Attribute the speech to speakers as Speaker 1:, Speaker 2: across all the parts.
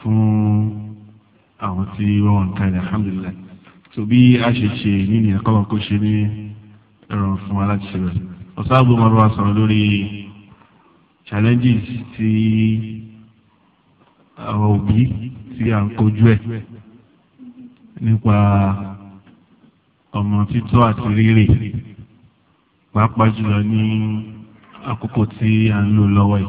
Speaker 1: fún àwọn tí wọ́n ń tẹ̀lé alhamdulilayi tó bí a ṣe ṣe nínú ẹ̀kọ́ wọn kó ṣe ní ẹ̀rọ fún wa láti ṣe bẹ̀rẹ̀ ọ̀sáàgbọ̀n máa bá sọ̀rọ̀ lórí challenges tí àwọn òbí tí à ń kojú ẹ̀ nípa ọmọ títọ́ àti rírè pàápàá jùlọ ní àkókò tí à ń lò lọ́wọ́ yìí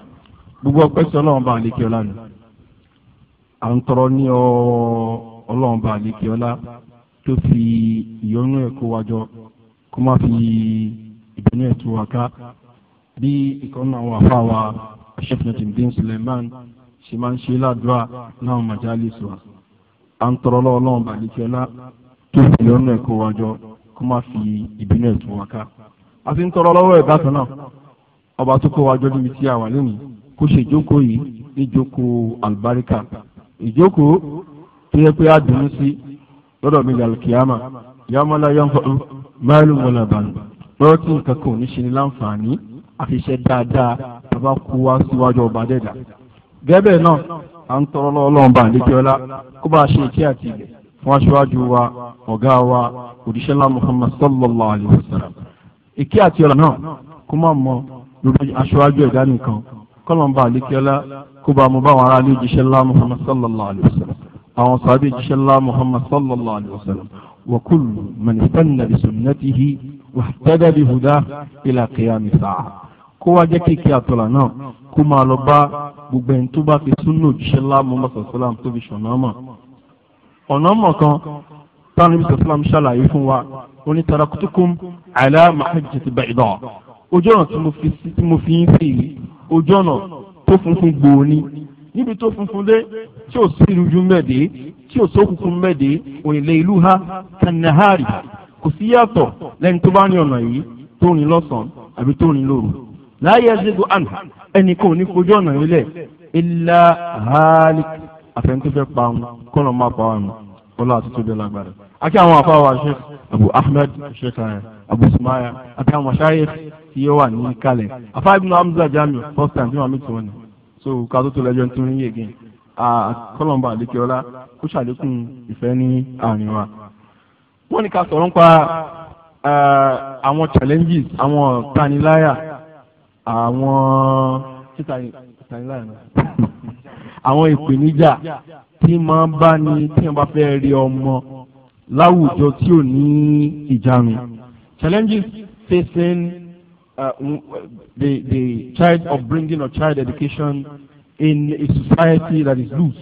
Speaker 1: gbogbo ọpẹ́ sí Ọlọ́run bá àlékè ọlá ni à ń tọrọ ní Ọlọ́run bá àlékè ọlá tó fi ìyọ́nú ẹ̀ kó wájọ kó má fi ìbínú ẹ̀ tú wa ká bí ìkànnì àwọn àfa wa aṣẹ́fìnàtì bin Suleiman ṣe máa ń ṣe ládùúrà láwọn màjálì sùwà à ń tọrọ lọ́wọ́ Ọlọ́run bá àlékè ọlá tó fi ìyọ́nú ẹ̀ kó wájọ kó má fi ìbínú ẹ̀ tú wa ká a ti ń tọrọ lọ́wọ́ ẹ̀ bákan náà ọba tó kó wájọ níbi tí a wà lónìí kó ṣe ìjókòó yìí ní ìjókòó àlùbáríkà ìjókòó tó yẹ pé àdùnnú sí lọ́dọ̀ mi lálẹ́ kìámà yàmọ́lá yàmfọ́ máàlù wọlé àbànú lọ́wọ́ tí nǹkan kan ò ní ṣe ní láǹfààní àfi iṣẹ́ dáadáa bàbá kú wá síwájú ọba dẹ́dà. gẹ́bẹ̀ náà à ń tọrọ lọ́wọ́lọ́wọ́ bá àdékẹ́ọ́lá kó bá a ṣe ìkẹ́ àti ilẹ̀ fún aṣáájú wa ọ̀gá wa òdìṣẹ́ ńlá Muhammad sallallahu alayhi wa sallam. ìkẹ́ àti ọ̀la náà kó má mọ lórí aṣáájú ẹ̀dá nìkan kọ́lọ̀mbà àlékiọ́lá kó bá mo bá wọn ará ilé ìjíṣẹ́ ńlá muhammad sallallahu alayhi wa sallam àwọn sàbí ìjíṣẹ́ ńlá muhammad sallallahu alayhi wa sallam wa kullu man istanna bi sunnatihi wa ihtada bi hudahu ila qiyam as-sa'a kó wá jẹ́ kéèké àtọ̀là náà
Speaker 2: kó máa lọ bá
Speaker 1: gbogbo ẹni tó bá fi súnú òjíṣẹ́ ńlá muhammad sallallahu alayhi wa sallam tó fi ṣọ̀nà mọ̀ ọ̀nà mọ̀ kan tani bí sàlám ṣàlàyé fún wa ó ní tarakutukum ala mahajjati bayda ojú ọ̀nà tí mo fi yín sí yìí ojú ọ̀nà tó funfun gbòò ni níbi tó funfun dé tí ò sí ìrújú mẹ́ẹ̀dé tí ò sókùnkùn mẹ́ẹ̀dé òyìnlẹ̀ ìlú ha kanahari kò sí yàtọ̀ lẹ́ni tó bá ní ọ̀nà yìí tó rìn lọ́sàn-án àbí tó rìn lóru láyé ẹ̀ṣẹ́gun àná ẹnì kan ò ní fojú ọ̀nà yìí lẹ̀ ilà hali àfẹnutẹ́fẹ́ pa kọ́nà máa pa wọn ọlọ́ àti tóbi lágbára.
Speaker 2: akí àwọn àfáwà sheikh abu ahmed
Speaker 1: sheikh abu sumaya àti àwọn sheikh tí ó wà ní kalẹ̀ afa ibn hamza jamiu first time tí wọn mi tí wọn ni so ká tó tó lẹ́jọ́ nítorí yìí again kọlọmba àdékẹ́ọ́lá kó ṣàlékún ìfẹ́ ní àárín wa. wọ́n ní ká sọ̀rọ̀ nípa àwọn challenges àwọn taniláyà àwọn àwọn ìpèníjà tí máa bá ní tí wọ́n bá fẹ́ rí ọmọ láwùjọ tí ò ní ìjánu challenges facing Uh, the the child of bringing of child education in a society that is loose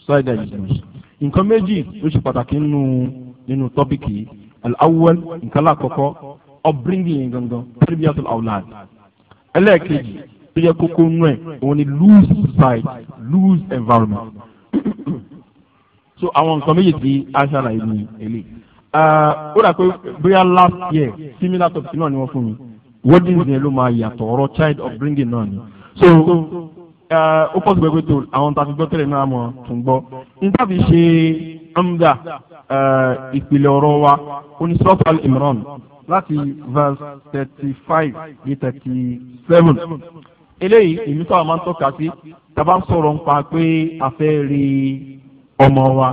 Speaker 1: society that is loose. nǹkan méjì ló ṣe pàtàkì nínú nínú tọ́pìkì yìí al-awwal nǹkan lákọ̀ọ́kọ́ upbringing yẹn gangan tarbiyatul awlad ẹlẹ́ẹ̀kejì
Speaker 3: tó yẹ kókó nù ẹ̀
Speaker 1: òun ni loose society loose environment so àwọn nǹkan méjì tí a ṣàlàyé ní eléyìí uh, ó dà pé bóyá last year similar topic náà ni wọ́n fún mi weddings yẹn ló máa yàtọ̀ ọ̀rọ̀ child upbringing náà ni so ó pọ̀ sí pẹ́pẹ́ tó àwọn tá a fi gbọ́ tẹ́lẹ̀ náà mọ̀ tún gbọ́ níta fi ṣe amda ìpìlẹ̀ ọ̀rọ̀ wa onísọ́tò imran láti verse thirty five dé thirty seven eléyìí ìlú sábà máa ń tọ́ka sí tàbá ń sọ̀rọ̀ nípa pé a fẹ́ rí ọmọ wa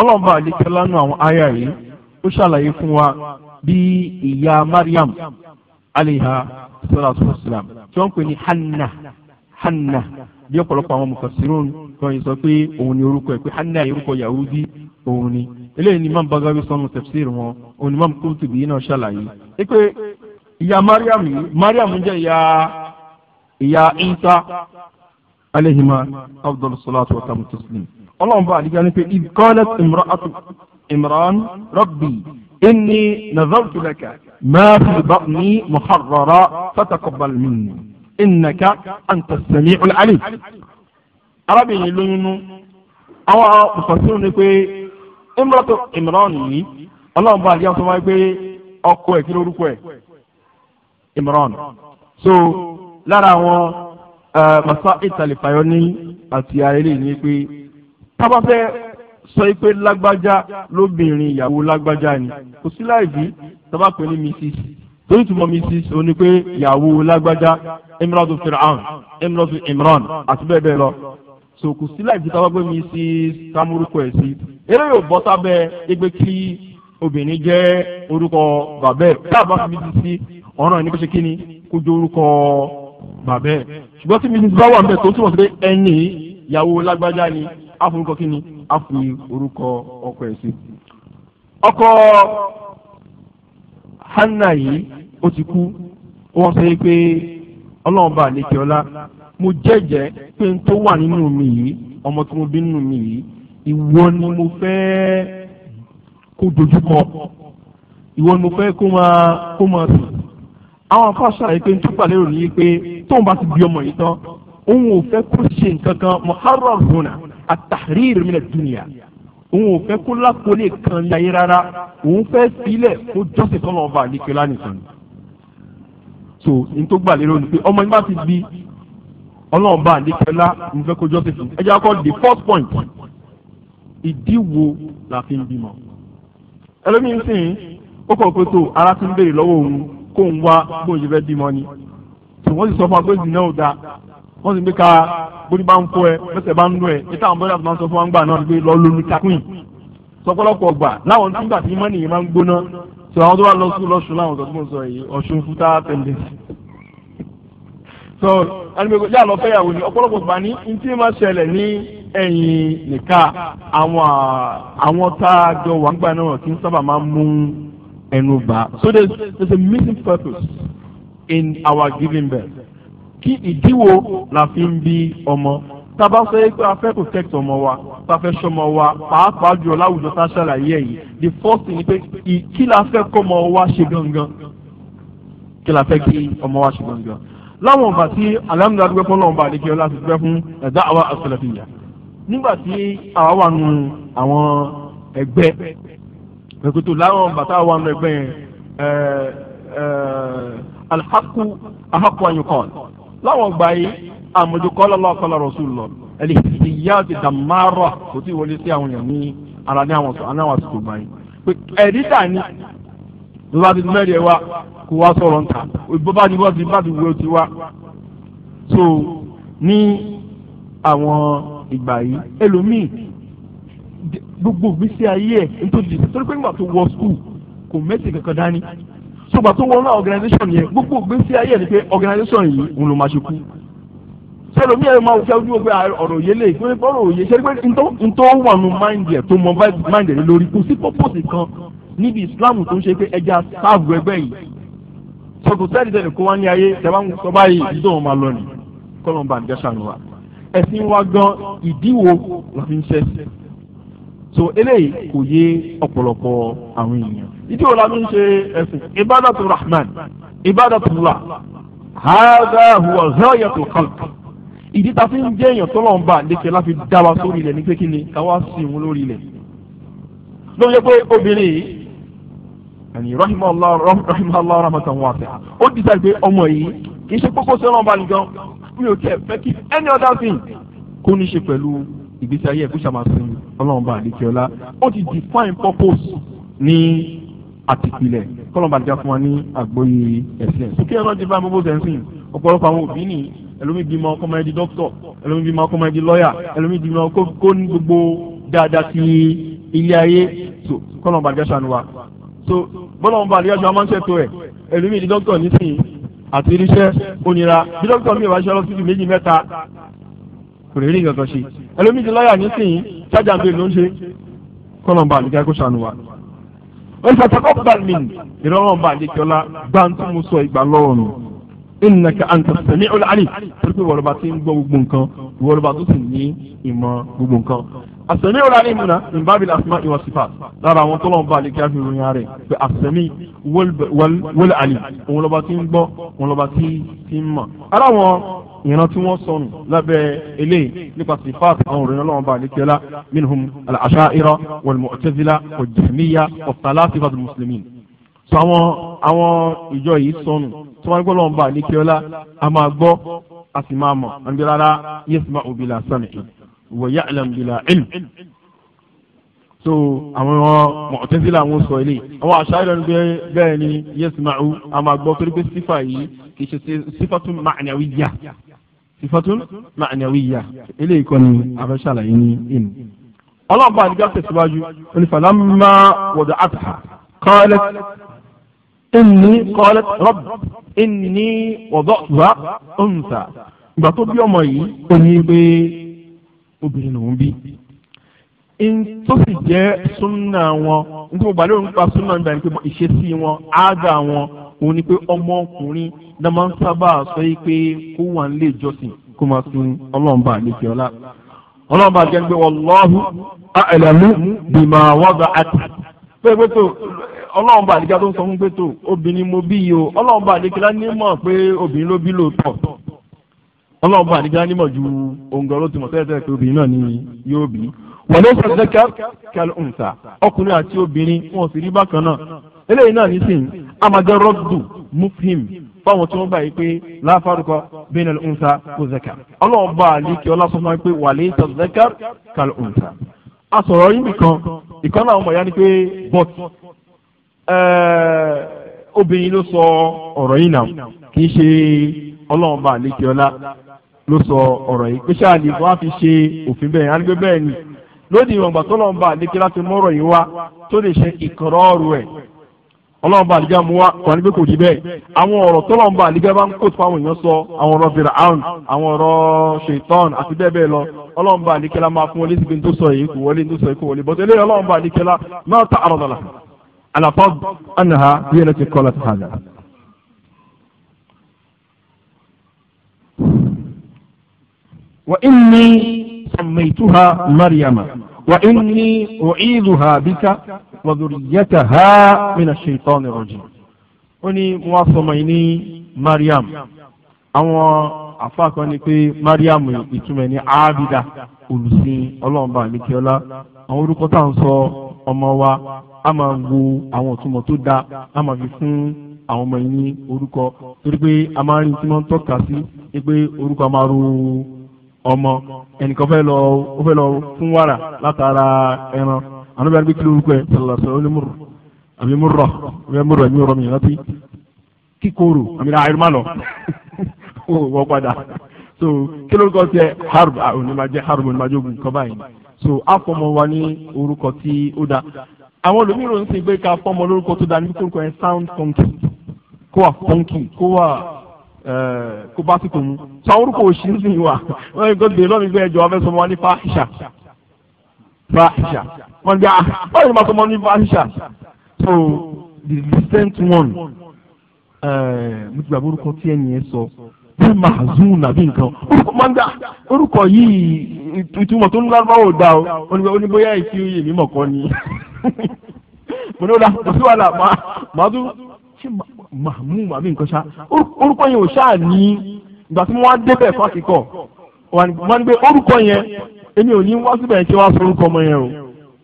Speaker 1: ọlọ́mọba àlekẹ́lá nù àwọn àyà yìí ó ṣàlàyé fún wa bí ìyá Mariam aliha salatu wasalam tí wọ́n pè ní hanna hanna bí ọ̀pọ̀lọpọ̀ àwọn mufasirun kan yìí sọ pé òun ni orúkọ ẹ̀ pé hanna orúkọ yahudi òun ni eléyìí ni imam bagawi sọnù tafsir wọn òun ni imam Qurtubi yìí náà ṣàlàyé pé ìyá mariam yìí mariam jẹ́ ìyá ìyá Isa alehima afdal salatu wa tamu ọlọ́run bá àdìgá ni pé idh qalat imran rabbi. إني نذرت لك ما في بطني محررا فتقبل مني إنك أنت السميع العليم arábìnrin lóyún nú àwọn mùsùlùmí ni pé imratu imran yìí ọlọ́run bá àdéhùn tó wáyé pé ọkọ ẹ̀ kí ló rúkọ ẹ̀ imran so lára àwọn masa ìtàlẹ̀ fàyọ́ ní àti ààrẹ lè ní pé tábàfẹ́ sọ pé lágbájá lóbìnrin ìyàwó lágbájá ni kò sí láìsí tọ́ba pè ní mrs torí tùmọ̀ mrs ó ní pé ìyàwó lágbájá emiratu firaun emiratu imran àti bẹ́ẹ̀ bẹ́ẹ̀ lọ so kò sí láìsí tọ́ba pé mrs tamurukọ ẹ̀ sí eré yóò bọ́ sábẹ́ ẹgbẹ́ kí obìnrin jẹ́ orúkọ bàbẹ́ dáàbà fi mrs sí ọ̀ràn ní kó ṣe kíni kó jẹ́ orúkọ bàbẹ́ ṣùgbọ́n tí mrs bá wà ń bẹ̀ tó túmọ̀ sí pé ẹni ìyàwó lágbájá ni á forúkọ kíni á fi orúkọ ọkọ ẹ̀ sí. ọkọ Hannah yìí ó ti kú wọ́n sọ pé ọlọ́run bá àlejò ọlá mo jẹ́jẹ́ pé n tó wà nínú mi yìí ọmọ tí mo bí nínú mi yìí ìwọ ni mo fẹ́ kó dojúkọ ìwọ ni mo fẹ́ kó máa kó máa sùn àwọn afọ àṣàlàyé pé n tó gbàlérò ní pé tóun bá ti bí ọmọ yìí tán òun ò fẹ́ kó ṣe nǹkan kan muharram hona àtàrír mi dùnìyà òun ò fẹ́ kó lákòólé kan yáyé rárá òun fẹ́ sílẹ̀ kó jọ́sìn tọ́lọ̀ ọba àdékẹ́lá nìkan so n tó gbà lérò ni pé ọmọ yín bá ti di ọlọ́run bá àdékẹ́lá òun fẹ́ kó jọ́sìn fún ẹ jẹ́ akọ́ the fourth point ìdí wo la fi ń bímọ ẹlòmíín sìn ó kọ̀ pé tó ara ti ń béèrè lọ́wọ́ òun kó ń wá bóun ṣe fẹ́ bímọ ni tí wọ́n sì sọ fún agbóhùn náà dáa wọ́n sì gbé ka bóni bá ń fọ ẹ mẹsẹ̀ bá ń nú ẹ níta àwọn bọ́dà tó máa ń sọ fún wa ń gbà náà gbé lọ lórí takuin sọpọlọpọ gbà láwọn tí ń tí mọ́ nìyẹn máa ń gbóná sọ àwọn tó wà lọ sùn lọ́sùn láwọn tó sọ yìí ọ̀ṣun fúta tẹ̀lẹ́sì. sọ alùpùpù yà lọ fẹ́yàwó ni ọ̀pọ̀lọpọ̀ gbà ní ntí máa ṣẹlẹ̀ ní ẹ̀yìn nìka àwọn tá a jọ wà ń gbà náà kí n sábà máa mú ẹnu bá so there's, there's a missing purpose in our giving birth kí ìdíwò la fi ń bí ọmọ tábà sọ yẹ pé a fẹ́ protect ọmọ wa tá a fẹ́ ṣọmọ wa pàápàá jùlọ láwùjọ tá a ṣàlàyé ẹ̀ yìí the first thing ni pé kí la fẹ́ kọ́mọ wa ṣe gangan kí la fẹ́ kí ọmọ wa ṣe gangan láwọn ọba tí alhamdulilayi dúpẹ́ fún ọlọ́run bá àdékè ọlá ti dúpẹ́ fún ẹ̀dá àwa àṣọlẹ̀fìyà nígbà tí àwa wà nù àwọn ẹgbẹ́ ẹ̀kútù láwọn ọba táwa wà nù ẹgbẹ́ yẹn alhaku ahaku anyukọ́ọ̀lù láwọn gbà yìí àmójúkọ́lọ́ lọ́kọ́lọ́ rọ̀ṣùn lọ ẹ̀lẹ́ ìyá ti dàmárọ̀ kò tí wọlé sí àwọn èèyàn ní ara ní àwọn àsìkò gbà yìí pé ẹ̀rí tà ní lọ́ba ti mẹ́rin ẹ̀ wá kó wá sọ̀rọ̀ nta bọ́ba ni wọ́n ti bá ti wúwo ti wá so ní àwọn ìgbà yìí ẹlòmíì gbogbo ìgbésí ayé ẹ̀ nítorí torí pé nígbà tó wọ skul kò mẹ́sìn kankan dání sọgbà tó wọnú organisation yẹn gbogbo gbèsè ayé ni pé organisation yìí ń lo máa ṣe kú sẹlẹmi ẹ máa fẹ́ ojú pé ọ̀rọ̀ yẹn lè pé ọ̀rọ̀ òye ṣe pé ntọ́ wà nù máìndì ẹ̀ tó mọ máìndì ẹ̀ lórí kò sí pọ́pọ́sì kan níbi Islam tó ń ṣe pé ẹja sáàbù ẹgbẹ́ yìí sọkò sẹ́ẹ̀dì tẹ̀lé kó wá ní ayé tẹ̀wá ń sọ báyìí ìdí òun máa lọ nì kọ́lọ́n bá ń jẹ́ sànù wa ẹ̀sìn wa gan ìdíwò la fi ń ṣẹ́ so eléyìí kò yé ọ̀pọ̀lọpọ̀ àwọn èèyàn ìdí òun la fi ń ṣe ẹ̀sìn ibadatu rahman ibadatullah hadha huwa ghayatul khalq ìdí ta fi ń jẹ́ èèyàn tó lọ́n ba lékè láfi dá wa sórí ilẹ̀ ní pé kí ni káwá sí òun lórí ilẹ̀ ló ń yẹ pé obìnrin yìí ẹni rahimahullah rahimahullah rahmatan wasi'a ó dìtà pé ọmọ yìí kì í ṣe kókó sọ́nà ọba nìkan mi ò tẹ̀ fẹ́ kí any other thing kó ní ṣe pẹ̀lú ìgbésí ayé ẹ̀kú ṣàmásìn ọlọ́run ọlá ó ti define purpose ní àti ìpìlẹ̀ kọ́lọ́mbà jà fún wa ní àgbóyè ẹ̀sìn sókè ẹ̀rọ ti bá gbogbo sẹ́nsìn ọ̀pọ̀lọpọ̀ àwọn òbí nì ẹlòmí bímọ ọkọ máa di dókítọ̀ ẹlòmí bímọ ọkọ máa di lọ́yà ẹlòmí bímọ kó ní gbogbo dáadáa ti ilé ayé so kọ́lọ́mbà jà sànù wa so bọ́lọ́mbà jà sànù wa máa ń ṣètò ẹ̀ ẹlòmí di dókítọ̀ nísìnyí àti irinṣẹ́ onira bí dókítọ̀ mi ìwà iṣẹ́ lọ́sibítù méjì mẹ́ta kò lè rí nǹkan kan ṣe ẹlòmí di wọ́n fata ọ̀bà mi ìrọ̀rùn bá àdéjọ́ la gbàǹtí mo sọ ìgbà lọ́wọ́ mi innaka anta sami'ul alim pẹ̀lú wọ́lọ́ba tí ń gbọ́ gbogbo nǹkan wọ́lọ́ba tó sì ní ìmọ̀ gbogbo nǹkan. as-sami'ul alim múna min babil asma'i wa sifat lára àwọn tó lọ́wọ́ bá àdéjọ́ àfi ròyìn rẹ̀ pé as-sami' tí ń gbọ́ òun tí ń
Speaker 2: mọ̀
Speaker 1: ìran tí wọ́n sọnù lábẹ́ eléyìí nípa sifáàtì àwọn òrìnà ọlọ́run bá àlékẹ́lá minhum al-ashaira wal-mu'tazila wal-jahmiya wal-falasifatul muslimin. sọ àwọn àwọn ìjọ yìí sọnù tí wọ́n gbọ́dọ̀ bá àlékẹ́lá a máa gbọ́ a sì máa mọ̀ àbí rárá yasma'u bila sam'i wa ya'lam bila ilm so àwọn mọ̀tẹ́sílà àwọn sọ ilé àwọn àṣàyàn lọ́nà bẹ́ẹ̀ ni yasma'u sifatun ma'anawiyya eléyìí kọ́ ni abẹ́sàlàyé ní inú. ọlọ́ọ̀bá àdìgá tẹ̀síwájú onífàlámà wọ̀dọ̀ àtàkà qalat inni qalat rabb inni wada'tuha untha ìgbà tó bí ọmọ yìí ó ní pé obìnrin lòún bí in tó sì jẹ́ súnà wọn nítorí gbàlérò nípa súnà nígbà yẹn pé ìṣesí wọn áádà wọn òun ni pé ọmọkùnrin náà máa ń sábà sọ yìí pé kó wà nílé ìjọsìn kó máa sin ọlọ́ọ̀ba àlejò ọlá ọlọ́ọ̀ba jẹ́ pé wallahu a'lamu bima wada'at pé pé tó ọlọ́ọ̀ba àlejò tó ń sọ fún pé tó obìnrin mo bí yìí o ọlọ́ọ̀ba àlejò lá ní mọ̀ pé obìnrin ló bí lóòótọ́ ọlọ́ọ̀ba àlejò lá ní mọ̀ ju òǹgọ̀ ló ti mọ̀ tẹ́lẹ̀ pé obìnrin náà ni yóò bí
Speaker 4: wọléṣọ zẹkẹ
Speaker 1: kẹlẹ ọǹsà ọkùnrin àti obìnrin wọn sì rí bákan náà eléyìí náà nísìnyí amagẹ rọgdù mufhim fáwọn tí wọn bá yìí pé láfárúkọ bẹ́ẹ̀ ní ọǹsà kó zẹkẹ ọlọ́ọ̀bá àlíkẹ́ ọlásọ́fún pé wọléṣọ zẹkẹ kẹlẹ ọǹsà a sọ̀rọ̀ yín nìkan ìkan náà mọ̀ ya ni pé bọ́t obìnrin ló sọ ọ̀rọ̀ yìí náà kì í ṣe ọlọ́ọ̀bá àlíkẹ́ ọlá ló sọ ọ̀rọ̀ yìí pé ṣáà ní wọ́n á fi ṣe òfin bẹ́ẹ̀ á ní pé bẹ́ẹ̀ ni. lodin ìwọ̀nba tọ́lọ́mba àdékè láti mọ́rọ̀ yìí wá tó lè ṣe ìkọ̀rọ̀ọ̀rù ẹ̀ ọlọ́mba àdìgá mu wá wà níbi kò bẹ́ẹ̀ àwọn ọ̀rọ̀ bá ń kó tó àwọn èèyàn sọ àwọn ọ̀rọ̀ bìrà áhùn àwọn ọ̀rọ̀ ṣètọ́n àti bẹ́ẹ̀ lọ máa fún tó sọ kò wọlé sọ kò wọlé máa ta bí سميتها مريم وإني أعيذها بك وذريتها من الشيطان الرجيم وني مواصميني مريم àwọn àfáà kan ní pé mariam ìtumọ̀ ẹni ábídà olùsìn ọlọ́ọ̀bà àmìkíọ́lá àwọn orúkọ tá à ń sọ ọmọ wa a máa wo àwọn ọmọ yìí orúkọ torí pé a máa ń rí tí ń sí pé orúkọ ọmọ ẹnìkan fẹ́ lọ ó fẹ́ lọ fún wàrà látara ẹran àwọn bẹ́ẹ̀ gbẹ́kìlì orúkọ ẹ̀ sọ̀rọ̀sọ̀ olómùrù àbí múrọ̀ ọbẹ̀ múrọ̀ ẹ̀mí rọ̀ mi rántí kíkorò àmì náà àìrùmá lọ ó wọ́ padà so kí lórúkọ tiẹ̀ harb onímàjẹ́ ah, harb onímàjẹ́ ogun kọ́ báyìí so afọmọ wa ní orúkọ tí ó da àwọn olùmíràn ń sìn pé ká fọmọ lórúkọ tó da ní kíkorò yẹn sound funky kó wà funky kó wà. Eh, kó bá sì tó mu sàwúrú kò sí ní wa wọ́n yóò gbé lọ́mí gbé ẹjọ́ ọ̀fẹ́ sọmọ ní fàáṣà fàáṣà wọ́n gbé àwọn ah, yóò máa sọmọ ní fàáṣà so the recent one eh, mo ti gbàgbọ́ orúkọ tí ẹnìyẹn sọ bí màzún nàbí nǹkan orúkọ máa ń dà orúkọ yìí ìtumọ̀ tó ń lárúbáwò dá o oníbóyá ìfi oyè mímọ̀ kọ́ ni mo ní ó dá kò sí wàhálà màá tún ṣe màá mahmud àbí nǹkan ṣá orúkọ yẹn ò ṣáà ní ìgbà tí wọ́n á débẹ̀ fásitọ̀ wọ́n gbé orúkọ yẹn èmi ò ní wá síbẹ̀ kí wọ́n á forúkọ ọmọ yẹn o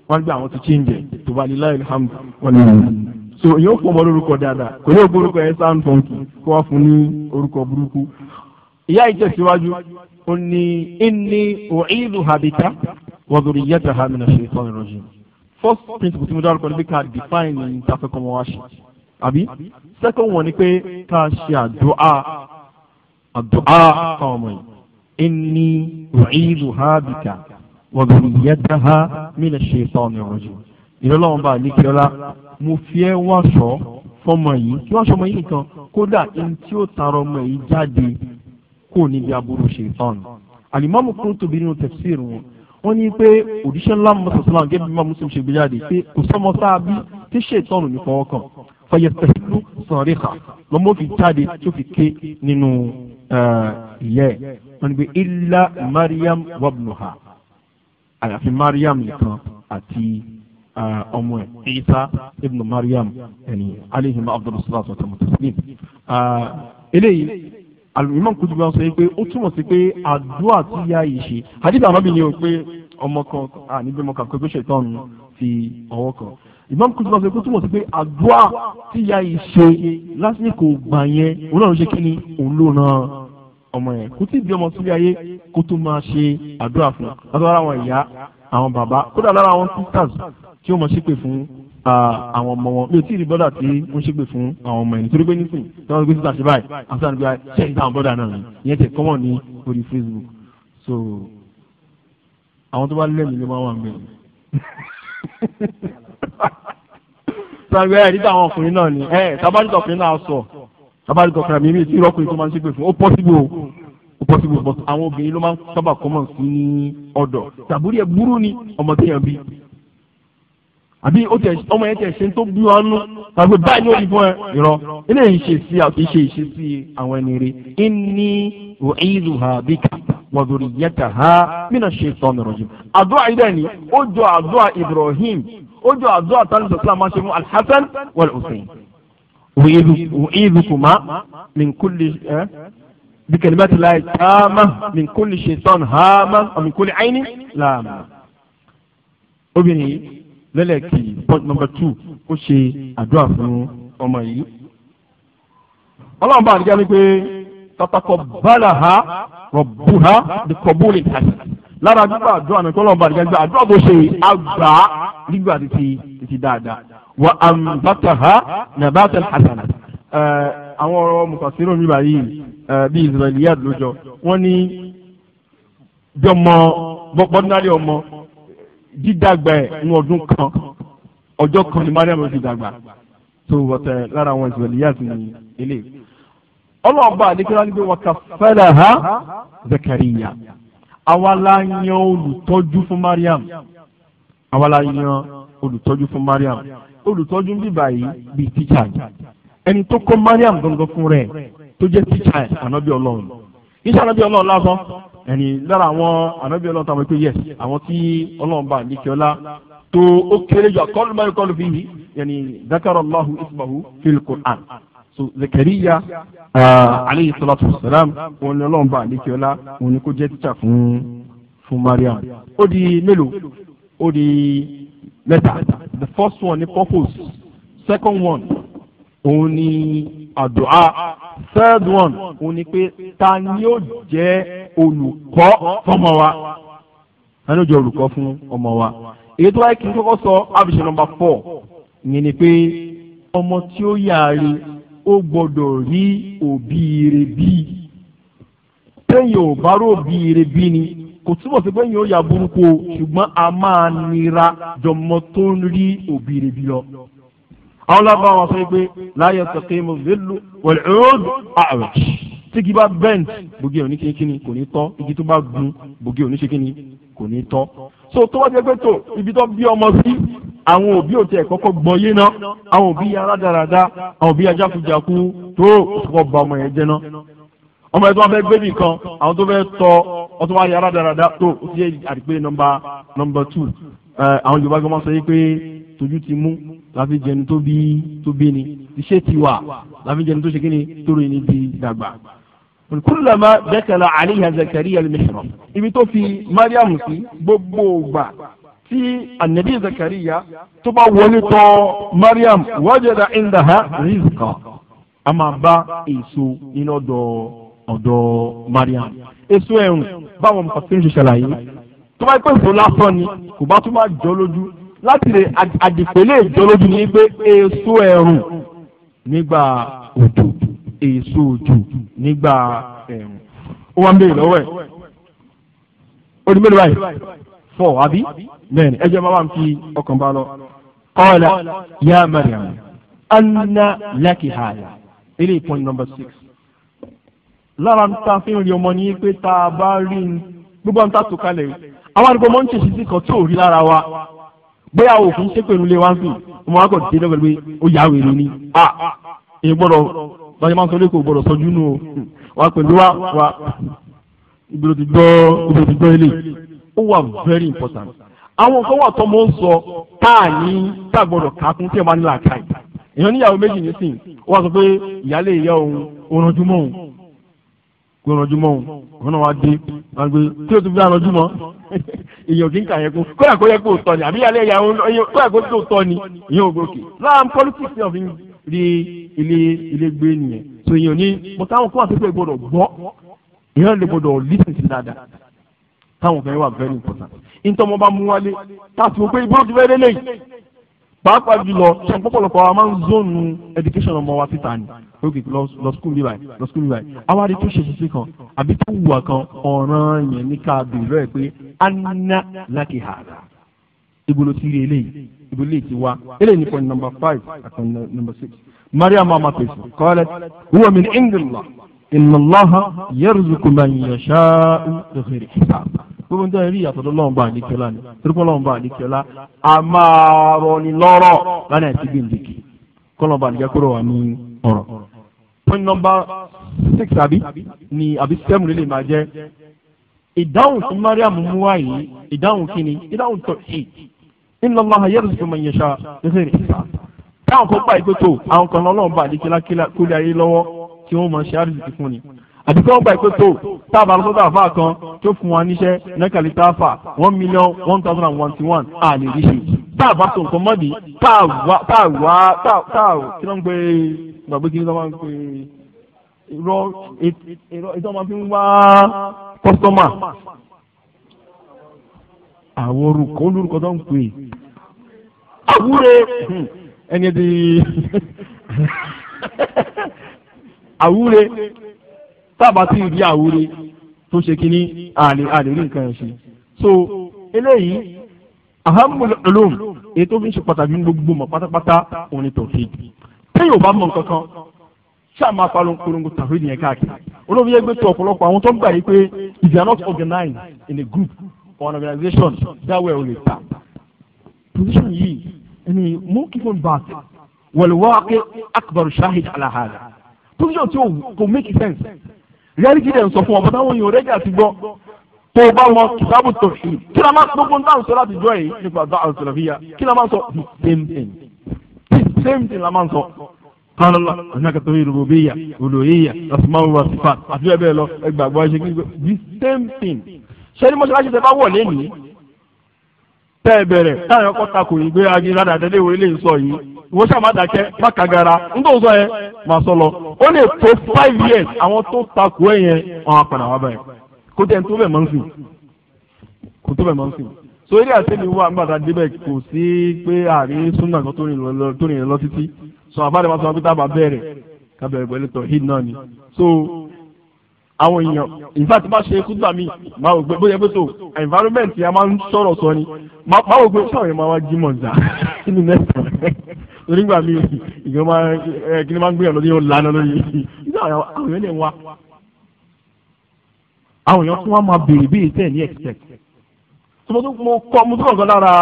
Speaker 1: wọ́n gbé àwọn ti chíńjẹ tó bá nílá alhamdu wọ́n ní so yóò fún ọmọ lórúkọ dáadáa kò yóò gbórúkọ yẹn sound funky kó wá fún ní orúkọ burúkú ìyá ìtẹ̀síwájú ó ní inni òhìlù habita wọ́dùrú yẹ́ta hamina first principle tí mo dárúkọ ní ká define ní ìtafẹ́kọ̀ọ́ wọn àbí second one ni pé ká ṣe àdúrà àdúrà kan ọmọ yìí inni u'idhuha bika wa dhurriyyataha mina shaytani rajim ìrọ̀lọ́wọ́n bá àlékiọ́lá mo fi ẹ́ wá sọ fọmọ yìí kí wọ́n sọmọ yìí nìkan kódà ẹni tí ó tara ọmọ yìí jáde kó níbi aburú ṣaitan alimami Qurtubi nínú tafsir wọn wọ́n ní pé òdíṣẹ́ ńlá mọ́sàsálàm gẹ́gẹ́ bí mọ́mùsùlùmí ṣe gbé jáde pé kò sọ́mọ sáà bí tí ṣaitan ní fọwọ́ kàn fọyẹsẹ̀hìlú sọ̀ríkà lọ́mọ́ fi jáde tó fi ké nínú ìyẹ́ ẹ̀ wọ́n ní pé ilá mariam wabnuha àyàfi mariam nìkan àti ọmọ ẹ̀ isa ibn mariam ẹni alihima abdulrasulaam sọ̀tọ̀ mọ̀tàsílìm. eléyìí alùmíọ́n kutu bá ń sọ pé ó túmọ̀ sí pé àdúrà tí yá yìí ṣe àdìgbà àmọ́bìnrin o pé ọmọ kan àníbí ọmọ kan ṣètọ́nù ti ọwọ́ kan. Imam Qutbi sọ pé túmọ̀ sí pé àdúrà tí ìyá yìí ṣe lásìkò gbà yẹn òun ṣe kíni òun ọmọ yẹn kò tí ì bí ọmọ sílé ayé kó tó máa ṣe àdúrà fún un látara àwọn ìyá àwọn bàbá kódà lára àwọn sisters tí ó mọ̀ ṣépè fún àwọn ọmọ wọn mi ò tí ì rí bọ́dà tí ó ń ṣépè fún àwọn ọmọ yẹn nítorí pé nísìnyí tí wọ́n gbé sísà ṣe báyìí àti àwọn primary ẹ̀ nígbà àwọn ọkùnrin náà ni ẹ̀ tabarikọ̀ ọkùnrin náà sọ tabarikọ̀ ọkùnrin mi mi ti rọ́kùnrin tó máa ń ṣépè fún ó pọ́sibú ó pọ́sibú but àwọn obìnrin ló máa ń sábà kọ́mọ̀ sí ní ọ̀dọ̀ burú ni ọmọ bí àbí ọmọ yẹn ṣe tó náà ṣe ó jọ àdúrà tani sọ̀tún àmọ́ ṣe fún alhassan wal hussein wùhíìdùkùmá min kulli ẹ́ bikalimati la taama min kulli shaitan haama wa min kulli aini laama obìnrin yìí lẹ́lẹ̀kì point number two ó ṣe àdúrà fún ọmọ yìí ọlọ́run bá àdìgá ni pé tatakọ̀ balaha rọ̀bùhá bí kọ̀bùlì hasan lára gbígbà àdúrà ní tọ́lọ́ bá dìgbà àdúrà bó ṣe àgbà nígbà títí títí dáadáa wà àǹbàtàhà nàbàtà hasanat àwọn ọ̀rọ̀ mùsàsírò mi báyìí bí israeliyat lójọ wọ́n ní bí ọmọ bọ́dúnárì ọmọ dídàgbà ẹ̀ ní ọdún kan ọjọ́ kan ní mariam ti dàgbà tó wọ́tẹ̀ lára àwọn israeliyat ní ilé ọlọ́ọ̀bá àdékẹ́lá níbi wọ́n kà fẹ́rẹ̀ ha zakariya àwa la yan olùtọ́jú fún Mariam àwa la yan olùtọ́jú fún Mariam olùtọ́jú bíbà yìí bíi tíṣà ẹni tó kọ́ Mariam gangan fún rẹ̀ tó jẹ́ tíṣà ànábì ọlọ́run iṣẹ́ ànábì ọlọ́run lásán ẹni lára àwọn ànábì ọlọ́run táwọn pé yes àwọn tí ọlọ́run bá ní kíọ́lá tó ó kéré jù àkọlùmọ́ ìkọlù fi yìí yẹni dakarallahu ismahu fil Qur'an so zakariya
Speaker 2: uh, aleyhi
Speaker 1: salatu wasalam òun ni ọlọ́run bá àdékẹ́ọ́lá òun ni kó jẹ́ tíṣà fún fún mariam ó di mélòó ó di mẹ́ta the first one ni purpose second one òun ni àdùá third one òun ni pé ta ni ó jẹ́ olùkọ́ fọmọ wa ta ni ó jẹ́ olùkọ́ fún ọmọ wa èyí tó wáyé kí n kọ́kọ́ sọ àbíṣe number four ìyẹn ni pé ọmọ tí ó yára rí ó gbọ́dọ̀ rí òbí rẹ̀ bí téèyàn ò bá rò òbí rẹ̀ bí ni kò túbọ̀ sí pé yóò ya burúkú o ṣùgbọ́n a máa nira jọmọ tó ń rí òbí rẹ̀ bí lọ. àwọn lábá wa sọ pé láyé sọ̀kè mo vélò wẹ̀lẹ̀ ọ́ọ́dù ààrẹ tí igi bá bend bògì òní kínkínní kò ní tọ́ igi tó bá gun bògì òní kínkínní kò ní tọ́. so tó wá jẹ́ pé tó ibi tó bí ọmọ sí àwọn òbí ò tiẹ̀ kọ́kọ́ gbọ́ yé ná àwọn òbí aládàradà àwọn òbí ajáfujàku tó òṣùpọ̀ ba ọmọ yẹn jẹ́ ná ọmọ yẹn tó wá fẹ́ gbé nìkan àwọn tó fẹ́ tọ ọtún wáyé aládàradà tó ó ti yẹ àdìpé nọmba nọmba tù àwọn Yorùbá gbọ́n sọ yìí pé tójú ti mú láfi jẹni tó bí tó bí ni iṣẹ́ ti wà láfi jẹni tó ṣe kí tó rìn ní ti dàgbà kúlùlọ́mọ bẹ́kẹ̀lá àlíyàn zakariya tí ànábì zakariya tó bá wọlé tọ̀ mariam wajada indaha rizqa a máa bá èso nínú ọ̀dọ̀ ọ̀dọ̀ mariam èso ẹ̀rùn báwọn mọ̀tí ń ṣe ṣàlàyé tó bá pèsè lásán ni kò bá tún máa jọ lójú láti lè àdìpẹ́lẹ̀ jọ lójú ní pé èso ẹ̀rùn
Speaker 2: nígbà òjò
Speaker 1: èso òjò nígbà ẹ̀rùn
Speaker 2: ó wá ń béèrè lọ́wọ́ ẹ̀ ó ní mélòó báyìí
Speaker 1: fọ àbí bẹ́ẹ̀ ni ẹjọ́ máa ń fi ọkàn bá lọ.
Speaker 2: qala ya
Speaker 1: Maryam anna laki hada ilé point number six. lára ń ta fi ń rí ọmọ ní pé tá a bá rí i gbogbo àwọn tá a tó kalẹ̀ àwọn àdúgbò máa ń ṣèṣì sí kan tó rí lára wa bóyá òfin ṣépè nílé wa ń fi ọmọ wa kò dé lọ́wọ́ pé ó yà wèrè ni a èyí gbọ́dọ̀ lọ́jọ́ máa ń sọ lẹ́kọ̀ọ́ gbọ́dọ̀ sọjú nù o wa pẹ̀lú wa wa ìgbèrò ti gbọ́ ìgbèrò ti gbọ́ eléyìí ó wà very important àwọn nǹkan wà tó mọ̀ ń sọ tá a ní gbàgbọ́dọ̀ kákún tí ẹ bá ní làákà yìí èèyàn níyàwó méjì nísìn ó wà sọ pé ìyáálé ìyá òun òrànjú mọ́ òun kò rànjú mọ́ òun òun náà wá dé wá gbé tí o ti fi àrànjú mọ́ èèyàn kì í kà yẹ kó kódà kó yẹ kó tọ́ ni àbí ìyáálé ìyá òun kódà kó tó tọ́ ni ìyẹn ò gòkè láàm politics náà fi rí ilé ilé gbé nìyẹn so èèyàn ní mo táwọn kó àti pé gbọ́dọ̀ gbọ́ èèyàn lè gbọ́dọ̀ lísìn sí dáadáa táwọn obìnrin wà very important nítorí bá mú wálé láti wò pé ibúrò ti fẹ́ lé lẹ́yìn pàápàá jùlọ ṣe pọ̀pọ̀lọpọ̀ àwọn máa ń zónù education ọmọ wa síta ni ok lọ school bíbáyì lọ school bíbáyì awárí tó ṣe ṣiṣẹ́ kan àbí tó wùwà kan ọ̀ràn yẹn ní ká bèrè ẹ̀ pé anna láti hàrà ibo ló ti rí eléyìí ibo lè ti wá eléyìí ni point number five àti number six Maria mariam amapesi kọ́lẹ́ wúwo mi ní england inna Allaha yarzuqu man yasha'u bighayri hisab gbogbo nítorí rí ìyàtọ̀ lọ́wọ́n bá àdìkẹ́lá ni torípọ̀ lọ́wọ́n bá àdìkẹ́lá a máa rọni lọ́rọ̀ lánàá àti gbèǹdéke kọ́lọ́n bá àdìkẹ́ kúrò wà ní ọ̀rọ̀. point number six àbí ni àbí sẹ́mu lè máa jẹ́ ìdáhùn tí Mariam mú wá yìí ìdáhùn kíni ìdáhùn tó ṣì inna Allaha yarzuqu man yasha'u bighayri hisab káwọn kan gbà ìgbótó àwọn kan lọ́wọ́ tí wọ́n mọ̀ ṣe àrùsìkì fún ni àti kí wọ́n gbà pé tó tá a bá lọ sọ́dọ̀ àfáà kan tó fún wa níṣẹ́ nẹ́kàlí tá a fà one million one thousand and twenty one a lè rí ṣe tá a bá tó nǹkan mọ́dì tá tá a wá tá a kí ló ń gbé gbàgbé kí ló ń gbé irọ́ ìtọ́ máa fi ń wá kọ́sítọ́mà àwọn orúkọ olórúkọ tó ń pè é àwúre hmm, ẹni di. àwúre tábà tí ìrí àwúre tó ṣe kínní àlè àlè rí nǹkan ẹ̀ ṣe so eléyìí ahamul ulum èyí tó fi ń ṣe pàtàkì ní gbogbo mọ̀ pátápátá òun ni tòkì téèyàn ò bá mọ̀ nǹkan kan ṣáà máa palon korongo tàwíìdì yẹn káàkiri olóòfin yẹn gbé tó ọ̀pọ̀lọpọ̀ àwọn tó ń gbà yìí pé if they are not organized in a group or an organization that way ò lè ta position yìí ẹni mú kí fún bàtì wal waqi akbar shahid ala position tí kò make sense reality dẹ̀ ń sọ fún ọ bọ́tà wọn yìí ọ̀rẹ́dì àti gbọ́ tó o bá mọ kìtàbù tọ̀hìn kí la máa gbogbo ń dáhùn sọ láti jọ yìí nípa dá àwọn sọlọ́fíà kí la máa sọ the same thing the same thing la máa sọ. قال الله هناك توحيد ربوبية ألوهية أسماء وصفات àti bẹ́ẹ̀ bẹ́ẹ̀ lọ ẹgbàá gbọ́ ẹṣin gbígbó the same thing. sẹ́ni mọ́ṣáláṣí tẹ bá wọ̀ lẹ́nu tẹ́ bẹ̀rẹ̀ táwọn ọkọ̀ takò ìgbé ajé ládàá tẹ́lẹ̀ ìwé lè sọ yìí ìwọ sábà dàkẹ́ má kagara nítorí sọ yẹn má sọ lọ ó lè tó five years àwọn tó takò ẹ yẹn wọn á padà wá báyìí kó tẹ̀ ń tó bẹ̀ mọ́ ń sìn kó tó bẹ̀ mọ́ ń sìn so eré àtẹ́mi wà nígbà tá a débẹ̀ kò sí pé àrí súnà kan tó rìn lọ títí so àbáde máa sọ wọn pé tá a bá bẹ̀rẹ̀ ká bẹ̀rẹ̀ pẹ̀lú tọ̀híd náà ni so àwọn èèyàn in fact bá ṣe kúndà mi máa wò pé bóyá pé so environment yẹn máa ń sọ̀rọ̀ sọ ni máa wò pé sáwọn èèyàn máa wá jímọ̀ nza nínú next nígbà míì ìgbìmọ̀ máa ẹ kí ni máa ń gbìyànjú yóò lánà lórí ìgbà àwọn èèyàn lè wá àwọn èèyàn tí wọ́n máa béèrè bí èyí tẹ̀ ní expect tó mo kọ́ mo tó kọ̀ọ̀kan lára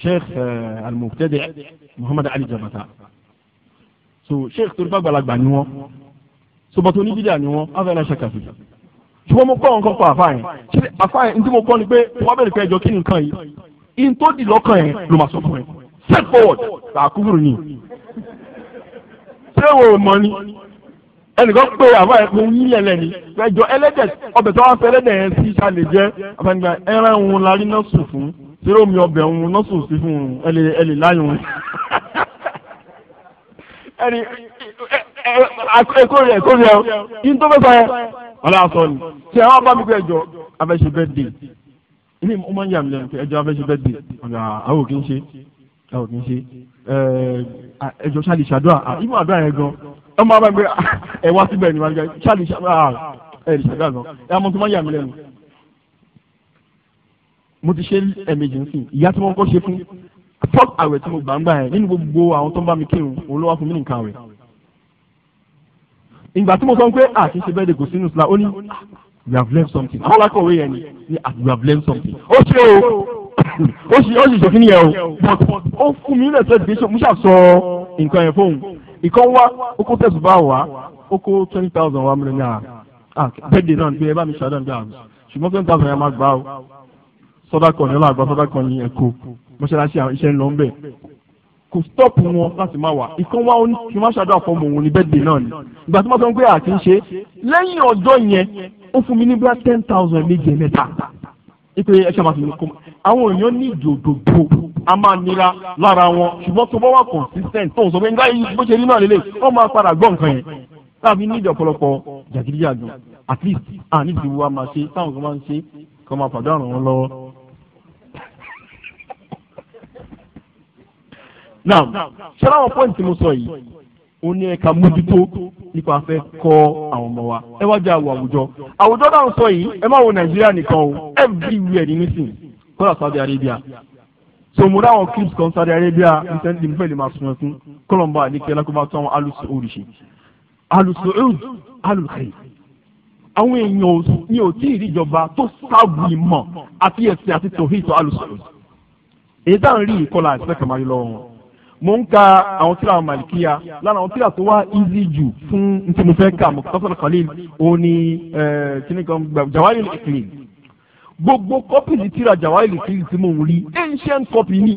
Speaker 1: sheikh al-mubtadi muhammad ali jabata so sheikh torí gbàgbàlagbà ni wọ́n so bàtò oníbídà ni wọ́n afẹ́ náà ṣàkàfi ṣùgbọ́n mo kọ́ nǹkan pa àfa yẹn ṣe àfa yẹn ní tí mo kọ́ ni pé wọ́n bẹ̀rẹ̀ pé ẹjọ́ kí nìkan yìí in tó dì lọ́kàn yẹn ló máa sọ fún yẹn step forward tàkúrú ni ṣé wo mọ ni ẹnìkan pé àbá ẹ fún yín lẹ́lẹ́ ni ẹjọ ẹlẹ́dẹ̀ ọbẹ̀ tó wá fẹ́ ẹlẹ́dẹ̀ yẹn sí ṣàlè jẹ́ àfẹnugba ẹran òun la rí náà sùn fún ṣé omi ọbẹ̀ òun náà sùn sí fún un ẹ lè láyùn un
Speaker 2: ẹni ẹkọrẹ ẹkọrẹ ọ yín tó fẹsọ yẹ ọlọ àṣọ ni tí ẹ wá bá mi pé
Speaker 1: ẹjọ abẹ́ṣe bẹ́ẹ̀ dé ilé ọmọ yà mí lẹ́nu pé ẹjọ abẹ́ṣe bẹ́ẹ̀ dé ọ̀gá àwọn òkè ń ṣe ẹ ò kì í ṣe ẹ jọ ṣáàlì ṣàdúrà ìmọ̀ àdúrà yẹn gan ẹ máa bá gbé ẹ wá síbẹ̀ ní wájú ṣáàlì ṣàdúrà ẹ lè ṣàdúrà gan ẹ amọ̀ tó máa yà mí lẹ́nu. mo ti ṣe ẹ̀mejì ń sìn ìyá tí wọ́n kọ́ ṣe fún fọ́ọ̀k àwẹ̀ tí mo gbà ń gbà yẹn nínú gbogbo àwọn tó ń bá mi kírun òun ló wá fún mi nìkan àwẹ̀. ìgbà tí mo sọ pé à kì í ṣe bẹ́ẹ̀ de sínú ìsìlá ó ní ah, you have learned something àwọn alákọ̀wé yẹn ni you have learned something ó ṣe
Speaker 2: o. ó sì ó sì ṣe kíni yẹn o
Speaker 1: ó fún mi lẹ́sẹ̀ dé ṣe mo ṣàṣọ nǹkan yẹn fóun ìkan wá ó kó tẹ̀sùn bá wá ó kó twenty thousand wá mílíọ̀nù ah, náà bẹ́ẹ̀dì náà gbé ẹ bá mi ṣàdá nígbà ṣùgbọ́n twenty thousand yẹn máa gbà ó sọ́dákọ̀ ni ọlọ́àgbà sọ́dákọ̀ ni ẹ̀kọ́ mọ́ṣáláṣí àwọn iṣẹ́ ń lọ ń bẹ̀ kò stọ́ọ̀pù wọn láti máa wà ìkan wá kí wọ́n ṣàdá fọ́ọ̀mù òun ní bẹ́ẹ̀dì náà ni ìgbà tí wọ́n sọ pé àti ń ṣe lẹ́yìn ọjọ́ yẹn ó fún mi ní bí wá ten thousand méje mẹ́ta ipe ẹ ṣe máa fi kó àwọn èèyàn ní ìdòdòdò a máa nira lára wọn ṣùgbọ́n tó bá wà consistent tó sọ pé nígbà yìí bó ṣe rí náà lélẹ̀ wọ́n máa padà gbọ́ nǹkan yẹn láàbí nídìí ọ̀pọ̀lọpọ̀ jàgídíjàgan at least àní ti wá máa ṣe táwọn kan máa ń ṣe kan máa pàdánù wọn lọ́wọ́.
Speaker 2: now ṣé láwọn point mo sọ yìí
Speaker 1: ó ní ẹ̀ka mójútó nípa fẹ́ kọ́ àwọn ọmọ wa ẹ wá jẹ́ àwọ̀ àwùjọ àwùjọ náà sọ yìí ẹ má wo nàìjíríà nìkan o everywhere ní nísìnyí kọ́lá Saudi Arabia so mo dáwọn clips kan Saudi Arabia nítorí mo fẹ́ lè máa sun ẹkún kọ́lọ́mbà àdékẹ́ lákòbá tó àwọn alùsùn oríṣi alùsùn alùkẹ́yì àwọn èèyàn ni ò tí ì rí ìjọba tó sáàbù ìmọ̀ àti ẹ̀sìn àti tòhítọ́ alùsùn èyí tá à ń rí ìkọlà àìsẹ́kẹ̀ máa rí lọ́wọ́ wọn. mo ń ka àwọn tíra àwọn màlìkíya lára àwọn tíra tó wá easy jù fún ntí mo fẹ́ kà mọ̀ kọ́sọ̀rọ̀ kọ́lé òun ni eh, kíní kan gbà jawari ìkìlì gbogbo kọ́pì ní tíra jàwáìlì kiri tí mò ń rí ancient copy ni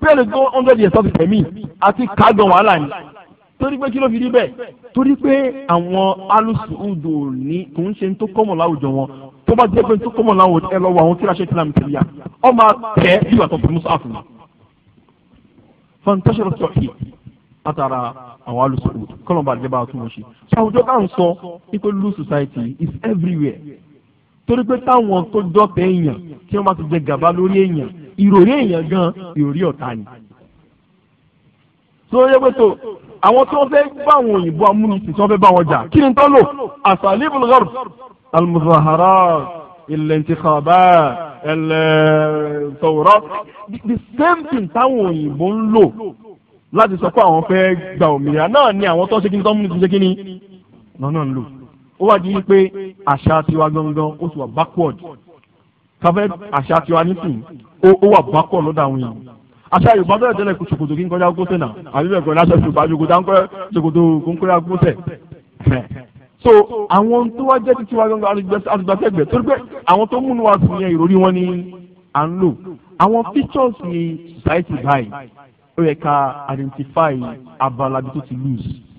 Speaker 1: pẹ́ẹ́lú tó hundred years of tẹ̀mí àti kágan wàhálà ni torí pé kí ló fi rí bẹ́ẹ̀ torí pé àwọn alùsùdù ní kò ń ṣe tó kọ́mọ̀ láwùjọ wọn tó bá jẹ́ pé tó kọ́mọ̀ láwùjọ ẹ lọ́wọ́ àwọn tíra ṣe tíra mi tẹ̀lé ya ọ máa tẹ̀ bí wàá tọ́ fi musa fún mi. fantasy rẹ̀ sọ̀kì látara àwọn alùsùdù kọ́lọ̀ bá jẹ́ bá a tún wọ́n ṣe. àwùjọ ká ń sọ ipe lu society is everywhere torí pé táwọn tó dọ̀tẹ̀ èèyàn tí wọ́n bá ti jẹ gàba lórí èèyàn ìròrí èèyàn gan ìròrí ọ̀tá ni. tó yẹ pé tó àwọn tí wọ́n fẹ́ bá àwọn òyìnbó amúnisìn tí wọ́n fẹ́ bá wọn jà kí ni tó lò àṣàlẹ́ bulgar almuzahara ilẹ̀ntìkàbá ẹlẹ́tọ̀rọ̀ the same thing táwọn òyìnbó ń lò láti sọ pé àwọn fẹ́ gba òmìnira náà ni àwọn tó ń ṣe kí ni tó ń ṣe kí lọ́nà ń lò ó wá di pé àṣà tiwa gangan ó ti wà backward káfẹ́ àṣà tiwa nísìnyí ó wà backward lọ́dọ̀ àwọn èèyàn àṣà yorùbá bẹ́ẹ̀ tẹ́lẹ̀ kó ṣòkòtò kí n kọjá gbósẹ̀ náà àbí bẹ́ẹ̀ kọjá ṣòkòtò àjòkòtò ṣòkòtò kó n kọjá gbósẹ̀ so àwọn tó wá jẹ́ títí wa gangan àtìgbàsẹ́gbẹ̀ torí pé àwọn tó múnú wa sùn yẹn ìròrí wọn ni à ń lò àwọn features ni society báyìí ó yẹ ká identify abala bí tó ti lose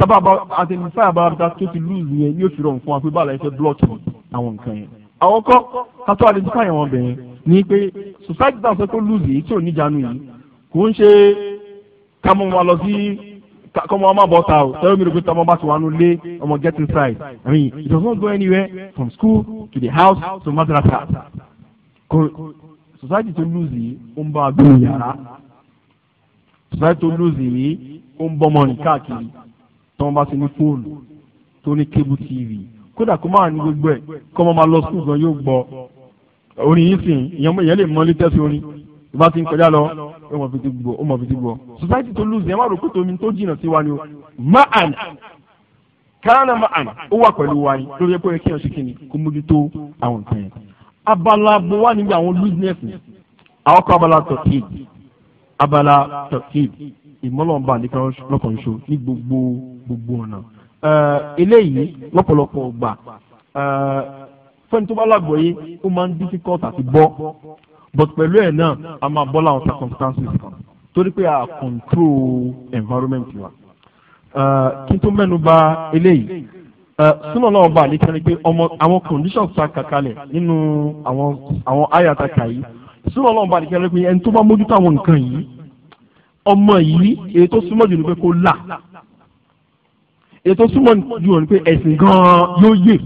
Speaker 1: tábàbà àtẹnifá àbáradá tó ti lù ìlú yẹn yóò fi rọrùn fún wa pé báàlà ẹsẹ blọọkì àwọn nǹkan yẹn. àkọ́kọ́ kátó àtẹnifá yẹn wọn bẹ̀rẹ̀ ni pé society náà sọ pé lùzì yìí tí ò níjànú yìí kò ń ṣe kámọ́ wọn lọ sí kọ́mọ ọmọ bọ̀ ta o tẹ́wọ́ mi rò pé tọmọ bá ti wà nù lé ọmọ get inside I mean it does not go anywhere from school to the house to madrasa. society tó lùzì yìí ó ń bá a gbé yàrá society tó lùzì yìí ó ń bọ́ mọ́ni káàkiri tí wọ́n bá ti ní fóònù tó ní kébù tv kódà kó máa ní gbogbo ẹ̀ kó máa lọ sùn gan yóò gbọ́ orin yìí sìn ìyẹn lè mọ létẹ́sí orin
Speaker 3: ìbá ti ń kọjá lọ
Speaker 1: ó mọ̀ fi ti gbọ́ ó mọ̀ fi ti gbọ́ society tó lùzẹ̀ má rò pé tòmí tó jìnnà sí wa ni o má àn kárànà má àn ó wà pẹ̀lú wa ni lórí ẹ̀kọ́ yẹn kí wọ́n ṣe kí ni àwọn nǹkan yẹn. abala bo wà níbi àwọn business ni àwọn kọ́ abala tọ̀kìd abala tọ̀kìd ìmọ̀lọ́nba nìkan lọ́kàn ṣo ní gbogbo gbogbo ọ̀nà eléyìí lọ́pọ̀lọpọ̀ ọgbà fẹ́ni tó bá lágbọ̀ yé ó máa ń difficult àti bọ́ but pẹ̀lú ẹ̀ náà a máa bọ́ láwọn circumstances kan torí pé a control environment wa kí n tó mẹ́nu bà eléyìí súnà náà bá àlékẹ́ ni pé àwọn conditions ta kàkálẹ̀ nínú àwọn àyàtàkà yìí súnà náà bá àlékẹ́ ni pé ẹni tó bá mójútó àwọn nǹkan yìí ọmọ yìí èyí tó súnmọ́ jù ní pé kó là ètò súnmọ́ ju òun pé ẹ̀sìn gan-an yóò yè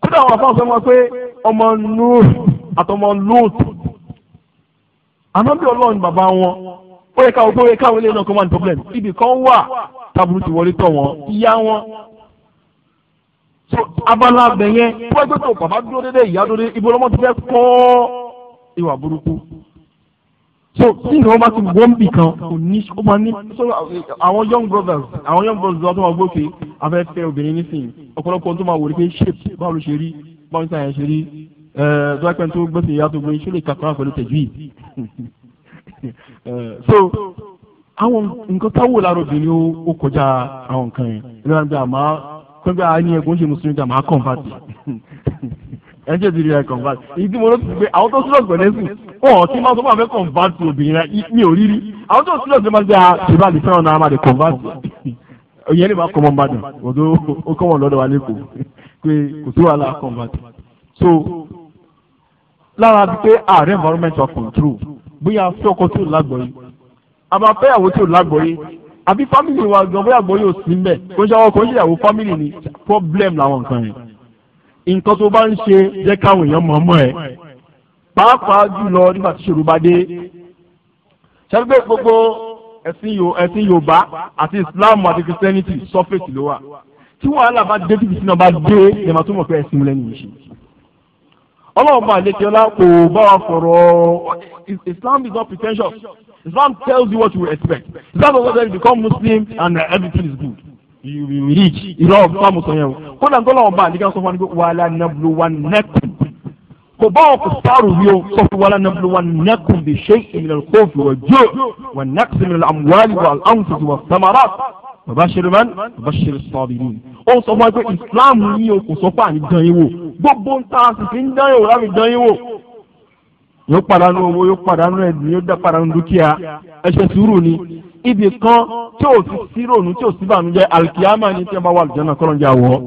Speaker 1: kódà àwọn afáwọn sọ wọn pé ọmọ nuur àtọmọ lóòtù àmọ́ bí ọlọ́run bàbá wọn ó yẹ káwọn ó yẹ káwọn ilé náà kó problem ibì kan wà tábùrù ti wọlé tọ̀ wọ́n ìyá wọn so abala abẹ yẹn tó bá gbé tó bàbá dúró dédé ìyá dúró dédé ibo lọ́mọ ti fẹ́ kọ́ ìwà burúkú so tí ìnáwó bá ti wọ́n bì kan kò ní ó máa ní. àwọn young brothers àwọn young brothers wa tó máa gbókè afẹ́fẹ́ obìnrin nísìnyí ọ̀pọ̀lọpọ̀ tó máa wò ní pé shape báwo ló ṣe rí báwo níta yẹn ṣe rí dọ́pẹ́ tó gbèsè ìyá tó gbé ṣé lè kàkọ́rà pẹ̀lú tẹ̀jú yìí. so àwọn nǹkan táwọ̀ lára obìnrin ó kọjá àwọn nǹkan yẹn ìlú àgbà máa kọ́ńgbà ní ẹ̀gbọ́n ṣe mùsùlùmí ẹ̀ ń ti rí ẹ̀ convert èyí mo ló ti pé àwọn tó sílọ̀ pẹ̀lẹ́ sùn ọ̀ tí máa sọ fún àfẹ́ convert obìnrin rẹ̀ mi ò rírí àwọn tó sílọ̀ pẹ̀lẹ́ máa ń àtìbá lè fẹ́ràn náà máa lè convert òyìn ẹni bá kọ́ mọ́ mbàdàn ọ̀dọ́ ó kọ́ wọn lọ́dọ̀ wa lẹ́kọ̀ọ́ pé kò sí wàhálà convert so lára bíi pé ààrẹ environment of control bóyá fẹ́ ọkọ tí ò lágbọ̀ọ́yé àbáfẹ́yàwó tí ò lágbọ̀ọ́yé àbí fámìlì wa gan bóyá àgbọ̀ọ́yé ò sí mbẹ̀ kó ń ṣe àwọn ọkọ̀ ń ṣèyàwó fámìlì ni problem làwọn nǹkan yẹn nǹkan tó bá ń ṣe jẹ́ káwọn èèyàn mọ̀ mọ́ ẹ̀ pàápàá jùlọ nígbà tí ṣòro bá dé ṣẹ́gbẹ́ gbogbo ẹ̀sìn Yorùbá àti Islam àti Christianity surface ló wà tí wàhálà bá dé tìbìtì náà bá dé lèmọ̀ tó mọ̀ pé ẹ̀sìn lẹ́nu yìí ṣe ọlọ́run bá àlejò ọlá kò bá wa fọ̀rọ̀ Islam is not pretentious Islam tells you what you expect Islam is not tell you become Muslim and everything is good ìrìrì ìrọ̀ ọ̀fọ́mù sọ yẹn o kódà ń tọ́lọ̀ ọba àdìgá sọ fún wa ni pé wàhálà nàblu wa nẹ́kùn kò bá wọn kò sáàrù rí o sọ fún wàhálà nàblu wa nẹ́kùn bí ṣe ìmìlẹ̀ kófì wà jò wà nàkìsì ìmìlẹ̀ àmúwálì wà àǹfọ̀tì wà samara bàbá ṣèlúmán bàbá ṣèlú sọ́ọ̀bìrì ó sọ fún wa pé islam yìí o kò sọ fún àní dán yín wò gbogbo ń ta sì ń dán yín wò láti dán yín wò yóò padànù owó yóò padànù ẹ̀dùn yóò dá padànù dúkìá ẹ̀ṣẹ̀ sùúrù ni ibì kan tí ò sí sírònú tí ò sí bànújẹ́ alikiyama ni tí wọn bá wà lùjọ náà kọ́ ló ń jà wọ́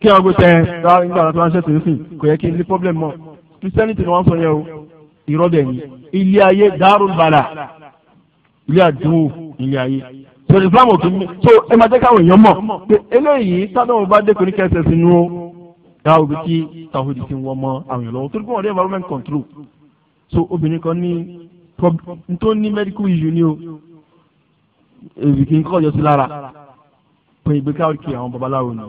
Speaker 1: kí wọn gbé tẹ ẹ nígbà tó ń ṣe tòun sìn kò yẹ kí n ní pọ́blẹ́mù mọ́ kristianity ni wọ́n sọ yẹn o ìrọ́bẹ̀ ni ilé ayé dárul bala ilé àdúgbò ilé ayé so islam ò mi so ẹ máa jẹ́ káwọn èèyàn mọ̀ pé eléyìí sádọ́wọ́ bá dé kò ní kẹsẹ̀ sínú o yàrá òbí tí tàwọ́dì ti ń wọ́n mọ́ àwọn èèyàn lọ́wọ́ torí pé wọ́n environment control so obìnrin kan ní tó ní medical issue ni o èyí kì í kọ́ yọ sí lára pé ìgbékáwé kí àwọn babaláwo ni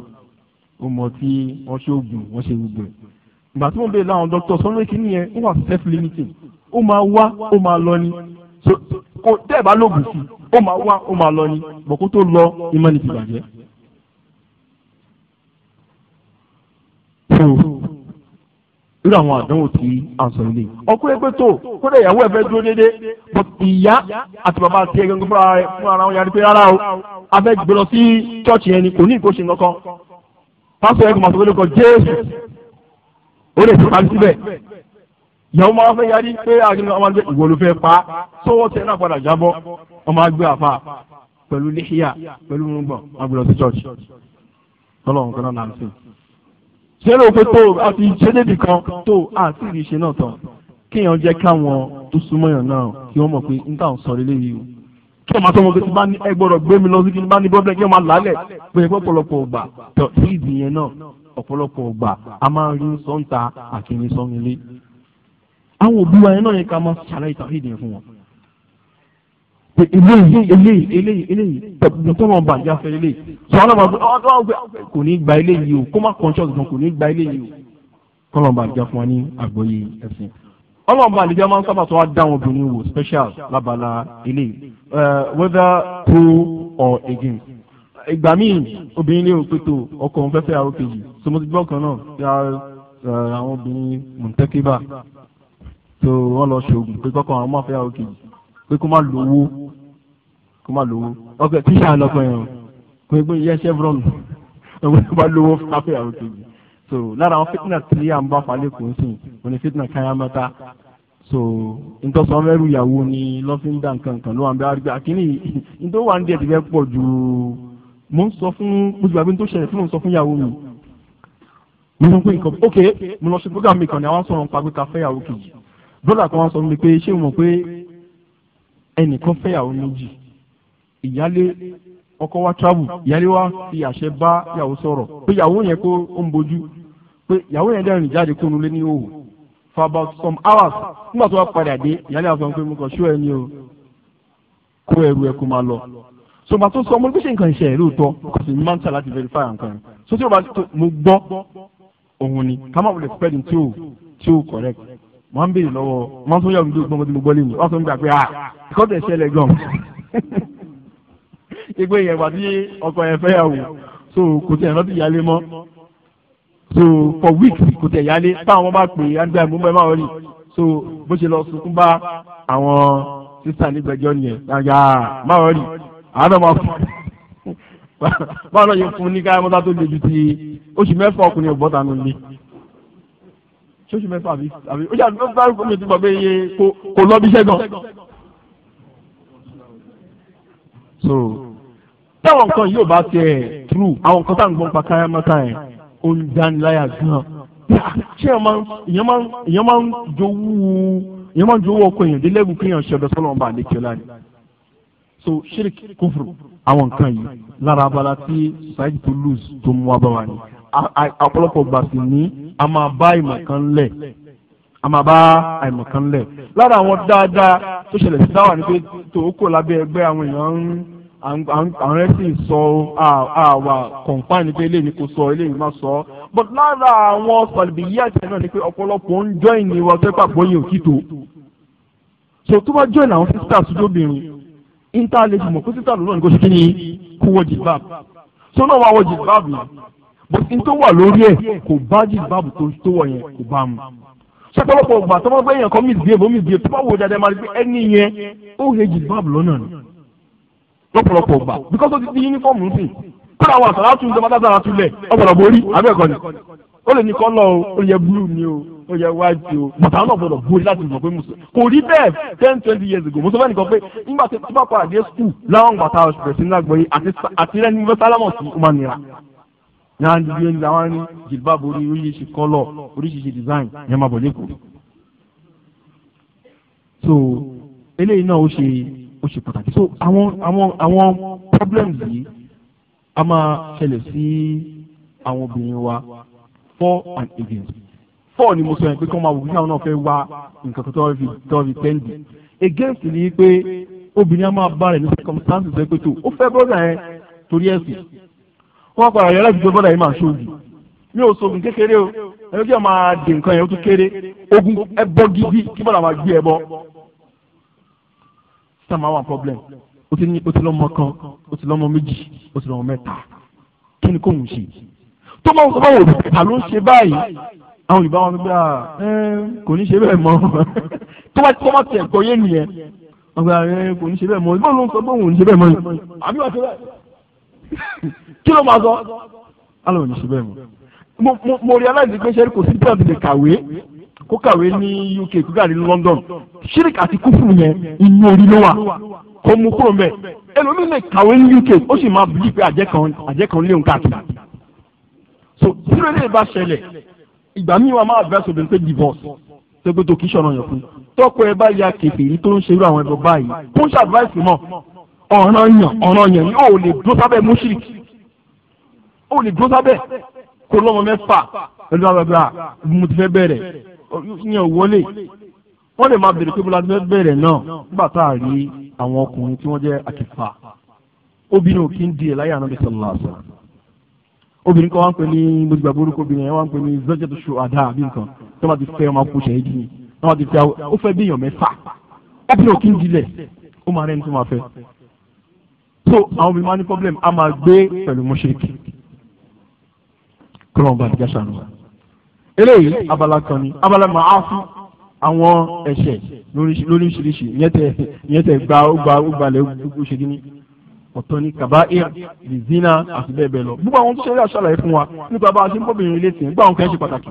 Speaker 1: ó mọ̀ tí wọ́n ṣe oògùn wọ́n ṣe gbogbo ẹ̀ ìgbà tí wọ́n bèèrè láwọn dọ́kítọ̀ sọ́nà ìkíní yẹn ó wà self limiting ó máa wá ó máa lọ ni kò tẹ́ ẹ̀ bá lóògùn sí ó máa wá ó máa lọ ni bọ̀kú tó lọ ìmọ̀ ní ti bàjẹ́ irú àwọn àdánwò tí a ń sọ ilé ọkùnrin pé tó kódà ìyàwó ẹ fẹ́ dúró déédéé but ìyá àti bàbá àti ẹgbẹ́ fúnra rẹ fúnra ara wọn yàrá pé rárá o a fẹ́ gbé lọ sí chọ́ọ̀chì yẹn ni kò ní ìkóṣe nǹkan pásítọ̀ ẹ̀kọ́ màsọ̀ lórúkọ jésù ó lè sọ̀rọ̀ àti síbẹ̀ ìyàwó máa fẹ́ yarí pé àgbẹ̀ ọmọ àgbẹ̀ ìwọ ló fẹ́ pa sọ́wọ́ tẹ náà padà jábọ́ ọmọ àgbẹ̀ àfà pẹ̀lú lẹ́hìyà pẹ̀lú mú sẹ́rọ̀ pé tó a ti ṣe débi kan tó a sì rí ṣe náà tán kéèyàn jẹ́ káwọn tó súnmọ́ yàn náà kí wọ́n mọ̀ pé n táwọn sọ lélẹ́ yìí o kí wọ́n máa tọ́ wọn pé tí bá ní ẹ gbọ́dọ̀ gbé mi lọ sí kí n bá ní bọ́ọ̀lù kí wọ́n máa lálẹ̀ pé ọ̀pọ̀lọpọ̀ ọgbà tó ìdí yẹn náà ọ̀pọ̀lọpọ̀ ọgbà a máa rí sọ́ńtà àkìní sọ́ńilé àwọn òbí wa yẹn náà yẹ ká máa ṣàlàyé tàwọn ìdí yẹn fún wọn eléyìí eléyìí eléyìí eléyìí tẹ̀bùn tó wọn bàjẹ́ afẹ́ eléyìí sọ wọn bàbá ọdún ọgbẹ kò ní gba eléyìí o kó má conscious gan kò ní gba eléyìí o kọ́lọ̀ bàjẹ́ fún wa ní àgbọ́yé ẹ̀sìn. ọlọ́run àlejò máa ń sábà tó wá dá obìnrin wò special lábala eléyìí whether pro or against. ìgbà míì obìnrin ní òpètò ọkọ òun fẹ́fẹ́ àwọn kejì so mo ti gbọ́ kan náà pé kó má lówó kó má lówó ọkọ tíṣà lọkọ yẹn o kò ní gbóyè yẹn chevron ọgbẹ tó bá lówó fáfíyàwó kejì so lára àwọn fitna tí à ń bá falẹ̀ kò ń sìn kò ní fitna káyámátá so ntọ́sọ mẹ́rù ìyàwó ni lọ́fíńdà nkankan ló wà ń bẹ àrígbà àkínní ntọ́ wà ń díẹ̀ ti pọ̀ ju mo ń sọ fún mo ti gbàgbé tó ṣẹlẹ̀ fún mo ń sọ fún ìyàwó mi mo sọ pé nǹkan ok mo lọ ṣe program mi kan ni àwọn sọ̀rọ̀ ń pa pé ká kejì brother kan wá sọ mi pé ṣé o mọ̀ pé ẹnìkan fẹ́ méjì ìyálé ọkọ wa travel ìyálé wa fi àṣẹ bá ìyàwó sọ̀rọ̀ pé ìyàwó yẹn kó ó ń bojú pé ìyàwó yẹn dẹ́rìn jáde kó nulẹ̀ ní òwò for about some hours nígbà tó wá padà dé ìyálé wa sọ pé mo kàn ṣó ẹni o kó ẹrù ẹ kó máa lọ sọgbà tó sọ ọmọ gbèsè nǹkan ìṣe ẹ̀ lóòótọ́ kò sì máa ń tà láti verify nǹkan ẹ̀ so tí o bá mo gbọ́ òun ni ká má wọlé spreading tí o tí o correct mo ń béèrè lọ́wọ́ mo ń sọ yàrá mi ló gbọ́n mo ti mo lé mi wọ́n sọ mi gbà pé ah ìkọ́tẹ̀ ṣẹlẹ̀ gan ìgbé yẹn wà ní ọkọ yẹn fẹ́ yàwó so kò tẹ̀ lọ́dún ìyálé mọ́ so for weeks kò tẹ̀ yálé táwọn bá pè é àgbà ìmúbẹ́ máa rí so bó ṣe lọ sunkún bá àwọn sísà nígbẹ̀jọ́ nìyẹn gbàgbà máa rí àádọ́ máa fún báwọn náà yóò fún ní káyọ̀ mọ́tà tó le ju oṣù mẹ́fà ọkùnrin ọ̀bọ̀tà nù mí ṣóṣù mẹ́fà àbí àbí ó yà ló dárúkọ mi ti gbọ́
Speaker 2: kò lọ́ bí iṣẹ́
Speaker 1: so táwọn nǹkan yóò bá tẹ̀ true àwọn nǹkan táwọn gbọ́n pa káyámátà yẹn ó ń dániláyà gan ṣé èèyàn máa ń jowú èèyàn máa ń jowú ọkọ èèyàn délẹ́gùn kéèyàn ṣe ọ̀dọ̀ sọ́lọ́mọba àdékẹ́lá ni so ṣíríkì kúfùrù àwọn nǹkan yìí lára abala tí society to lose tó mú wá bá wa ni ọ̀pọ̀lọpọ̀ gbà sí ní a máa bá ìmọ̀ kan lẹ̀ a máa bá àìmọ̀ kan lẹ̀ lára àwọn dáadáa tó ṣẹlẹ̀ sí dáwà ni pé tòókò lábẹ́ ẹgbẹ́ àwọn èèyàn ń àwọn ẹ̀sìn sọ àwà kọ̀ǹpáàní pé eléyìí kò sọ eléyìí má sọ but lára àwọn sọ̀lìbìyí àti náà ni pé ọ̀pọ̀lọpọ̀ ń jọ ìníwá tó pàpọ̀ yìí òkìtò so tó bá jọ ìnà àwọn sisters lóbìnrin inter lè fi mọ̀ pé sisters lónìí kò sí kí ni kó wọ jìbáàb so náà wá wọ jìbáàb yẹn but n tó wà lórí ẹ̀ kò bá jìbáàb tó wọ̀ yẹn kò bá mu sọpọlọpọ ọgbà tó wọn gbé yẹn kọ misbehave ó misbehave tó bá wò dáadáa máa rí pé ẹni yẹn ó he jìbáàb lọ́nà ni lọ́pọ̀lọpọ̀ gbà because ó ti di uniform ń sìn kódà àwọn àsàlátù ń jọba dáadáa tulẹ̀ ọ̀pọ̀lọ̀ borí abẹ́ ẹ̀kọ́ ni ó lè ní kọ́lọ̀ o ó yẹ blue ni o ó yẹ white o bàtà náà gbọdọ̀ borí láti mọ̀ pé mùsùlùmí kò rí bẹ́ẹ̀ ten twenty years ago mo sọ fẹ́ẹ́ nìkan pé nígbà tí bá padà dé school láwọn gbàtà ọ̀sẹ̀ sí náà gbọ́yé àti rẹ́ni mo fẹ́ sálámọ̀ sí ó máa nira náà ní bíi ẹnìyàwó ní jìlbáàbò orí oríṣiríṣi kọ́lọ̀ oríṣiríṣi design yẹn máa bọ̀ lẹ́kọ̀ọ́ so eléyìí náà ó ṣe ó ṣe pàtàkì so àwọn àwọn àwọn problems yìí a máa ṣẹlẹ̀ sí àwọn obìnrin wa for and against for ni mo sọ yẹn pé kí wọ́n máa wò bí àwọn náà fẹ́ wá nǹkan tó tọ́ fi tọ́ fi tẹ́ǹdì against ni pé obìnrin a máa bá rẹ̀ ní circumstances ẹ pé tó ó fẹ́ brother yẹn torí ẹ̀sìn wọ́n padà yọ láti gbé brother yẹn máa ṣóògì mi ò sọ̀gùn kékeré o ẹni tí wọ́n máa dè nǹkan yẹn ó tún kéré ogun ẹbọ gidi kí bọ́dà máa gbé ẹbọ tá máa wà problem ó ti ní ó ti lọ́mọ kan ó ti lọ́mọ méjì ó ti lọ́mọ mẹ́ta kí ni kò ń ṣe tó máa sọ báwo ta ló ń ṣe báyìí àwọn Yorùbá wọn gbé ẹ kò ní ṣe bẹ́ẹ̀ mọ́ tó bá tó bá tẹ̀ gbọ́ yé nìyẹn wọn gbé ẹ kò ní ṣe bẹ́ẹ̀ mọ́ ìbọn ló sọ bóun ò ní ṣe bẹ́ẹ̀ mọ́ àbí wàá ṣe bẹ́ẹ̀ kí ló máa sọ alọ́ ò ní ṣe bẹ́ẹ̀ mọ́ mo mo realize pé ṣe kò sí kó kàwé ní UK kó kàwé ní London shirik àti kúfùrù yẹn
Speaker 2: inú orí ló wà
Speaker 1: kó mú kúrò mbẹ ẹlòmíín lè kàwé ní UK ó sì máa bí pé àjẹ kan léwu káàkiri so tíro ilé ìbá ṣẹlẹ̀ ìgbà míì wà máa advice obìnrin pé divorce tẹgbẹtọ kì í ṣọ̀nà yàn fún tọkọ ẹ bá ya kèfèrí tó ń ṣerú àwọn ẹbọ báyìí kó ń ṣàdváìsì mọ ọ̀ràn yàn ọ̀ràn yàn yóò lè dúró sábẹ́ mushrik ó lè dúró sábẹ́
Speaker 2: kó lọ́mọ mẹ́fà
Speaker 1: pẹ̀lú àwọn mo ti fẹ́ bẹ̀rẹ̀
Speaker 2: yẹn ò wọlé wọ́n lè máa bèrè pé
Speaker 1: bọ́lá fẹ́ bẹ̀rẹ̀ náà nígbà tá a rí àwọn ọkùnrin tí wọ́n jẹ́ àkìfà obìnrin ò kí ń di ẹ̀ láyé ànábì sallallahu alaihi wasallam obìnrin kan wá ń pè ní gbogbo àbúrúkọ obìnrin yẹn wá ń pè ní zọ́jọ́ tó ṣù àdá àbí nǹkan tó bá ti fẹ́ ọmọ akóṣe yìí dìní tó bá ti fẹ́ ó fẹ́ bíyàn mẹ́fà obìnrin ò kí ń dilẹ̀ ó máa rẹ́ni tó máa fẹ́ so àwọn obìnrin máa ní problem a máa gbé pẹ̀lú mọ́ṣẹ́kì kúrò ọ̀gbà àdìgá ṣàánú eléyìí abala kan ni abala màáfi àwọn ẹ̀ṣẹ̀ lóríṣiríṣi ìyẹn tẹ gba gba gbalẹ̀ oṣù kìíní ọ̀tọ̀ ni kàbáì ìzínà àti bẹ́ẹ̀ bẹ́ẹ̀ lọ. gbogbo àwọn tó ṣe eré àṣàlàyé fún wa nípa bá a ṣe ń bọ́bìnrin ilé tìǹ gbọ́ àwọn kan ṣe pàtàkì.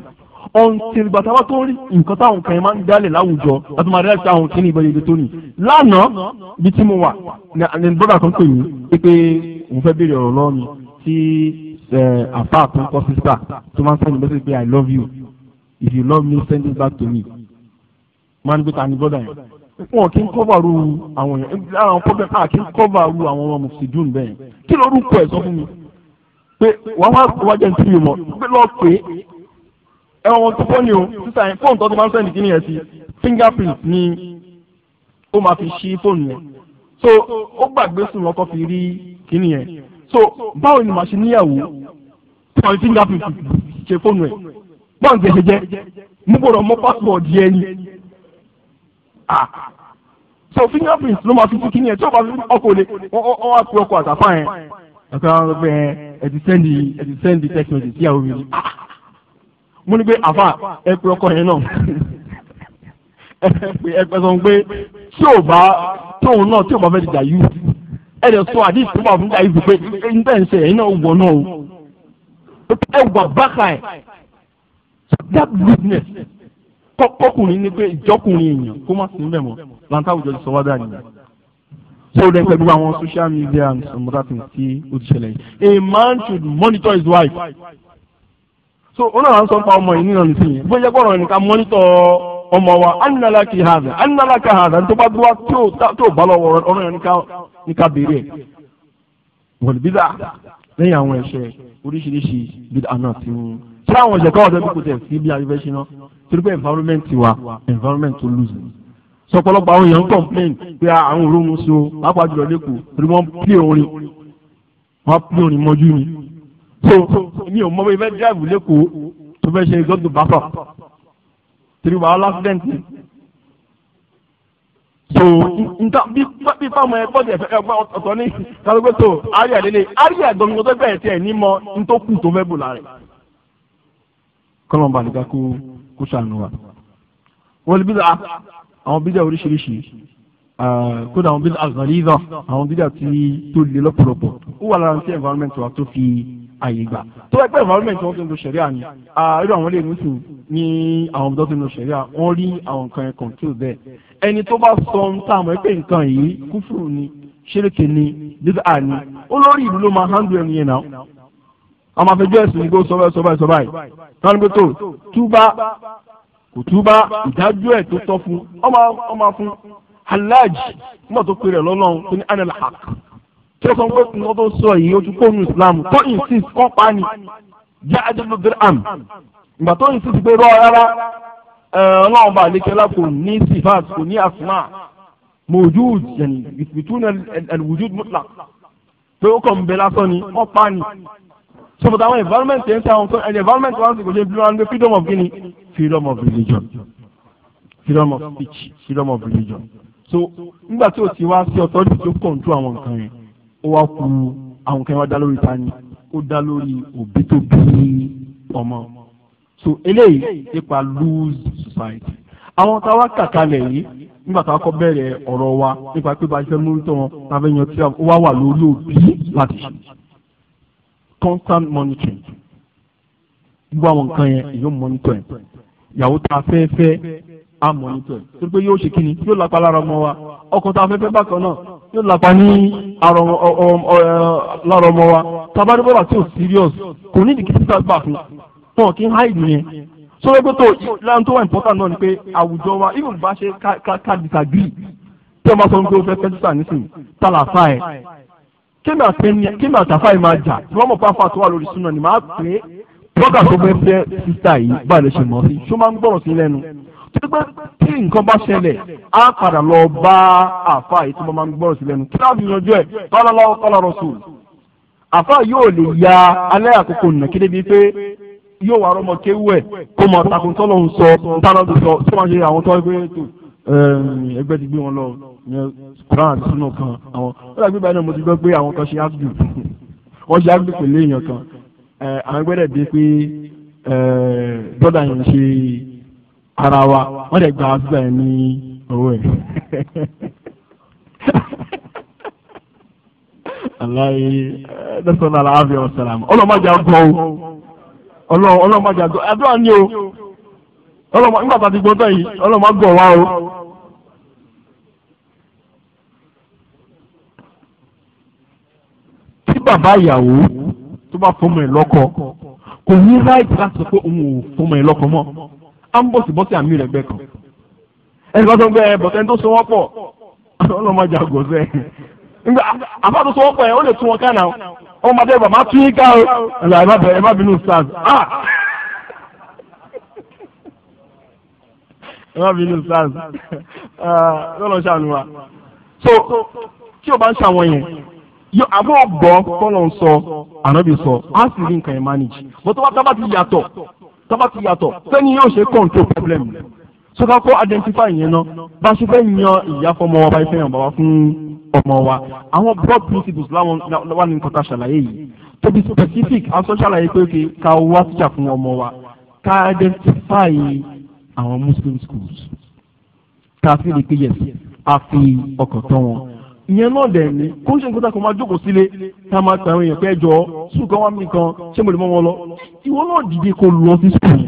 Speaker 1: ọ̀ǹtìrì bàtà wa tó rí nǹkan táwọn kan máa ń dálẹ̀ láwùjọ láti máa rẹ́ẹ̀sì àwọn kìíní ìbọn ìdè tó nì. lánàá bí tí mo wà ní bọ́dà kan pè mí pé òun fẹ́ béèrè ọ̀rọ̀ lọ́wọ́ mi tí àfa tó ń kọ́ sísà tó máa ń sẹ́ni mẹ́sẹ̀ i love you if you love me send it back to me Man, ń gbé ta ni bọ́dà yẹn wọn kì í kọ́bàrú àwọn yẹn àwọn pọ́bẹ́ káà kì í kọ́bàrú àwọn ọmọ mùsùlùmí bẹ́ẹ̀ kí lorúkọ ẹ̀ sọ fún mi pé wàá wá wájà sí mi mọ̀ pé lọ́ọ́ pé ẹ wọn tó fọ́ ni o sísà yẹn fóònù tó ti máa ń sẹ́ni kíni yẹn sí fingerprint ni ó máa fi ṣí fóònù yẹn so ó gbàgbé sùn lọ́kọ́ fi rí kíni yẹn so báwo ni màá ṣe níyàwó pọ̀n tí ń ga fìfì ṣe fóònù ẹ̀ pọ́ǹ tẹ̀sẹ̀ jẹ́ mú gbọ́dọ̀ mọ́ pásíwọ̀dì ẹ ni. so fingerprint ló máa fi kí ni ẹ tí ó bá fi ọkọ̀ lé ọ wá pé ọkọ̀ àtàfà yẹn. ọ̀kan wọn gbẹ ẹ ti sẹ́ndì ẹ ti sẹ́ndì text message sí àwọn obìnrin. mo ní pé àfà ẹ pé ọkọ̀ yẹn náà ẹ pẹ sọ pé tí ò bá tóun náà tí ò bá fẹ́ di dà yìí ẹ lè sọ àdìsí tó bá fún dà yìí pé ń bẹ́ẹ̀ ń ṣe ẹ̀yin náà wọ̀ náà o ẹwà bákà ẹ̀ that goodness kọkùnrin ni pé ìjọkùnrin èèyàn kó má sí níbẹ̀ mọ́ lanta àwùjọ ti sọ wá dáa nìyẹn so then pẹ̀lú àwọn social media and some other things tí ó ti ṣẹlẹ̀ yìí a man should monitor his wife so ó náà sọ pa ọmọ yìí nínú nísìnyí bó jẹ́ gbọ́dọ̀ nìkan monitor ọmọ wa anilala kì í hàdà anilala kì í hàdà tó bá dúró tí ò bá lọ wọ̀rọ̀ ọ̀rọ̀ yẹn nìkan béèrè wọ̀lùbíza lẹ́yìn àwọn ẹ̀ṣẹ̀ oríṣiríṣi bíi àná ti ń ṣé àwọn ẹ̀ṣẹ̀ káwọn ọ̀dọ́ kò tẹ̀ sí bí ayé fẹ́ ṣe ná torí environment wa environment tó lùzù sọpọlọpọ àwọn èèyàn ń complain pé àwọn òrómù sí o pàápàá jùlọ lẹ́kọ̀ọ́ torí wọ́n pè orin wọ́n pè orin mọ́jú mi so mi ò mọ bí fẹ́ drive lẹ́kọ̀ọ́ tó fẹ́ ṣe gọ́dù bàfà torí wàhálà accident tó nta bí bí fáwọn ẹgbọ́n ti ẹ̀fẹ́ ẹgbọ́n ọ̀tọ̀ ní kálógbé tó àríyá lélẹ̀ àríyá gbọ̀ngàn tó bẹ̀rẹ̀ tiẹ̀ ní mọ ntọ́kù tó fẹ́ bù lára ẹ̀. kọ́lọ̀ bá nìkan kó kó sànù wa. wọ́n lè bí dáa ah, àwọn bídà oríṣiríṣi ah, kódà àwọn bídà àgbàlíyàn àwọn bídà tí tó lé lọ́pọ̀lọpọ̀ ó wà lára ní environment wa tó fi àyè gbà tó ẹgbẹ́ environment wọn tó ń lo sẹ̀ríà ni irú àwọn ilé ìmúsù ní àwọn ọmọdé tó ń lo sẹ̀ríà wọ́n rí àwọn nǹkan ẹ̀ control bẹ́ẹ̀ ẹni tó bá sọ ń tà mọ́ pé nǹkan yìí kúfùrù ni ṣéréke ni bíbá ni olórí ìlú ló máa handle ẹni yẹn náà àwọn afẹjọ́ ẹ̀sìn ni kó sọ báyìí sọ báyìí sọ báyìí tọ́ni pé tó túbá kò túbá ìdájọ́ ẹ̀ tó tọ́ fún ọmọ fún aláàjì mọ̀ tó pe rẹ̀ lọ́lọ́run tí ó sọ pé kí wọ́n tó sọ èyí ojú kóònù islam tó insist kọ́ pa ni jẹ́ adébó bẹ́rẹ̀ am ìgbà tó insist pé rọ rárá ọlọ́run bá àlékè lápò ní sifat kò ní asma mojúd yẹnì ìtùtùn alwujud mutlaq pé ó kàn ń bẹ lásán ni wọ́n pa ni sọ̀tọ̀ àwọn environment yẹn tí àwọn ẹni environment wọn sì kò ṣe bí wọn ń gbé freedom of gini freedom of religion freedom of speech freedom of religion so nígbà tí o ti wá sí authority tó kàn àwọn nǹkan yẹn ó wá ku àwọn kan wá dá lórí ta ni ó dá lórí òbí tó bí ọmọ so eléyìí nípa lose society àwọn tá a wá kàkalẹ̀ yìí nígbà tá a kọ́ bẹ̀rẹ̀ ọ̀rọ̀ wa nípa pé bá a ṣe múlítọ́ wọn tá fẹ́ yan tí ó wá wà lórí òbí láti ṣe constant monitoring gbogbo àwọn nǹkan yẹn yóò mọ́nítọ̀ ẹ̀ ìyàwó tá a fẹ́ fẹ́ á mọ́nítọ̀ ẹ̀ torí pé yóò ṣe kí ni yóò lápá lára ọmọ wa ọkọ tá a fẹ́ fẹ́ bákan náà yóò lapa ní lára ọmọ wa tabari bọ́lá tí ò serious kò ní ìdíkí títà gbà fún wọn kì í hide yẹn sọ́dọ̀ pé tó lára tó wà important náà ni pé àwùjọ wa even bá ṣe ká disagree tí wọ́n bá sọ pé o fẹ́ fẹ́ títà nísìnyí tálà fáì kémi àtàfà yìí máa jà tí wọ́n mọ̀ fáfà tó wà lórí súnà ni máa pè é bọ́gà tó fẹ́ fẹ́ títà yìí báyìí lè ṣe mọ́ sí ṣó máa ń gbọ́rọ̀ sí lẹ́nu pé tí nǹkan bá ṣẹlẹ̀ á padà lọ bá àfa èyí tí mo máa ń gbọ́rọ̀ sí lẹ́nu kí láti yanjú ẹ̀ qala Allahu qala àfa yóò lè ya alẹ́ àkókò nà kí débi pé yóò wà rọmọ kéwú ẹ̀ kó mọ takùn tọ́lọ̀ ń sọ tánà tó sọ tó máa ṣe àwọn tó ẹgbẹ́ tó ẹgbẹ́ ti gbé wọn lọ Quran àti sunu kan àwọn ó dàgbé báyìí náà mo ti gbọ́ pé àwọn kan ṣe ágbù wọ́n ṣe ara wa dị lè gba afẹ́ ní owó ẹ̀. aláì lẹ́sọ̀nà aláàfin ọ̀sẹ̀lámù ọlọ́mọdé àgọ́ o ọlọ́mọdé àgọ́ àdúrà ni o ọlọ́mọ nígbà tá a ti gbọ́ tán yìí ọlọ́mọ àgọ́ wa o. tí bàbá ìyàwó tó bá fọmọ ẹ kò ní sọ pé òun ò á ń bọ̀sibọ́sì àmì rẹ̀ bẹ́ẹ̀ kan ẹnì kan sọ pé bọ̀tẹ́ tó so wọ́n pọ̀ ọlọ́mọdé àgọ́sẹ́ nígbà àbá tó so wọ́n pọ̀ ẹ̀ ó lè tún wọn ká náà
Speaker 2: ó máa dẹ́ bàbá tún yín ká o ẹ̀là ẹ̀ má bẹ̀rẹ̀ ẹ̀ má bínú stars ah
Speaker 1: ẹ̀ má bínú stars ah, lọ́lọ́ ṣàánú wa so tí o bá ń ṣàwọn yẹn yọ àbọ̀ gbọ́ kọ́ ló ń sọ ànábì sọ á sì rí nǹkan ẹ̀ manage bó tó bá tá bá ti yàtọ̀ tọ́ba ti yàtọ̀ sẹ́ni yóò ṣe control problem sọ́ka kó identify yẹn náà bá a ṣe fẹ́ yan ìyá fọmọ wa bá a fẹ́ yan bàbá fún ọmọ wa àwọn broad principles láwọn wà ní nǹkan tá a ṣàlàyé yìí to be specific a sọ ṣàlàyé pé kí ká wá tíjà fún ọmọ wa ká identify àwọn muslim schools ká fi lè pé yes a fi ọkàn tán wọn ìyẹn náà dẹ̀ ní kó ṣe nǹkan tako máa jókòó sílé tá a máa tàwọn èèyàn pé jọ sùn kan wá mí kan ṣé mo lè mọ́ wọn lọ ìwọ náà dìde kó lọ sí sùkúl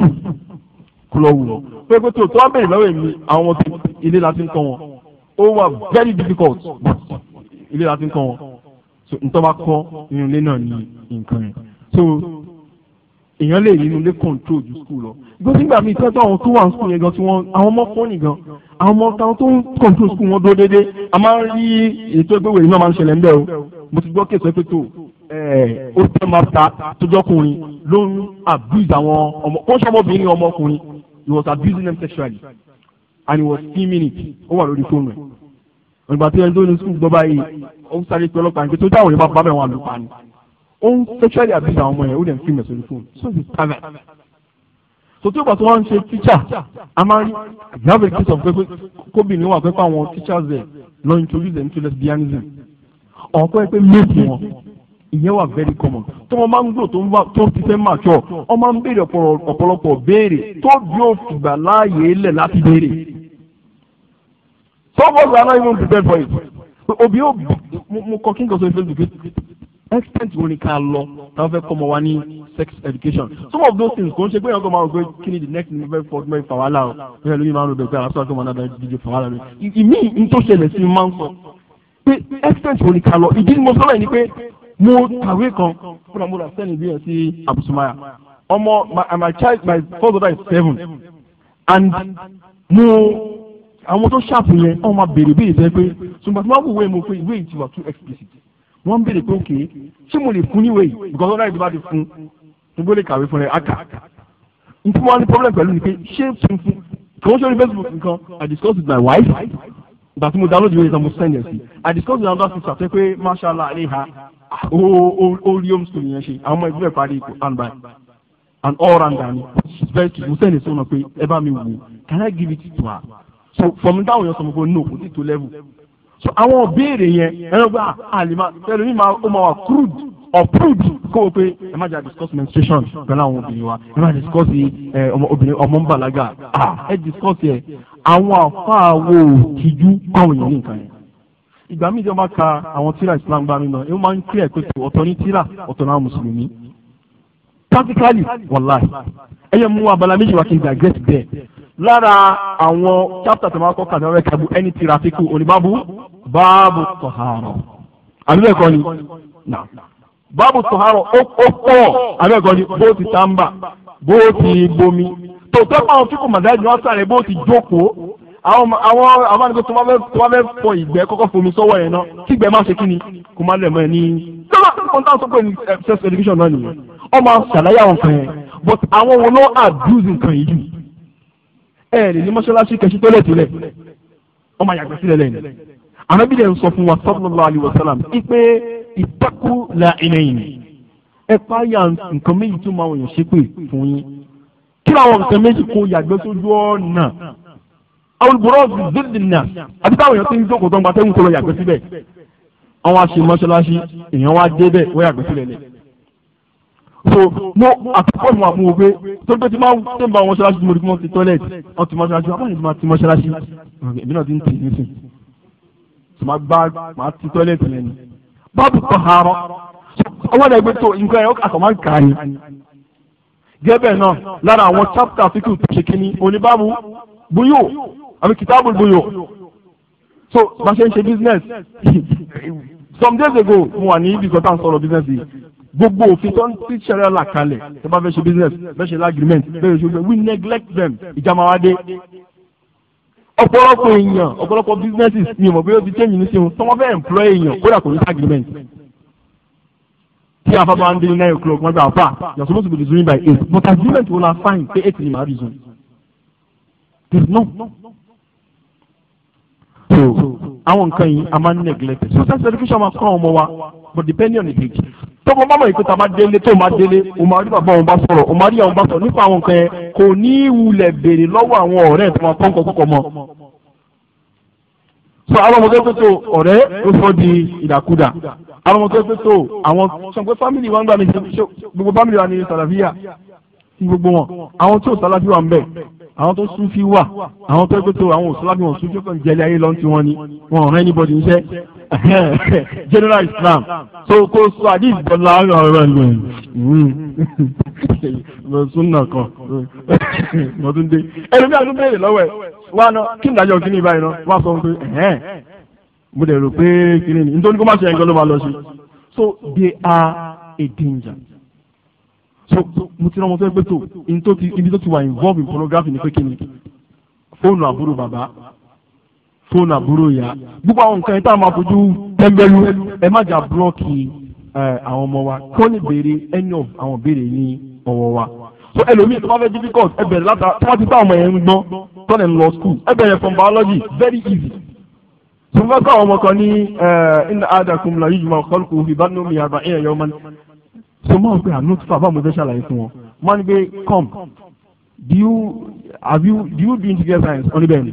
Speaker 1: kó lọ wù lọ pé pé tó tó wá bẹ̀rẹ̀ lọ́wọ́ èmi àwọn ọmọ ilé la ti ń kọ́ wọn ó wà very difficult ilé la ti ń kọ́ wọn so ntọ́ bá kọ́ nínú ilé náà ní nǹkan yẹn so èèyàn lè nínú ilé control ju sùkúl lọ gbósìgbà mi tọ́jú àwọn tó wà ń sùn yẹn gan tí wọ́n àwọn ọmọ fóònù gan àwọn ọmọ táwọn tó ń kọ̀ǹtò sùn wọn dúró déédéé a máa ń rí ètò ìgbéwèé iná máa ń ṣẹlẹ̀ ńbẹ́ o mo ti gbọ́ kéèsì pé tó ó tẹ́ máa ta tójọ́kùnrin ló ń abuse àwọn ọmọ kó sọmọbìnrin ọmọkùnrin he was abusing them sexually and he was steaming it ó wà lórí fóònù rẹ̀ ìgbà tí ẹni tó ní sùn gbọ́ báyìí ó ń sáré pé ọlọ́pàá nígbà tó dáwọn yẹn bá bá bẹ̀ wọn àlùpàá ni ó ń sexually abuse àwọn ọmọ yẹn ó dẹ̀ ń fi mẹ̀sọ̀rọ̀ fóònù so he is pervert sotí ìgbà tí wọ́n ń ṣe tíṣà a máa ń example case of pé kóbìnrin wà pé àwọn teachers ẹ̀ lọ introduce them to lesbianism ọ̀pọ̀ ẹ pé méjì wọn ìyẹn wà very common tó wọn máa ń gbò tó ń ti fẹ́ mature wọn máa ń béèrè ọ̀pọ̀lọpọ̀ béèrè tó bí ó fìgbà láàyè lẹ̀ láti béèrè some of us are not for it obi ó mo kọ kí n kọ sọ ìfẹ́ lùkẹ́ extent wo ni ká lọ táwọn fẹ́ kọ́ ọmọ wa ní sex education some of those things kò ń ṣe pé ọkọ̀ máa rò pé kí the next thing fẹ́ fọ́ fẹ́ fàwálà o fẹ́ lóyún máa ń rò bẹ́ẹ̀ pé àlàáfíà kí ọmọ náà bẹ́ẹ̀ díje fàwálà rẹ̀ ìmí ń tó ṣẹlẹ̀ sí mi máa ń sọ pé extent wo ni ká lọ ìdí ni mo sọ́rọ̀ ẹ̀ ni pé mo kàwé kan fúnra mo rà sẹ́ni bí ẹ̀ sí àbùsùmáyà ọmọ my child my first daughter is seven and mo àwọn tó ṣàpù yẹn ọmọ béèrè bí ìfẹ́ pé ṣùgbọ́n tí wọ́n wù wẹ́ mo pé ìwé ìtiwà too explicit wọ́n ń béèrè pé òkè ṣé mo lè fún níwèé yìí because ọ̀rọ̀ ìdíbà ti fún gbogbo lè kàwé fún rẹ̀ àkà nkú wa ní problem pẹ̀lú ni pé ṣé tuntun kò ń ṣe orí Facebook nǹkan I discuss with my wife ìgbà tí mo download ìwé ìtàn mo send ẹ̀ sí I discuss with another sister pé pé mashallah aleha ó ah, rí homeschool yẹn ṣe àwọn ọmọ ìgbẹ́ parí ipò and by and all round down she's very cute mo send ẹ̀ sọ́nà pé ẹ bá mi wò can I give it to her so from down yẹn sọ mo pé no kò sí to level so àwọn òbéèrè yẹn ẹ̀rọ gba ah, àlìmá tẹ̀lé mi máa ó máa wà crude or prude kó o pé ẹ má jà discuss menstruation pẹ̀lú àwọn obìnrin wa ẹ má discuss ẹ ọmọ obìnrin ọmọ ń bàlágà ah, ẹ discuss ẹ àwọn àfáà wo tìjú báwo yẹn ní nǹkan yẹn ìgbà míì tí wọ́n bá ka àwọn tíra Islam gbá mi náà ẹ máa ń kí ẹ̀ pé ọ̀tọ̀ ní tíra ọ̀tọ̀ náà mùsùlùmí practically wàláì ẹ yẹ mú abala méjì wá kí n digret there lára àwọn chapter tó máa kọ́ kàdé ọ̀rẹ́ kàbú ẹni tíra fi kú oníbàbù báàbù tọ̀hárọ̀ àbíbẹ̀kọ́ ni báàbù tọ̀hárọ̀ ó pọ̀ àbíbẹ̀kọ́ ni bó ti tàǹbà bó ti bomi tòótọ́ pàwọn fíkùn màdájú wọn sáré bó ti jókòó àwọn àwọn àwọn àdìgbò tó wá fẹ́ fọ ìgbẹ́ kọ́kọ́ fomi sọ́wọ́ yẹn náà kí ìgbẹ́ má ṣe kí ni kò má lẹ̀ mọ́ ẹ ní. sábà kọ́ńtà táwọn sọ́kọ̀ ní sex education náà nìyẹn ọmọ ṣàlàyé àwọn kan yẹn but àwọn wo ló abuse nǹkan yìí jù ẹ lè ní mọ́ṣáláṣí kẹṣí tó lẹ̀ tó lẹ̀ ọmọ àyàgbẹ́ sílẹ̀ lẹ́yìn anabi dẹ̀ ń sọ fún wa sallallahu alayhi wa sallam ìtakú la ìnẹyìn ẹ páyà nǹkan méjì tó máa wọ̀nyẹn ṣépè fún yín
Speaker 2: kí làwọn nǹkan méjì kó yàgbẹ́
Speaker 1: sójú ọ̀nà olùbọ̀rọ̀sì zidina àti táwọn èèyàn ti ń jókòó tó ń gba tẹ́gùn tó lọ yàgbẹ́ síbẹ̀ àwọn aṣè mọ́ṣáláṣí èèyàn wá débẹ̀ wọ́n yàgbẹ́ sílẹ̀ lẹ̀ so mo àtúkọ̀ mu àmú òwe tó gbé tí máa ń tẹ̀ ń bá wọn mọ́ṣáláṣí mo rí kí wọ́n ti tọ́lẹ̀tì wọ́n ti mọ́ṣáláṣí wọ́n tí máa gbá máa ti tọ́lẹ̀tì lẹ́nu. báàbù kan harọ ọwọ́ rẹ̀ gbé tó nǹkan ẹ̀ ọkọ̀ máa ń kà á ni. gẹ́bẹ̀ náà lára àwọn chápítà fíkù tó ṣe kínní oníbàbù buyò àmì kìtàbù buyò so bá ṣe ń ṣe business some days ago mo wà ní ibi kan tá sọ̀rọ̀ business yìí gbogbo òfin tó ń tí sẹ́rẹ́ là kalẹ̀ tó bá fẹ́ ṣe business fẹ́ ṣe agreement fẹ́ ṣe we neglect them ìjàmbá wa dé
Speaker 2: ọ̀pọ̀lọpọ̀ èèyàn
Speaker 1: ọ̀pọ̀lọpọ̀ businesses ni mo bóyá ó ti change ní sí wọn tọ́wọ́ fẹ́ employ èèyàn kódà kò ní sí agreement. tí afa bá ń dé ní nine o'clock wọ́n gbà afa you are supposed to be by eight but agreement wọn la fine pé eight ni màá resume. there is no. so àwọn nǹkan yìí a máa ń neglect so sex education máa kọ́ ọmọ wa but depending on the age tó kọ́ mọ́mọ́ ìpè tá a bá délé tó máa délé o máa rí bàbá òun bá sọ̀rọ̀ o máa rí àwọn bá sọ̀rọ̀ nípa àwọn nǹkan yẹn kò ní wulẹ̀ béèrè lọ́wọ́ àwọn ọ̀rẹ́ tó máa kọ́ńkọ́ kọ́kọ́ mọ́. sọ àwọn ọmọ kẹ́kẹ́ tó ọ̀rẹ́ ló sọ di ìdàkudà àwọn ọmọ kẹ́kẹ́ tó àwọn sọ̀gbẹ́ fámìlì wa ń gbà mí gbogbo fámìlì wa ní sàlàfíà gbogbo wọn àwọn tí ò sàlàfíà ń bẹ̀ àwọn tó súnfí wà àwọn tó gbé tó àwọn òṣùlábí wọn súnfí kan jẹlé ayé lọ́n ti wọn ni wọn ò rán anybody níṣẹ́
Speaker 3: general islam
Speaker 1: so kó sọ àdìs bọ́lá ọ̀rọ̀ ẹ̀ hmm. lọ súnà kan mo tún dé ẹlòmí àti béèrè lọ́wọ́ ẹ̀ wá ná kí nìdájọ́ kí ni ìbáyìí ná wá sọ pé mo dẹ̀ rò pé kí ni nítorí kó má ṣe ẹ̀ńgọ́ ló máa lọ sí so they are a danger so mo ti rán ọmọ tó ẹgbẹ́ tó ibi tó ti wà involve in pornography ni pé kí ni fóònù àbúrò bàbá fóònù àbúrò ìyá gbogbo àwọn nǹkan yẹn tá a máa fojú tẹ́ńbẹ́lú ẹ má jà búrọ́ọ̀kì àwọn ọmọ wa kí wọ́n béèrè any of àwọn béèrè ní ọwọ́ wa so ẹlòmíì tó bá fẹ́ difficult ẹ bẹ̀rẹ̀ látà tó bá ti bá ọmọ yẹn ń gbọ́n tọ́lẹ̀ ń lọ school ẹ bẹ̀rẹ̀ from biology very easy tó bá kọ́ àwọn ọmọ kan ní ẹ̀ ẹ̀ ní adakum la yíyí ma kọ́lùkù fi bá nómi àbá ẹ̀yà yọ̀ọ́mọ́ni so mo n pe i'm not far báwo mo fẹ́ ṣàlàyé wọn mo ní pé come do you have you do you been together science oníbẹ̀ ni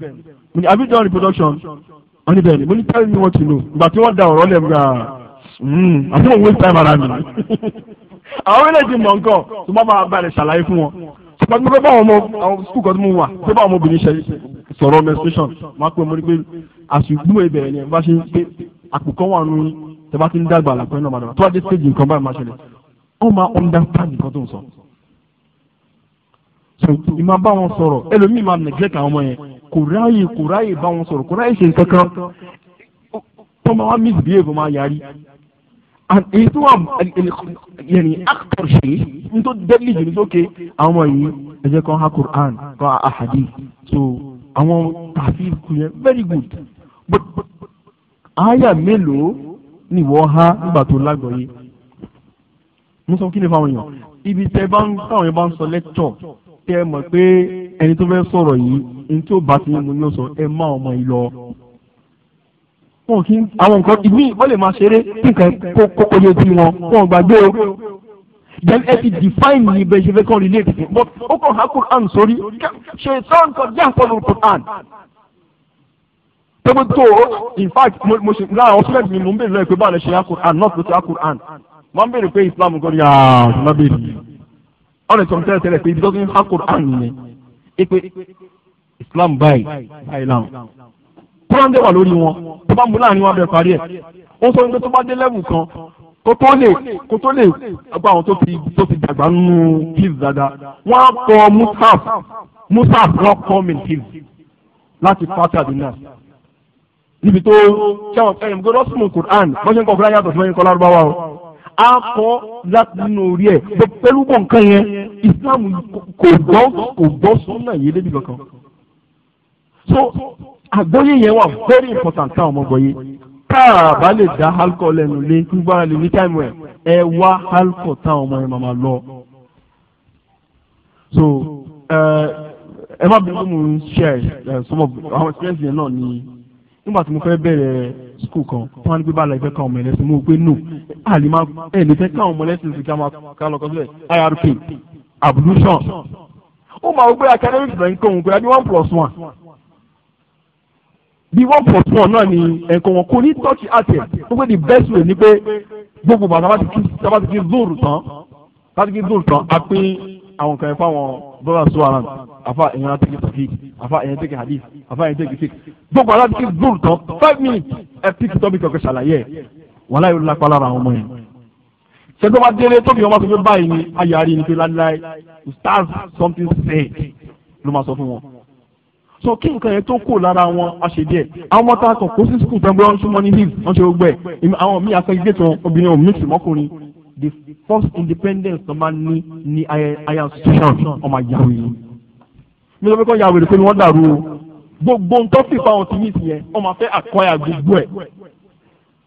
Speaker 1: mo ní have you done reproduction oníbẹ̀ ni mo ní tell me what you know ìgbà tí wọ́n da ọ̀rọ̀ lẹ̀ nga àti mo ah, hmm, waste time around mi àwọn méjèèjì mọ̀ nǹkan tó má máa balẹ̀ ṣàlàyé fún wọn ṣùgbọ́n mo fẹ́ bá àwọn ọmọ àwọn skul kan tó mú wa tó bá àwọn ọmọbìnrin ṣe sọ̀rọ̀ menstruation máa pè mo ní pé àṣùgbọ́n ìbẹ̀rẹ̀ ni bá ṣe ń pé àpò kan wà nínú tẹ bá ti ń dàgbà àlàpẹ́ náà màdàmà tó bá dé stage nǹkan báyìí máa ṣẹlẹ̀ ó máa understand nǹkan tó ń sọ. so ìmọ̀ bá wọn sọ̀rọ̀ ẹlòmíì máa neglect àwọn ọmọ yẹn kò ráyè kò ráyè bá wọn sọ̀rọ̀ kò ráyè ṣe nǹkan kan tó máa wá misbehave máa yarí. èyí tó wà yẹn actor ṣe n tó dẹ́lí jù ní sókè àwọn ọmọ yìí ẹ jẹ́ kàn ha Quran kàn ha hadith so àwọn tàfíì kù yẹn very good but àyà mélòó ni wọ́n há nígbà tó lágbọ̀ọ́ yìí mo sọ kí ni fáwọn èèyàn ibi tẹ bá ń táwọn yẹn bá ń sọ lẹ́tọ̀ tẹ mọ̀ pé ẹni tó fẹ́ sọ̀rọ̀ yìí ẹni tó bá ti mú yóò sọ ẹ má ọmọ yìí lọ. wọn kì í àwọn nǹkan ìmí wọ́n lè máa ṣeré kí nǹkan kókó yé ti wọn wọn gbàgbé o then ẹ ti define ní ibẹ̀ ṣe fẹ́ kàn relate fún but ó kàn há Quran sórí ṣe sọ́n kan jẹ́ àpọ̀lù Quran. pé mo tó in fact mo ṣe lára àwọn student mi mo ń bèèrè lọ́ọ̀ pé báwo lè ṣe wọ́n béèrè pé islam kọ́ ni àtúmọ̀ béèrè yìí wọ́n lè sọ tẹ́lẹ̀ tẹ́lẹ̀ pé ibi tó ti ń ha quran nìyẹn ipe islam báyìí báyìí làwọn quran dé wà lórí wọn tó bá ń bu láàrin wọn bẹ parí ẹ̀ ó sọ pé tó bá dé lẹ́wù kan kó tó lè kó tó lè gba àwọn tó ti tó ti dàgbà nínú kids dada wọ́n á kọ musaf musaf rock coming kids láti pátá dùnà níbi tó ṣẹ́wọ̀n ẹ̀yìn gbọ́dọ̀ sùnmù quran bọ́sẹ̀ ń kọ́ fúláyà tó fún ẹ̀yìn kọ́ lárúbáwá o á kọ́ láti nínú orí ẹ̀ pẹ̀lú bọ̀ nǹkan yẹn
Speaker 2: Islam kò gbọ́ kò
Speaker 1: gbọ́ súnà yé débi kankan. so àgbọ́yé yẹn wà very important táwọn ọmọ gbọ́ bá lè dá alcohol lẹ́nu lé gbára lè ní táìmù ẹ̀ ẹ wá alcohol táwọn ọmọ yẹn máa lọ. so ẹ má bí mo ṣe some of our experience yẹn náà ni nígbà tí mo fẹ́ bẹ̀rẹ̀ skul kan tí wọ́n ní pé bá lọ ìfẹ́ kan ọmọ ẹlẹ́sìn mú un pé no àlè máa ẹ̀ lè fẹ́ káwọn ọmọ ẹlẹ́sìn sì ká lọ kọ́ sílẹ̀ irp ablution ó máa wọ pé academic bẹ̀rẹ̀ ń kó òun pé a ní one plus one bí one plus one náà ni ẹ̀kọ́ wọn kò ní tọ́ọ̀kì àtẹ̀ ó pé the best way ni pé gbogbo bàtà bá ti kí bá ti kí zoro tán bá ti kí zoro tán a pín àwọn kan fáwọn brothers who are afa ẹ̀yin á tẹ̀kì tọ̀kì afa ẹ̀yin tẹ̀kì hadith afa ẹ̀yin tẹ̀kì fik gbogbo alábìkí gbòòrò tán five minutes ẹ píkì tọ́bi kọ̀ọ̀kẹ́ ṣàlàyé ẹ̀ wàhálà yóò lápá lára àwọn ọmọ yẹn. sẹ́gbọ́n bá délé tóbi wọn bá sọ pé báyìí ni ayárí ni pé láíláí stars something said ló máa sọ fún wọn. sọ kí nǹkan yẹn tó kò lára wọn a ṣe díẹ̀ àwọn ọmọ tá a kàn kó sí skul tẹ́gbọ́n wọn súnmọ́ ní hiv wọ́n ṣe gbẹ àwọn míì akẹ́gbẹ́ tán obìnrin ò mix mọ́kùnrin the first independence tó máa ní ní higher institution ọmọ ìyàwó yìí ní ló fi kọ́ ya wèrè pé wọ́n dàrú o gbogbo ń tọ́sí fa ọtí yìí tiẹ̀ wọ́n máa fẹ́ àkọ́yà gbogbo ẹ̀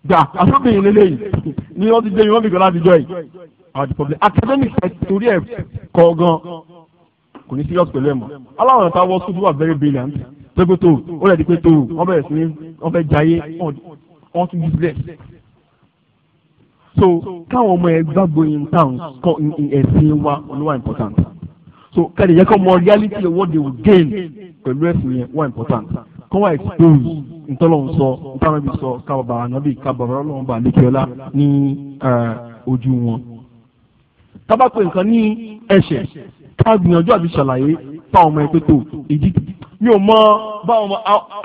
Speaker 1: gbà àtúbìyìn lélẹ́yìn ni wọ́n ti dé mi wọ́n fi gbọ́ láti jọ
Speaker 2: yìí
Speaker 1: academic torí ẹ̀ kọ́ gan kò ní serious pẹ̀lú ẹ̀ mọ́ aláwọ̀ náà ta wọ́ sùn wà very brilliant pépé tó ó lẹ̀ pé tó wọ́n bẹ̀rẹ̀ sí ní wọ́n fẹ́ jayé wọ́n tún useless so káwọn ọmọ ẹ gbàgbọ́ in town ẹ̀sìn wa olúwa important so kẹ́ni yẹ kọ́ mọ reality of what they will gain pẹ̀lú ẹ̀sìn yẹn wọ́n important kọ́ wá expose ntọ́lọ́hún sọ ntọ́lọ́bí sọ kábàbà ànábì kábàbà ọlọ́run bá àlékèọ́lá ní ojú wọn. tábàpẹ̀ nǹkan ní ẹ̀ṣẹ̀ ká gbìyànjú àti ṣàlàyé fáwọn ọmọ ẹgbẹ́ tó ìdí mi ò mọ báwọn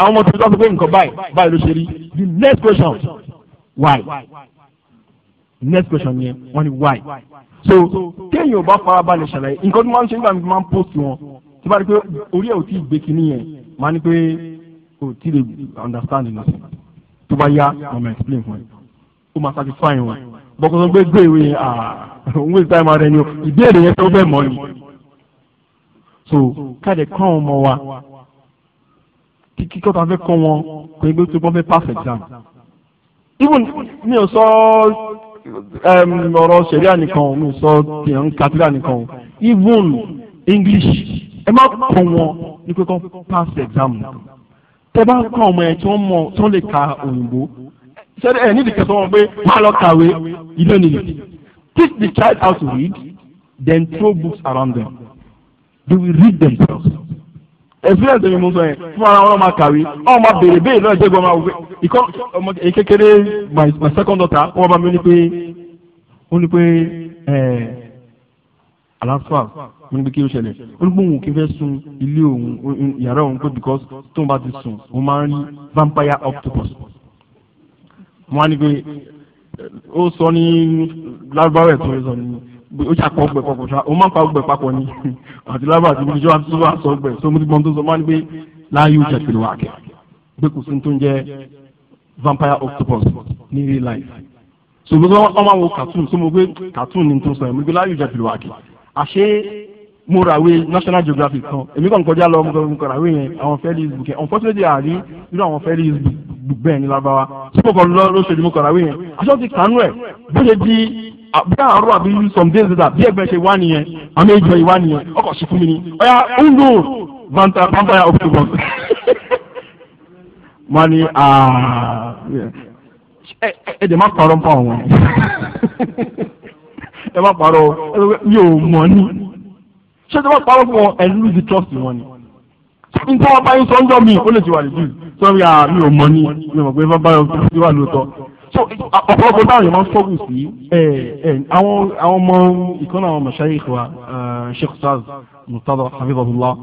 Speaker 1: ọmọ tuntun sọ pé nǹkan báyìí báyìí ló ṣe rí the next question why next question yẹn wọ́n ní why so kéèyàn ò bá farabalẹ̀ ṣàlàyé nǹkan tí wọ́n ń ṣe nígbà mi máa ń post wọn tí bá rí pé orí ẹ̀ ò tí ì gbé kinní yẹn máa ní pé kò tí lè understand nìyẹn tó bá yá mo máa explain fún ẹ ó máa satisfy wọn bọ́kọ̀ sọ pé gbé ìwé yẹn òun wíìsì táìmù ara ẹni o ìbéèrè yẹn tó bẹ́ẹ̀ mọ́ ni so káde kọ́ àwọn ọmọ wa kíkọ́ ta fẹ́ kọ́ wọn kò ní pé tó bọ́ fẹ́ pass exam even mi ò sọ ọ̀rọ̀ sẹ̀ríà nìkan mi sọ tìǹ kátìrà nìkan even English ẹ má kọ́ wọn ní pé kọ́ pass exam tẹ́ bá kọ́ ọmọ ẹ̀ tí wọ́n mọ̀ tí wọ́n lè ka òyìnbó sẹ́ni ẹ̀ nídìí kẹsàn-án wọn pé má lọ kàwé you don't teach the child how to read then throw books around them they will read themselves experience tẹ̀mí mú sọ yẹn fún ara wọn máa kàwé wọn máa béèrè béèrè lọ́yẹ̀ jẹ́gbọ́n máa wọ ikọ́ ọmọ kékeré my second daughter wọ́n bá mi ní pé ó ní pé àlàáfà mo ní pé kí ló ṣẹlẹ̀ ó ní pé òun kì í fẹ́ sun ilé òun yàrá òun pé because tóun bá ti sùn òun máa ń rí vampire octopus wọ́n á ní pé ó sọ ní lárúbáwẹ̀ tó ń sọ ní ó jà pọ̀ ọgbẹ́ papọ̀ ṣá o máa ń pa ọgbẹ́ papọ̀ ni àti lábà àti ibi ìjọba tó bá sọ ọgbẹ́ so mo ti gbọ́n tó sọ máa ń gbé láàyè ó jẹ pẹ̀lú àkẹ́ pé kò sí tó ń jẹ vampire octopus ní real life so mo sọ ọmọ àwọn cartoon so mo gbé cartoon ni tó sọ yẹn mo gbé láàyè ó jẹ pẹ̀lú àkẹ́ àṣé mo ràwé National Geographic kan èmi kàn kọjá lọ mo kàn ràwé yẹn àwọn fẹ́ẹ́lì book yẹn unfortunately àrí nínú àwọn fẹ́ẹ́lì book bẹ́ẹ̀ ni lábáwá tí mo kàn lọ lóṣèlú mo kàn ràwé yẹn àṣọ ti kànú ẹ̀ bó ṣe di àbúrò àrùn àbí some days later bí ẹgbẹ́ ṣe wá nìyẹn àmì ìjọ ìwá nìyẹn ọkọ̀ ṣe fún mi ni ọ̀yà ńlò vampire of the box. wọ́n ní ah, ẹ jẹ́ má parọ́ pa wọn ẹ má parọ́ mi ò mọ̀ ní ṣé ẹ má parọ́ fún wọn ẹ lose the trust wọn ni nígbà wọn bá yín sọ́ńdọ̀ mi ó lè ti wà lójú sọ́ńdọ̀ ah, mi ò mọ̀ ní mi ò mọ̀ pé vampire of the box wà lóòótọ́
Speaker 2: so ọ̀pọ̀lọpọ̀ táwọn yẹn
Speaker 1: máa ń sọ́gùn sí àwọn àwọn ọmọ ìkànnì àwọn mọ̀ṣáyìkì wa sheikh saz murtada hafizahullah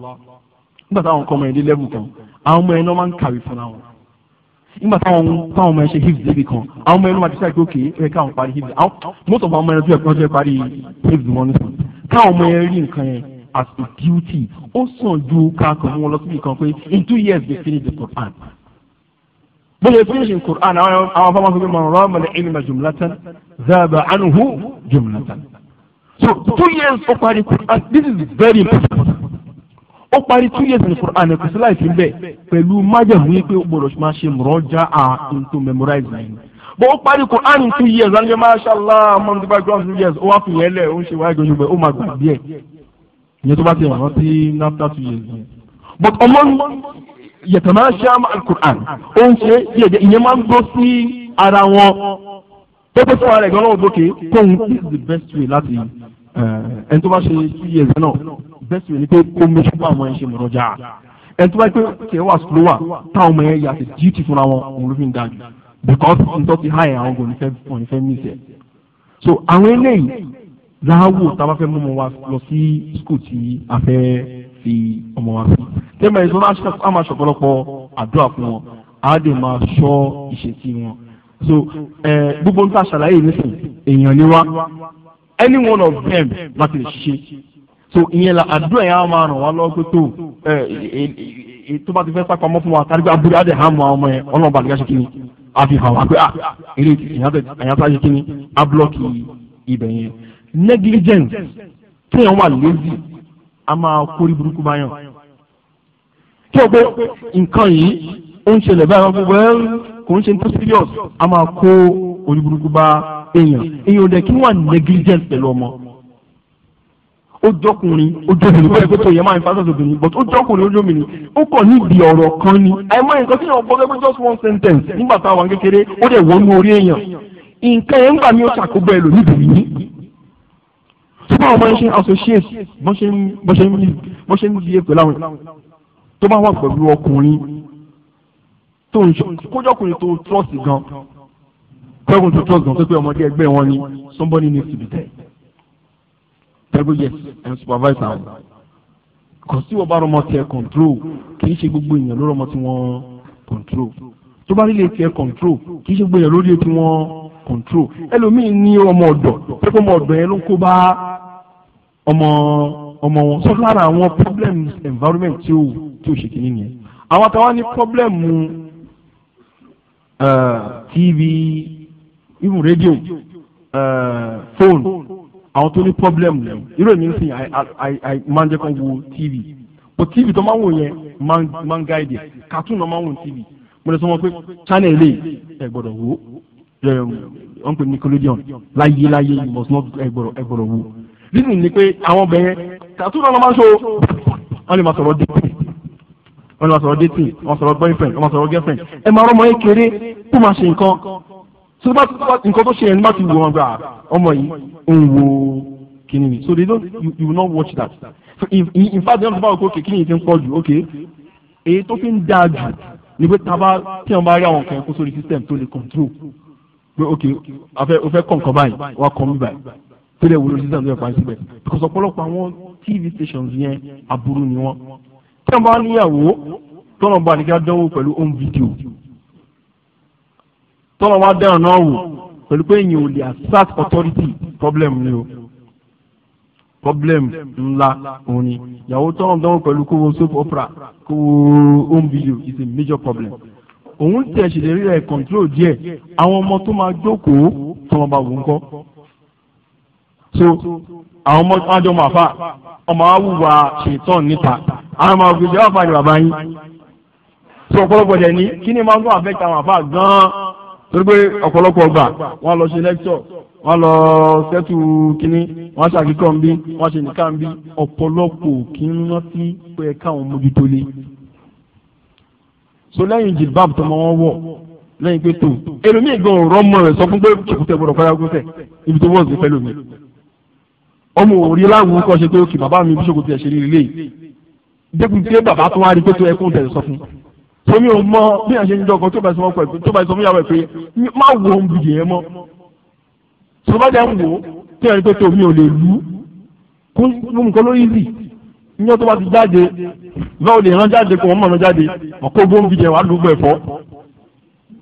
Speaker 1: nígbà táwọn kọ́ ọmọ yẹn dé level kan àwọn ọmọ yẹn náà máa ń kàwé fúnra wọn nígbà táwọn táwọn ọmọ yẹn ṣe hibs débi kan àwọn ọmọ yẹn náà máa decide pé òkè ẹ káwọn parí hibs most of àwọn ọmọ yẹn tó yẹ kí wọ́n fẹ́ parí hibs wọn nísìnyí káwọn ọmọ yẹn rí nǹkan yẹn as a duty ó sàn ju ká kàn wọn lọ síbi kan pé in two years they finish the Quran bóyá fíjì القرآن àwọn afọmọ fún mi man rama al-ilma jumlatan dhaba so two years ó parí Qur'an this is very important ó parí two years the Qur'an kò sí láìsí bẹ́ẹ̀ pẹ̀lú májàmú yìí pé ó gbọdọ̀ máa ṣe mọ̀rọ́jà à ń memorize náà bó ó parí Qur'an two years and ṣe masha Allah mọ́mú the bá two years ó wá fi yẹn lẹ̀ ó ń ṣe wáyé gbẹ̀yìn ó máa gbà díẹ̀ ìyẹn tó bá ti rántí after two years. but among yẹtọ̀mọ́ ṣáàmù alukur'an ó ń ṣe díẹ̀ ìyẹn máa ń gbó sí ara wọn tó tó fún kóhun is the best way láti ẹni tó bá ṣe two years náà best way ni pé kó mú ṣùgbọ́n àwọn ẹ̀ ṣe mọ̀rọ̀jà ẹni tó bá pé kẹ̀ wà slower táwọn ọmọ yẹn yà sí duty fúnra wọn òun ló fi ń dájú because n tó ti high àwọn kò ní fẹ́ kò so àwọn eléyìí láwù tá a bá fẹ́ mú wọn wá lọ sí school tí a fẹ́ fi ọmọ wa fi tẹ́lẹ̀ ìṣọ́ á máa ṣọ̀pọ̀lọpọ̀ àdúrà fún wọn á dè máa ṣọ́ ìṣesí wọn so gbogbo nípa ṣàlàyé nísìn èèyàn ni wá any one of them láti lè ṣiṣẹ́ so ìyẹn la àdúrà yẹn á máa ràn wá lọ́wọ́ pé tó tó bá ti fẹ́ pàpamọ́ fún wa kárí pé abúlé adé hàn mọ́ àwọn ọmọ yẹn ọlọ́run bá nìkan ṣe kíni a fi hàn wá pé ah eré ìyàn tó ṣe kíni a búlọ́ọ̀kì ibẹ̀ yẹn negligence téèyàn wà lazy a máa kórí burúkú báyọ̀ tí o gbé nǹkan yìí ó ń ṣẹlẹ̀ báyìí wọ́n gbogbo ẹ̀ kò ń ṣe tó serious a máa kó orí burúkú bá èèyàn èèyàn dẹ̀ kí wọ́n negligent pẹ̀lú ọmọ ó jọkùnrin ó jọbìnrin bẹ́ẹ̀ pé tó yẹ máa ń fásitì obìnrin but ó jọkùnrin ó jọbìnrin ó kàn níbi ọ̀rọ̀ kan ni àìmọ̀ nǹkan tí yàn gbọ́ gẹ́gẹ́ just one sentence nígbà táwọn kékeré ó dẹ̀ wọnú orí èèyàn nǹkan yẹn ń gbà mí ó ṣàkóbọ̀ ẹlòmíbìnrin tó bá wọn máa ń ṣe associate bó ṣe ń bó ṣe ń bí bó ṣe ń bí èpè láwọn tó bá wà pẹ̀lú ọkùnrin tó ń ṣe kójọkùnrin tó trust gan pẹ́gùn tó trust gan tó pé ọmọdé ẹgbẹ́ wọn ni somebody needs to be there pẹ̀lú yes and supervise am kò sí ọba ọmọ tiẹ̀ control kì í ṣe gbogbo èèyàn lórí ọmọ tí wọ́n control tó bá lílé tiẹ̀ control kì í ṣe gbogbo èèyàn lórí tí wọ́n control ẹlòmíín ní ọmọ ọ̀dọ̀ pé kó ọmọ ọ̀dọ̀ yẹn ló ń kó bá ọmọ ọmọ wọn sọ lára àwọn problems environment tí ó tí ó ṣe kìíní nìyẹn àwọn àtàwọn ní problem uh, tv even radio uh, phone àwọn tó ní problem lẹ́wọ̀n irú èmi ń I máa ń jẹ́ kán wo tv but tv tó máa ń wò yẹn máa ń guide yẹn cartoon náà máa ń wò tv mo lè sọ wọn pé channel lè ẹ gbọ́dọ̀ wò ó wọn pè ní Nickelodeon láyé láyé you must not ẹ gbọ́dọ̀ ẹ gbọ́dọ̀ wò nínú ni pé àwọn ọbẹ̀ yẹn tàtúrò ọ̀nà máa ń so wọ́n lè máa sọ̀rọ̀ dẹ́tì wọ́n lè máa sọ̀rọ̀ dẹ́tì wọ́n sọ̀rọ̀ boyfriend wọ́n sọ̀rọ̀ girlfriend ẹ máa rọ́mọ yẹn kéré kó máa ṣe nǹkan tó bá nǹkan tó ṣe yẹn bá ti wù wọn gbà ọmọ yìí ń wo kíni mi so they don't you, you will not watch that so in, in fact yẹn tó bá wọ kókè kíni yìí ti ń pọ̀ jù ok èyí tó fi ń dáa jù ni pé tá a bá tí wọn bá rí àwọn nǹkan ẹ̀kọ́ sórí system tó lè control pé ok o fẹ́ kọ̀ nǹkan báyìí wà á kọ́ mi báyìí tó lè wúlò sísan tó yẹ parí síbẹ̀ because ọ̀pọ̀lọpọ̀ àwọn tv stations yẹn aburú ni wọ́n tí wọ́n bá níyàwó tọ́nà bá ní kí wọ́n dánwò pẹ̀lú home video tọ́nà wá dẹ́rùn náà wò pẹ̀lú pé èyàn ò lè assert authority problem ni o problem ńlá òun ni ìyàwó tọ́nà dánwò pẹ̀lú kówó soap opera kówó home video is a major problem òun tẹ̀ ṣèlérí rẹ̀ control díẹ̀ àwọn ọmọ tó máa jókòó tọ́nà bá wò ń kọ́ so àwọn ọmọ ọjọ́ máa fà ọmọ awùwà ṣètọ́n níta àwọn ọmọ ògbèjì àfà ni bàbá yín so ọ̀pọ̀lọpọ̀ dẹ̀ ní kí ni máa ń tún àfẹ́kẹ́ àwọn àfà gan-an torí pé ọ̀pọ̀lọpọ̀ gbà wọ́n lọ ṣe lẹ́kítọ̀ wọ́n lọ sẹ́tù kínní wọ́n ṣàkíkọ́ ń bí wọ́n ṣe nìkan ń bí ọ̀pọ̀lọpọ̀ kí ń rántí pé káwọn mójútó lé so lẹ́yìn jìlbáàbù tọmọ wọn wọ̀ lẹ́yìn pé tó èrò mi gan ọ̀rọ̀ mọ̀ rẹ̀ sọ fún pé kìkùtẹ̀ gbọ́dọ̀ fẹ́ ọmọ òòrí láwùú kọ́ ṣe pé òkè bàbá mi bí ṣòkòtò ẹ̀ ṣe rí ilé yìí dẹ́kun pé bàbá tó wá rí pé tó ẹkún tẹ̀lé sọ fún tomi ò mọ bí a ṣe ń dọkọ tó bá sọ fún ẹ tó bá sọ fún yàrá ẹ pé má wo ohun bìjì yẹn mọ tó bá jẹ ń wò tí ẹ pé tomi ò lè lù kó mú nǹkan lórí ìzì níjọ́ tó bá ti jáde lọ́wọ́ lè rán jáde kó wọ́n mọ̀nà jáde ọ̀kọ́ bó ń bìjì wà lóògbé ẹ̀fọ́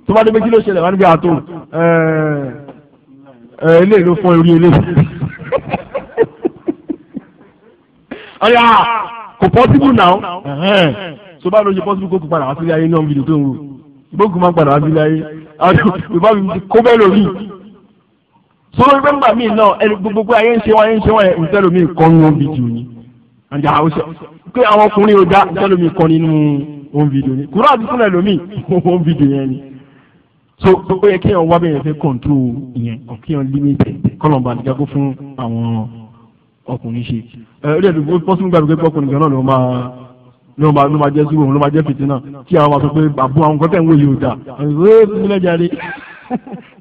Speaker 1: tó bá dé pé kí ló ṣẹlẹ̀ wà níbi àtò ẹ̀ ẹ̀ ilé ìlú fún orí ilé. ọ̀yà kò pọ́sibú náà So bá lọ ṣe pọ́sibú kó kó padà wá sílé ayé ní ọ̀n fídíò tó ń wò gbógun máa padà wá sílé ayé yorùbá mi ti kó bẹ́ẹ̀ lómi sọ́wọ́n pé nígbà míì náà ẹni gbogbo ayé ń ṣe wọ́n ayé ń ṣe wọ́n ẹ̀ ǹtẹ́ lómi kọ́ ní ọ̀n fídíò ni àjà àwòṣe pé àwọn ọkùnrin ò dá ǹtẹ́ lómi kọ́ nínú ọ̀n fídíò ni kúrò àti fúnlẹ̀ lómi ọ̀n fídíò yẹn ni so ó yẹ kéèyàn wá bẹ́ẹ̀ fẹ́ kọ̀ǹtró ìyẹn kéèyàn límítẹ̀ ó dẹ̀ bí pọ́sùn gbàgbé pọ́kùnrin kan náà ló máa ló máa ló máa jẹ́ síbò ló máa jẹ́ fìtínà kí àwọn máa sọ pé àbú àwọn nǹkan tẹ̀ ń wòye ò dà ẹ̀ ẹ̀ jáde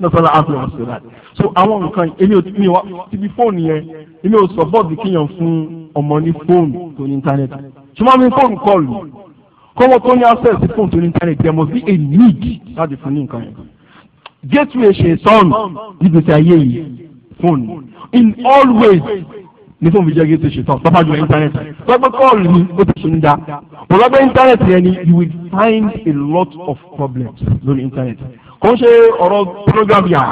Speaker 1: lọ́sọ̀rọ̀ àti ọ̀sẹ̀ rà so àwọn nǹkan èmi ò mi wá síbi fóònù yẹn èmi ò sọ bọ́ọ̀dù kíyàn fún ọmọ ní fóònù tó ní íńtánẹ́ẹ̀tì ṣùgbọ́n mi fóònù kọlù kọ́wọ́ tó ní access sí fóònù tó ní íńtánẹ́ẹ̀tì there must be a need láti fún ní nǹkan yẹn gateway ṣe sọ́ọ̀nù nígbèsè ayé yìí fóònù in all ways ní fóònù jẹ́ gẹ́gẹ́ tó ṣe tán pápá jùlọ íńtánẹ́ẹ̀tì lọ́gbẹ́ kọ́ọ̀lù ni ó ti ṣe ń da ọ̀lọ́gbẹ́ íńtánẹ́ẹ̀tì yẹn ni you will find a lot of problems lórí íńtánẹ́ẹ̀tì kò ń ṣe ọ̀rọ̀ pornography à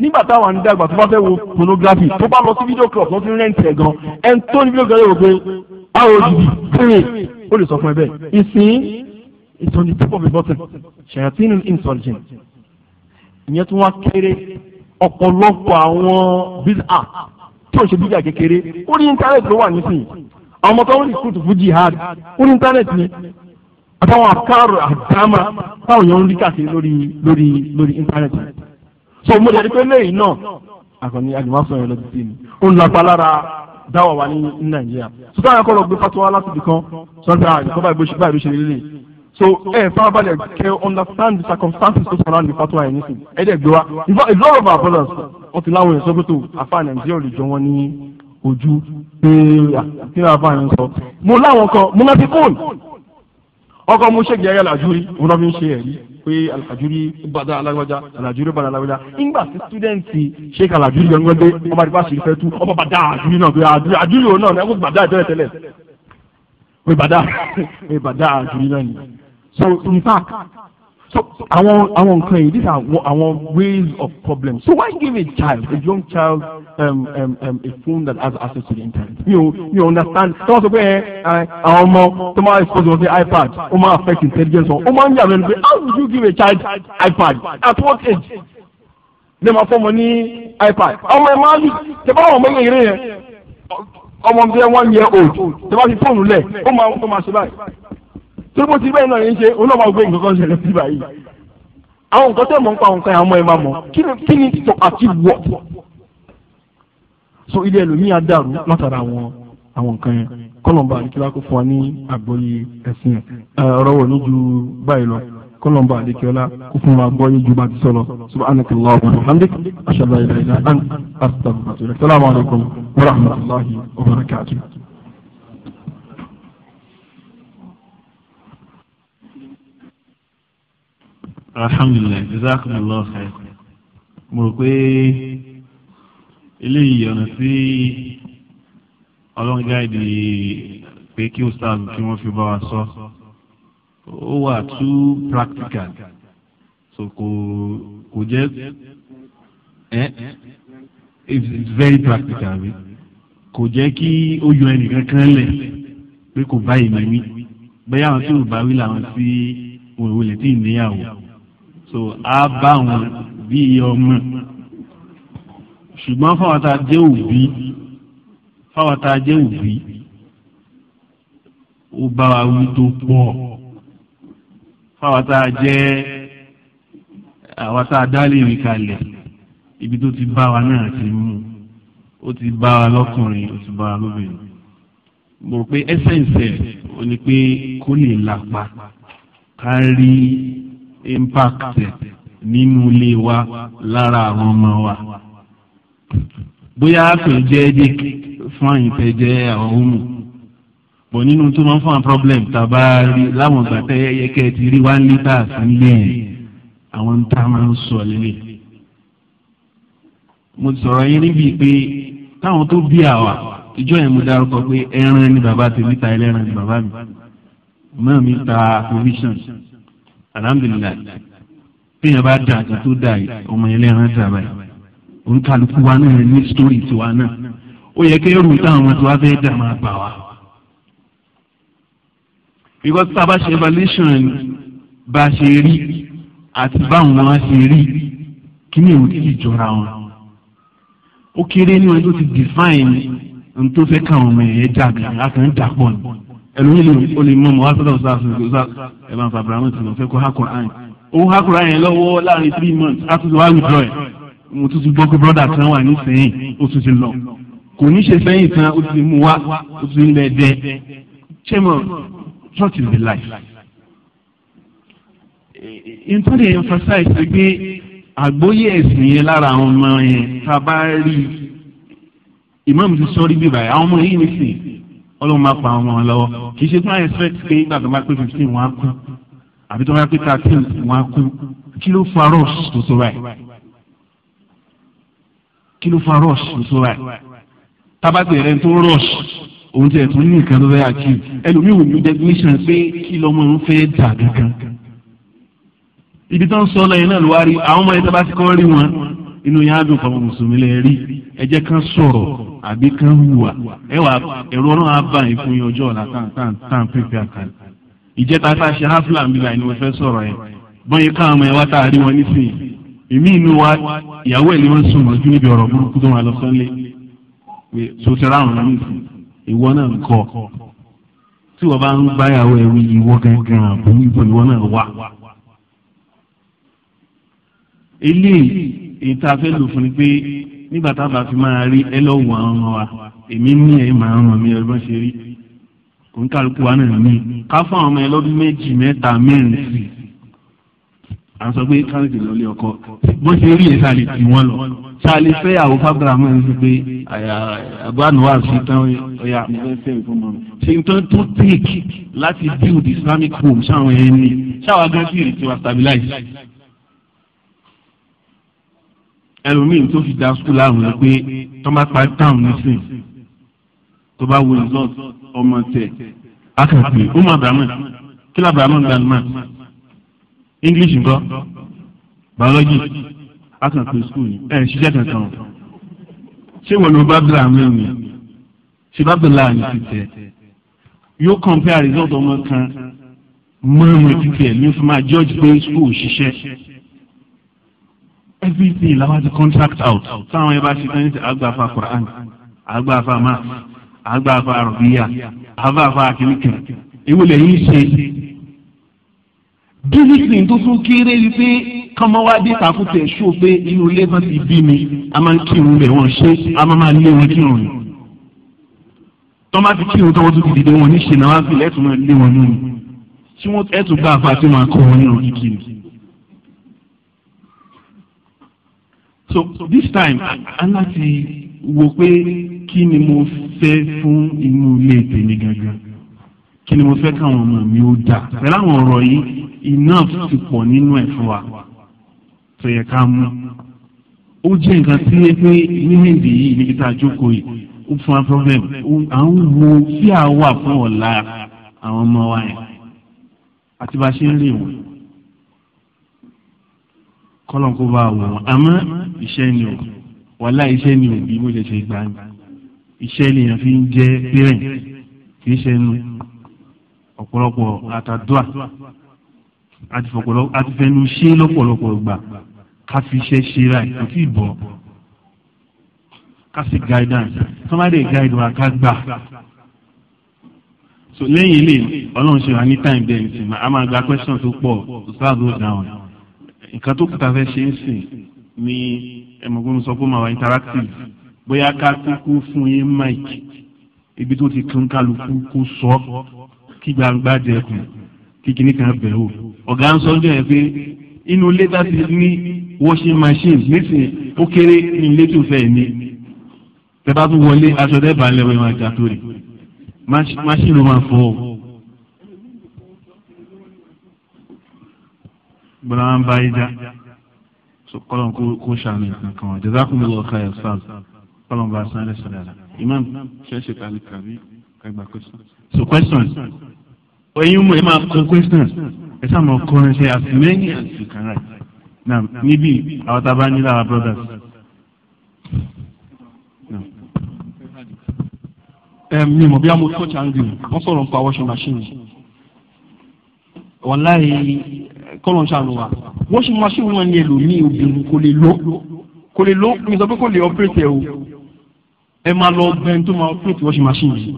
Speaker 1: nígbà táwọn àni dàgbà tó bá fẹ́ wo pornography tó bá lọ sí video club lọ sí rẹ́ǹtì ẹ̀ gan ẹn tó ní video club yóò pé báwo dìbì kéré ó lè sọ fún ẹ bẹ́ẹ̀ ìsìn ìtàn ní tip of a button ṣèyàtínú insurgent ìyẹn tún wá kéré ọ̀pọ̀lọpọ̀ àwọn bill tí o ṣe bíjà kékeré orí íńtánẹ́ẹ̀tì ló wà nísìnyí àwọn ọmọ tó ń rìkútù fún jihad orí íńtánẹ́ẹ̀tì ni àtàwọn àkàrò àdámà táwọn èèyàn ń rí káàkiri lórí lórí lórí íńtánẹ́ẹ̀tì so mo jẹ́ pé lẹ́yìn náà àkànní àjùmọ̀ sọ̀rọ̀ lọ sí mi ó ń lapa lára dáwọ̀ wa ní nàìjíríà so táwọn akọ́lọ̀ gbé fatuwa láti ibì kan sọ́dọ̀ àjùkọ́ báyìí bó ṣe báyìí ló ṣe lélẹ̀ so ẹ farabalẹ̀ kẹ́ understand the circumstances tó surround the fatuwa yẹn nísìnyí ẹ dẹ̀ gbé wa in fact a lot of our brothers wọ́n ti láwọn èso pẹ̀tọ̀ àfa nàìjíríà ò lè jọ wọn ní ojú pé kí ni àfa yẹn sọ. mo láwọn kan mo náà fi kóòn ọkọ mo ṣe gẹ̀ẹ́rẹ́ alajuri mo náà fi ń ṣe ẹ̀rí pé alàjúrí bàdá alágbájá alàjúrí bàdá alágbájá nígbà tí sítúdẹ̀ǹtì ṣe kà làjúrí yẹn gbọ́dé ọba àdìbá ṣì fẹ́ tú ọba bàdá àjúrí náà pé àjúrí òun náà ẹ̀kọ́ bàdá ìtẹ́lẹ̀ tẹ́lẹ̀ pé bàdá àjúrí náà ni so in fact So àwọn àwọn nǹkan yìí these are àwọn ways of problems. So why give a child a young child um, um, um, a phone that has access to the internet? You you understand. Tí wọ́n sọ pé eh, eh, àwọn ọmọ tó máa expose wọn the iPad ó máa affect intelligence wọn. Ó máa ń yà lẹ́nu pé how would you give a child iPad at what age? Lè ma fọ́mọ ní iPad. Ọmọ ẹ̀ máa ń ṣe bá àwọn ọmọ yẹn yẹn ọmọ bíi one year old. Tí wọ́n ti fóònù lẹ̀ ó máa ó máa ṣe báyìí tó bó ti bẹ́ẹ̀ náà yẹn ṣe òun náà máa gbé nǹkan kan ṣẹlẹ̀ sí báyìí. àwọn nǹkan tẹ́ mọ̀ ń pa nǹkan àwọn ọmọ ẹ̀ máa mọ̀ kí ni tọ́ àti wọ̀. so ilé ẹlòmíà dàrú látara àwọn àwọn nǹkan yẹn kọlọmba àdìkílá kò fún wa ní àgbọ́yé ẹ̀sìn ẹ̀ ọ̀rọ̀ wọ̀ ní ju báyìí lọ kọlọmba àdìkílá kò fún wa àgbọ́yé ju bá ti sọ lọ subhanakallahu wa bihamdik ashhadu an la ilaha illa anta astaghfiruka wa atubu
Speaker 2: alhamdulilayi jazakumullahu khair
Speaker 1: mo rò pé eléyìí ọ̀nà tí ọlọ́run gáàdì pé kí ó sáà kí wọ́n fi bá wa sọ ó wà too practical so kò kò jẹ́
Speaker 2: ẹ́ it's very practical mi
Speaker 1: kò jẹ́ kí ó yọ ẹnìkan kan lẹ̀ pé kò báyìí mi wí bẹ́ẹ̀ àwọn tí ò bá wí làwọn tí òun ò tí ì so á bá wọn bí ọmọ ṣùgbọ́n fáwọn tá a jẹ́ òbí fáwọn tá a jẹ́ òbí ó bá wa wí tó pọ̀ fáwọn tá a jẹ́ àwọn tá a dá lè rí kalẹ̀ ibi tó ti bá wa náà ti mú ó ti bá wa lọ́kùnrin ó ti bá wa lóbìnrin mo rò pé ẹsẹ̀ ń sẹ̀ ó ní pé kó lè lápa ká rí impact nínú ilé wa lára àwọn ọmọ wa bóyá kò jẹ́ ẹ́dík fún àyìntẹ́ jẹ́ àwọn ohun bọ̀ nínú tó máa ń fún àwọn problem tá a bá rí láwọn ìgbà tẹ́ yẹ́kẹ́ ti rí one litre sí lẹ́yìn àwọn ń tá a máa ń sọ lélẹ̀ mo sọ̀rọ̀ yín níbi pé táwọn tó bí àwa ìjọ yẹn mo dárúkọ pé ẹran ni bàbá tèmi ta ẹlẹ́ran ni bàbá mi mọ́ mi ta provisions alhamdulilayi téèyàn bá dà àti tó dà yìí ọmọ yẹn lẹ́ran dà báyìí oníkàlùkù wa náà ní sítórì tiwa náà ó yẹ kí ẹrù táwọn ọmọ tiwa fẹ́ dà máa bà wá. because tá a bá ṣe evaluation bá a ṣe rí àti báwọn wọn ṣe rí kí ni òun ti jọra wọn ó kéré ní wọn tó ti define ohun tó fẹ́ káwọn ọmọ yẹn dàgbà látàn dàpọ̀ ni ẹlòmíì lè o lè mọ mọ̀wá sọ́dọ̀ ṣáàṣù ṣáà ẹ̀ máa fa abrahamu ti lọ fẹ́ kó ha Quran ó ha Quran yẹn lọ́wọ́ láàrin three months á tún ti wá withdraw ẹ̀ mo tún ti gbọ́ pé brọ́dà kan wà ní sẹ́yìn ó tún ti lọ kò ní ṣe sẹ́yìn tán ó ti mú wá ó ti ń lẹ̀ dẹ́ chemo church is the life.
Speaker 2: ìtọ́jú emphasize pé
Speaker 1: àgbóyè ẹ̀sìn yẹn lára àwọn ọmọ yẹn tá a bá rí ìmáàmù ti sọ rí bíbáyà àwọn ọmọ yìí nìsín ọlọ́run máa pa ọmọ wọn lọ́wọ́ kì í ṣe fún àyẹ̀sẹ̀ pé nígbà tó bá pé fifteen wọn á kú àbí tó bá pé thirteen wọn á kú kí ló fa rush tó tó báyìí kí ló fa rush tó tó báyìí
Speaker 2: tábàtì rẹ tó rush
Speaker 1: òun tiẹ̀ tún ní nǹkan tó fẹ́ achieve ẹlòmíì wò ní definition pé kí lọ́mọ òun fẹ́ dà gangan ibi tó ń sọ lẹ́yìn náà ló wá rí àwọn ọmọ yẹn tó bá ti kọ́ rí wọn inú yẹn á dùn fọmọ mùsùlùmí lẹ́ẹ̀rí ẹ jẹ́ sọ̀rọ̀ àbí kan wùwà ẹwà ẹ̀rọ náà á bá ìfún yín ọjọ́ ọ̀la tán tán pèpè àkàlẹ̀ ìjẹta tá a ṣe hafla ń bila ẹni wọ́n fẹ́ sọ̀rọ̀ ẹ̀ bọ́n yẹ káwọn ọmọ ẹ wá tá a rí wọn nísìnyí èmi inú wa ìyàwó ẹ̀ ni wọ́n sùn mọ́jú níbi ọ̀rọ̀ burúkú tó máa lọ sọ́nlé sotara àwọn ọmọ nìsín ìwọ náà ń kọ́ tí wọ́n bá ń gbáyàwó ẹ̀ wí ìwọ gangan àbò ìbò ìwọ náà wà. eléyìí èyí tá a fẹ́ lò fún ni pé nígbà tá a bá fi máa rí ẹ lọ́wọ́ àwọn wa èmi ní ẹ̀ máa ń ràn mí ẹ bá ṣe rí kò ń kálukú wa náà ní ká fún àwọn ọmọ ẹ lọ́dún méjì mẹ́ta mẹ́rin sí à ń sọ pé káńtì lọ́lé ọkọ bó ṣe rí èsà lè tì wọ́n lọ ṣáàlì fẹ́ àwọn fagbára mọ́ ẹni pé àgbàánu wà sí tán ọ̀yà ṣe ń tán tó tèkì láti build Islamic home ṣáwọn ẹni ṣáwọn agbẹ́sì rẹ̀ ti wà stabilize ẹlòmíì tó fi da skul àrùn ni pé tọ́ba pa táwọn nísìn tó bá wo result ọmọ tẹ̀ akàgbé ó mọ abrahamu kí abrahamu gba english nǹkan biology akàgbé skul ni ẹ̀ ṣiṣẹ́ kankan ṣé wọn ló bá abrahamu ni ṣe bá bẹ̀rẹ̀ láàrin ti tẹ̀ yóò compare result ọmọ kan mọ́ ọmọ títí ẹ̀ ní fún ma judge pé skul ṣiṣẹ́ everything làwọn ti contract out táwọn yẹn bá ṣe tán ní ti àgbàfà Quran àgbàfà math àgbàfà arabiya àgbàfà akínníkìn ewu lè yín ṣe. bínísìn tó tún kéré rí pé kọ́mọ́wádé takùtẹ̀ ṣó pé inú ilé kan ti bí mi a máa ń kírun bẹ̀ wọ́n ṣe a máa máa lé wọn kírun ni tọ́mà ti kírun tọ́wọ́ tó ti dìde wọn ní ṣe náà wá sí ilé ẹ̀tún máa lé wọn nínú tí wọ́n ẹ̀tún gbà àfa tí wọ́n á wọn nínú kíkiri. so this time Allah ti wò pé kí ni mo fẹ́ fún inú ilé tèmi gangan kí ni mo fẹ́ káwọn ọmọ mi ó dà pẹ̀lú àwọn ọ̀rọ̀ yìí enough ti pọ̀ nínú ẹ̀ fún wa tó yẹ ká mú ó jẹ́ nǹkan tí ẹ pé níhìndì yìí níbi tá a jókòó yìí ó fún wa problem à ń wo bí a wà fún ọ̀la àwọn ọmọ wa yẹn àti bá a ṣe ń rè wọ́n kọ́lọ́n kó bá wọ̀ wọ́n àmọ́ iṣẹ́ ni o wàhálà iṣẹ́ ni o bí mo ṣe ṣe gbà ní iṣẹ́ nìyẹn fi ń jẹ́ parent kì í ṣe nu ọ̀pọ̀lọpọ̀ àtàdúà àti fẹnu ṣe lọ́pọ̀lọpọ̀ gbà ká fi iṣẹ́ ṣe ra kò tí ì bọ̀ ká sì guidance somebody guide wa ká gbà so lẹ́yìn ilé ọlọ́run ṣe wà ní time bẹ́ẹ̀ ní sinmi a question tó pọ̀ ṣáà ló dáhùn nǹkan tó kúta fẹ́ ṣe ń sìn ní ẹ̀mọ̀gbọ́n sọ pé màá wà interactive bóyá ká kúkú fún yín mic ibi tó ti kún kálukú kó sọ kí gbangba dẹkùn kí kinní kan bẹ̀ wò ọ̀gá ń sọ ọjọ́ yẹn pé inú ilé bá ti ní washing machine nísìnyí ó kéré ní ilé tó fẹ́ ní tẹ bá tún wọlé aṣọ dẹ́bàá lẹ́wọ̀ ẹ̀ máa tó rè máṣíìnì ló máa fọ́ ọ. gbọ́dọ̀ máa ń bá yíjá kọ́lọ́n kó ṣàánú ìtàn kan wọn jazakumullahu khairan sáà kọ́lọ́n bá sáré sọ̀rọ̀ rẹ̀ imam ṣẹ́ṣẹ̀ tani kàbí kàgbà question. so question
Speaker 3: oyin mu ẹ máa kọ question ẹ sáà mọ kọrin ṣe as many as you can write naam
Speaker 2: níbí àwọn tá a bá ní lára brothers.
Speaker 1: mi mọ̀ bí a mo touch angle wọ́n sọ̀rọ̀ nípa washing machine wọ́n láyé kọ́lọ̀ ṣàánú wa wọ́n ṣe wọn ní ẹlòmíì obìnrin kò lè lọ kò lè lọ mi sọ pé kò lè ọpẹ́rẹ́tẹ̀ o ẹ máa lọ bẹ́ẹ̀ tó máa ọpẹ́rẹ́tẹ̀ wọ́n ṣe yìí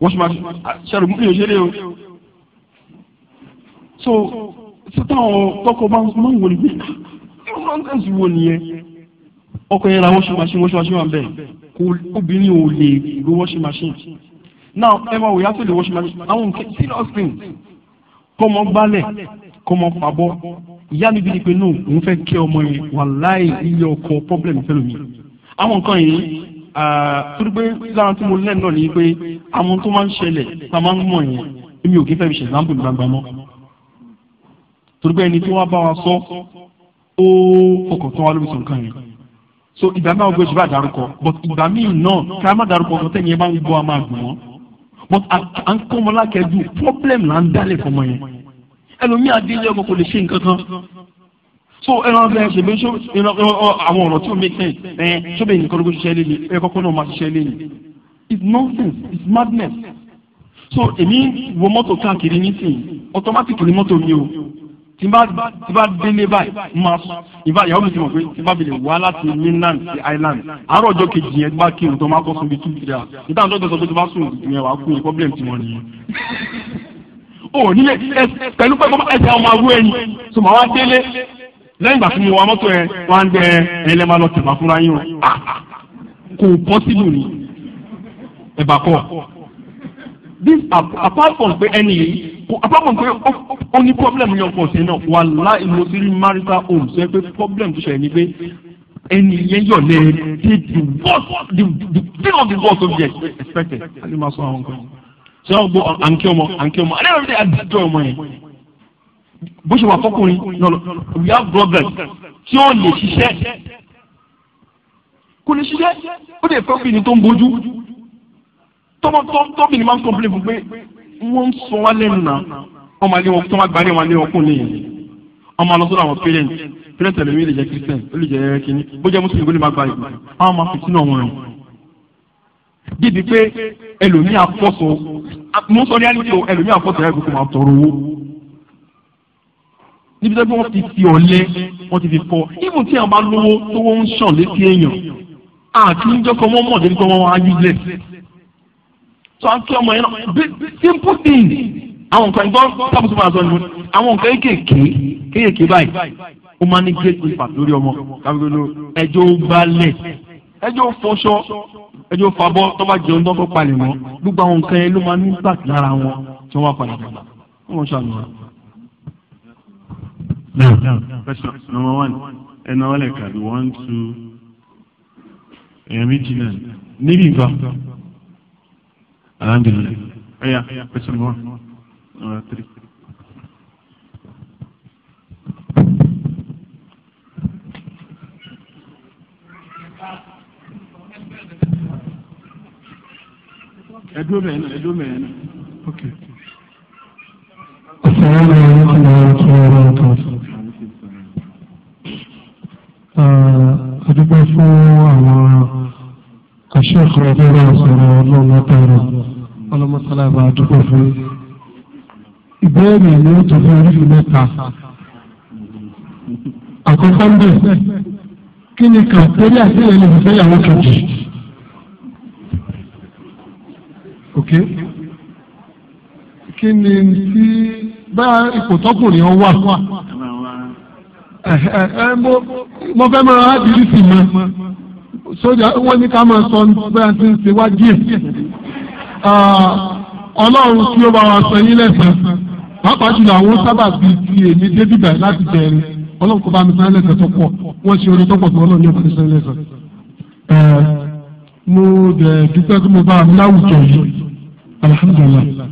Speaker 1: wọ́n ṣe máa mú èèyàn ṣeré o. so sítàwọn tọkọ máa ń wò ní pé ah, nọ́ńsẹ̀nsì wo nìyẹn ọkọ yẹn ra wọ́ṣìn machine wọ́ṣìn machine wà bẹ́ẹ̀ kò obìnrin ò lè lo wọ́ṣìn machine now ẹ máa wò yàtọ̀ lè wọ́ṣìn machine àwọn nǹkan serious things kọ́ mọ́ gbálẹ̀ kó mọ fàbọ ìyá mi bí ni pé no òun fẹ́ kí ọmọ yẹn wàláì iye ọkọ pọblẹmù fẹlẹ mi àwọn nǹkan yìí turugbe lára tí mo lẹ́nu náà ni pé àwọn tó máa ń ṣẹlẹ̀ tá a máa ń mọ̀ yẹn èmi ò kí fẹ́ fi ṣe example gbangba mọ́ turugbe ẹni tí wọ́n bá wa sọ ó fọkàn tán wa lórí sọ nǹkan yẹn so ìgbà mi àwọn gbèsè bá darúkọ but ìgbà míì náà kí a má darúkọ ọ̀sán tẹ̀yìn ẹ bá ń gbọ́ a máa gbọ́ but à ń kọ́ ọmọ lákẹ́jù problem là ń dálẹ̀ fọmọ yẹn ẹlòmíì adéyẹ ọkọ kò lè ṣe nǹkan kan so ẹran fẹ ṣègbè ṣó àwọn ọ̀rọ̀ tí o make sense ẹ ṣó bẹ nǹkan lóko ṣiṣẹ́ lẹ́yìn ẹ kọ́kọ́ náà máa ṣiṣẹ́ lẹ́yìn it's nonsense it's madness so èmi wo mọ́tò káàkiri nísìnyí automatic ni mọ́tò mi o tí bá tí bá délé báyìí máa sùn ìbá ìyàwó mi ti mọ̀ pé tí bá bilẹ̀ wá láti mainland sí island àárọ̀ ọjọ́ kejì yẹn bá kí n tó máa kọ́ sùn two three hours níta tó sọ pé tí bá sùn ìyẹn wàá kú ní problem tí wọ́n nìyẹn o nílé pẹ̀lú pẹ̀lú ẹsẹ̀ ọmọ awú ẹni tó máa wá délé
Speaker 2: lẹ́yìn ìgbà tí mo wa mọ́tò ẹ wá ń dẹ ẹlẹ́ máa
Speaker 1: lọ tẹ̀bà fúnra yín o ah, ah, kò pọ́sibù ni ẹ̀bà kọ́ this apart from pé ẹni yìí apart from pé ó ní problem ní ọkọ̀ ọ̀sẹ̀ náà wà láì mo ti rí marital home sọ pé problem tó ṣẹlẹ̀ ni pé ẹni yẹn yọ̀ lẹ́ẹ̀ dé the worst the the thing of the worst of the expected sọ gbọ́ àǹkí ọmọ àǹkí ọmọ àdéhùn ọ̀dẹ́ àdúgbò ọmọ yẹn bó ṣe wà fọkùnrin we have problems tí ó lè ṣiṣẹ́ kò lè ṣiṣẹ́ ó lè fẹ́ obìnrin tó ń bójú tọ́bìnrin máa ń complain fún pé wọ́n ń sọ wá lẹ́nu náà wọ́n máa lé wọn tó máa gbá ní wọn lé wọn kún nìyẹn wọ́n máa lọ sọ́dọ̀ àwọn parents parents ẹ̀lẹ́mí lè jẹ́ christian ó lè jẹ́ kínní bó jẹ́ muslim ó lè má gba ìgbà wọ́n máa fi sínú ọmọ rẹ̀ débi pé ẹlòmíà pọ̀ sọ mo sọ ní ẹni tó ẹlòmíì àfọ̀tò ẹ̀ kókò máa tọrọ owó níbi tó wọ́n ti fi ọ̀lẹ wọ́n ti fi kọ́ ibùn tí àwọn bá lówó tó wọ́n ń sàn létí èèyàn àti níjọ́ kan wọ́n mọ̀ débi pé wọ́n wá useless so àti ọmọ yẹn náà simple thing àwọn nǹkan ìgbọ́n tábùtù máa sọ nìyẹn àwọn nǹkan kéékèèké kéékèèké báyìí ó máa ní great impact lórí ọmọ kábíyèló ẹjọ́ ó ẹjọ́ fọṣọ ẹjọ́ fabọ́ tó jẹun tó fún palẹ̀ gbogbo àwọn nǹkan yẹn ló máa ní gbàtí lára wọn tí wọ́n padà dàgbà wọ́n wọn. number one ẹnu àwọn ẹ̀ka bí one èèyàn méjì náà
Speaker 2: níbi nǹkan alhamdulilayi ẹ̀yà question one number three. ẹdúró bẹ́ẹ̀ náà ẹdúró bẹ́ẹ̀ náà. Assalamu alaikum wa rahmatullahi wa barakatuh. Adúgbò fún àwọn aṣọ́ọ̀kọ̀ ọ̀dọ́rọ̀ sọ̀rọ̀ ọlọ́mọtàrà ọlọ́mọtàrà bá adúgbò fún.
Speaker 4: Ìbéèrè ni ó tó fún orí mẹ́ta.
Speaker 2: Àkọ́kọ́ ń bẹ̀ kí ni kàtẹ́rì àti ìrẹ̀lẹ̀ ìfẹ́yàwó
Speaker 4: ok kí ni tí
Speaker 2: bá ipò tọkùnrin ọ wà
Speaker 4: mo mo fẹ́ mọ adìrí sí mi sójà wọ́n ní ká máa sọ bẹ́ẹ̀ tí ń ṣe wá díẹ̀ ọlọ́run tí ó bá wa sọ yín lẹ́sàn-án pàápàá jùlọ àwọn sábà bíi ti èmi débìbà láti bẹ̀rẹ̀ ọlọ́run kò bá mi sáré lẹ́sàn-án tó pọ̀ wọ́n ṣe orin tó pọ̀ tó ọlọ́run ní ọ̀pọ̀ sáré lẹ́sàn-án. mo dẹ̀ dúpẹ́ pé mo bá a láwùjọ yìí alhamdulilah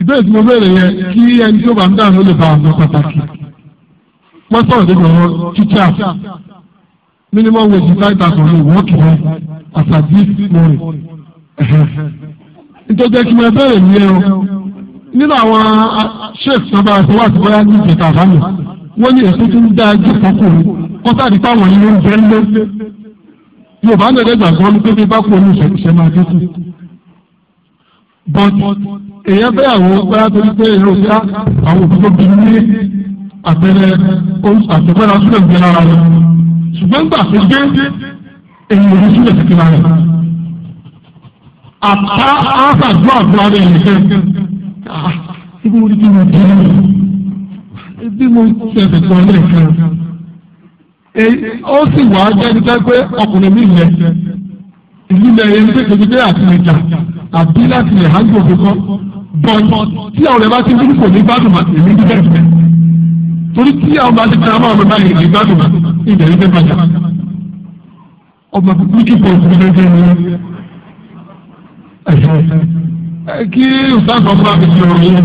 Speaker 4: ìbéèrè tí mo béèrè yẹn kí ẹni tí ó bá ń dáhùn ó lè bá àwọn pàtàkì wọ́n sọ̀rọ̀ débi ọ̀rọ̀ títà minimum wage five thousand ní wọ́ọ̀kì rẹ̀ àtàbí mọ́rin nítorí kí mo béèrè yẹn o nínú àwọn sheikh sábà ẹ̀sọ́ wà sí bóyá ní ìjẹta àbámu wọ́n ní èso tó ń dá ẹjọ́ kọkùnrin kọ́sáàdì táwọn ilé ń bẹ́ẹ̀ lé yorùbá náà lè gbàgbọ́ ní pé bí bá kú omi máa dé sí but èyàn fẹ́ àwọn ọgbẹ́ra tó ń pé èrò bí àwọn òfin tó bí ní àpẹẹrẹ àtẹ̀fẹ́ra sílẹ̀ ń gbẹ́ra rẹ̀ ṣùgbọ́n gbà tó gbé èyàn sílẹ̀ rẹ̀
Speaker 3: àtà àdúrà rẹ̀ yìí fẹ́
Speaker 2: mo mo
Speaker 4: ó sì wá jẹ́ nígbà pé ọkùnrin mi lẹ̀ ìlú lẹ̀ yẹn àbí láti lè hàn gbòòfin kan bọ́ọ̀ tí àwọn ẹ̀bá ti wúlò kò ní gbádùn máa èmi ní bẹ́ẹ̀ bẹ́ẹ̀ torí tí àwọn bá ti fara máa ọmọ báyìí ní gbádùn máa ìdè ní bẹ́ẹ̀ bàjá ọmọ wíkì pọ̀ ní bẹ́ẹ̀ ní ẹ̀fẹ́ kí ìsáǹkà ọmọ àti ìṣòro yẹn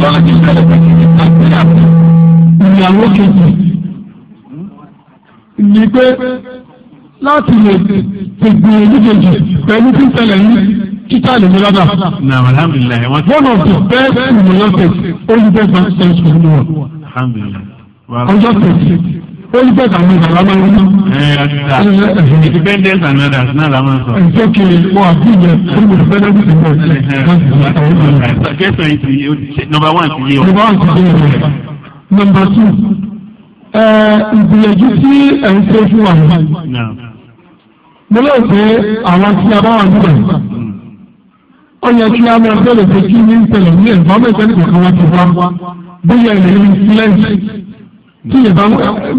Speaker 4: bọ́lá ti sẹ́lẹ̀ pé kí ìyàwó kejì ní pé láti lè tètè méjèèjì pẹ̀lú tí ń ṣẹlẹ̀ yìí títà lè ní rárá. na alhamdulilayi wọn. one of the best universities olùbẹ́ bank science school ní wọn. alhamdulilayi. ọjọ́ kẹsì olùbẹ́ kàmú ìgbàlámà ń lọ.
Speaker 1: ẹ ẹ independence and others náà la máa sọ. ẹ jẹ́ kí wọ́n àbí yẹn olùbẹ́ bẹ́lẹ́dì ti bẹ̀rẹ̀. kẹsàn yìí ti yé number one ti yé o. number one ti yé o. number two eh,
Speaker 4: ìgbìyànjú tí ẹ̀ ń ṣe fún wa. mo lè pe àwọn tí a bá wà níbẹ̀ ó yẹ kí a máa bẹ̀rẹ̀ pé kí ní ìṣẹ̀lẹ̀ ní ẹ̀fọ́ mẹ́ta ní kọ̀ọ̀kan wá ti wá bóyá ilẹ̀ ní sílẹ̀ǹsì tí ìyẹ̀bá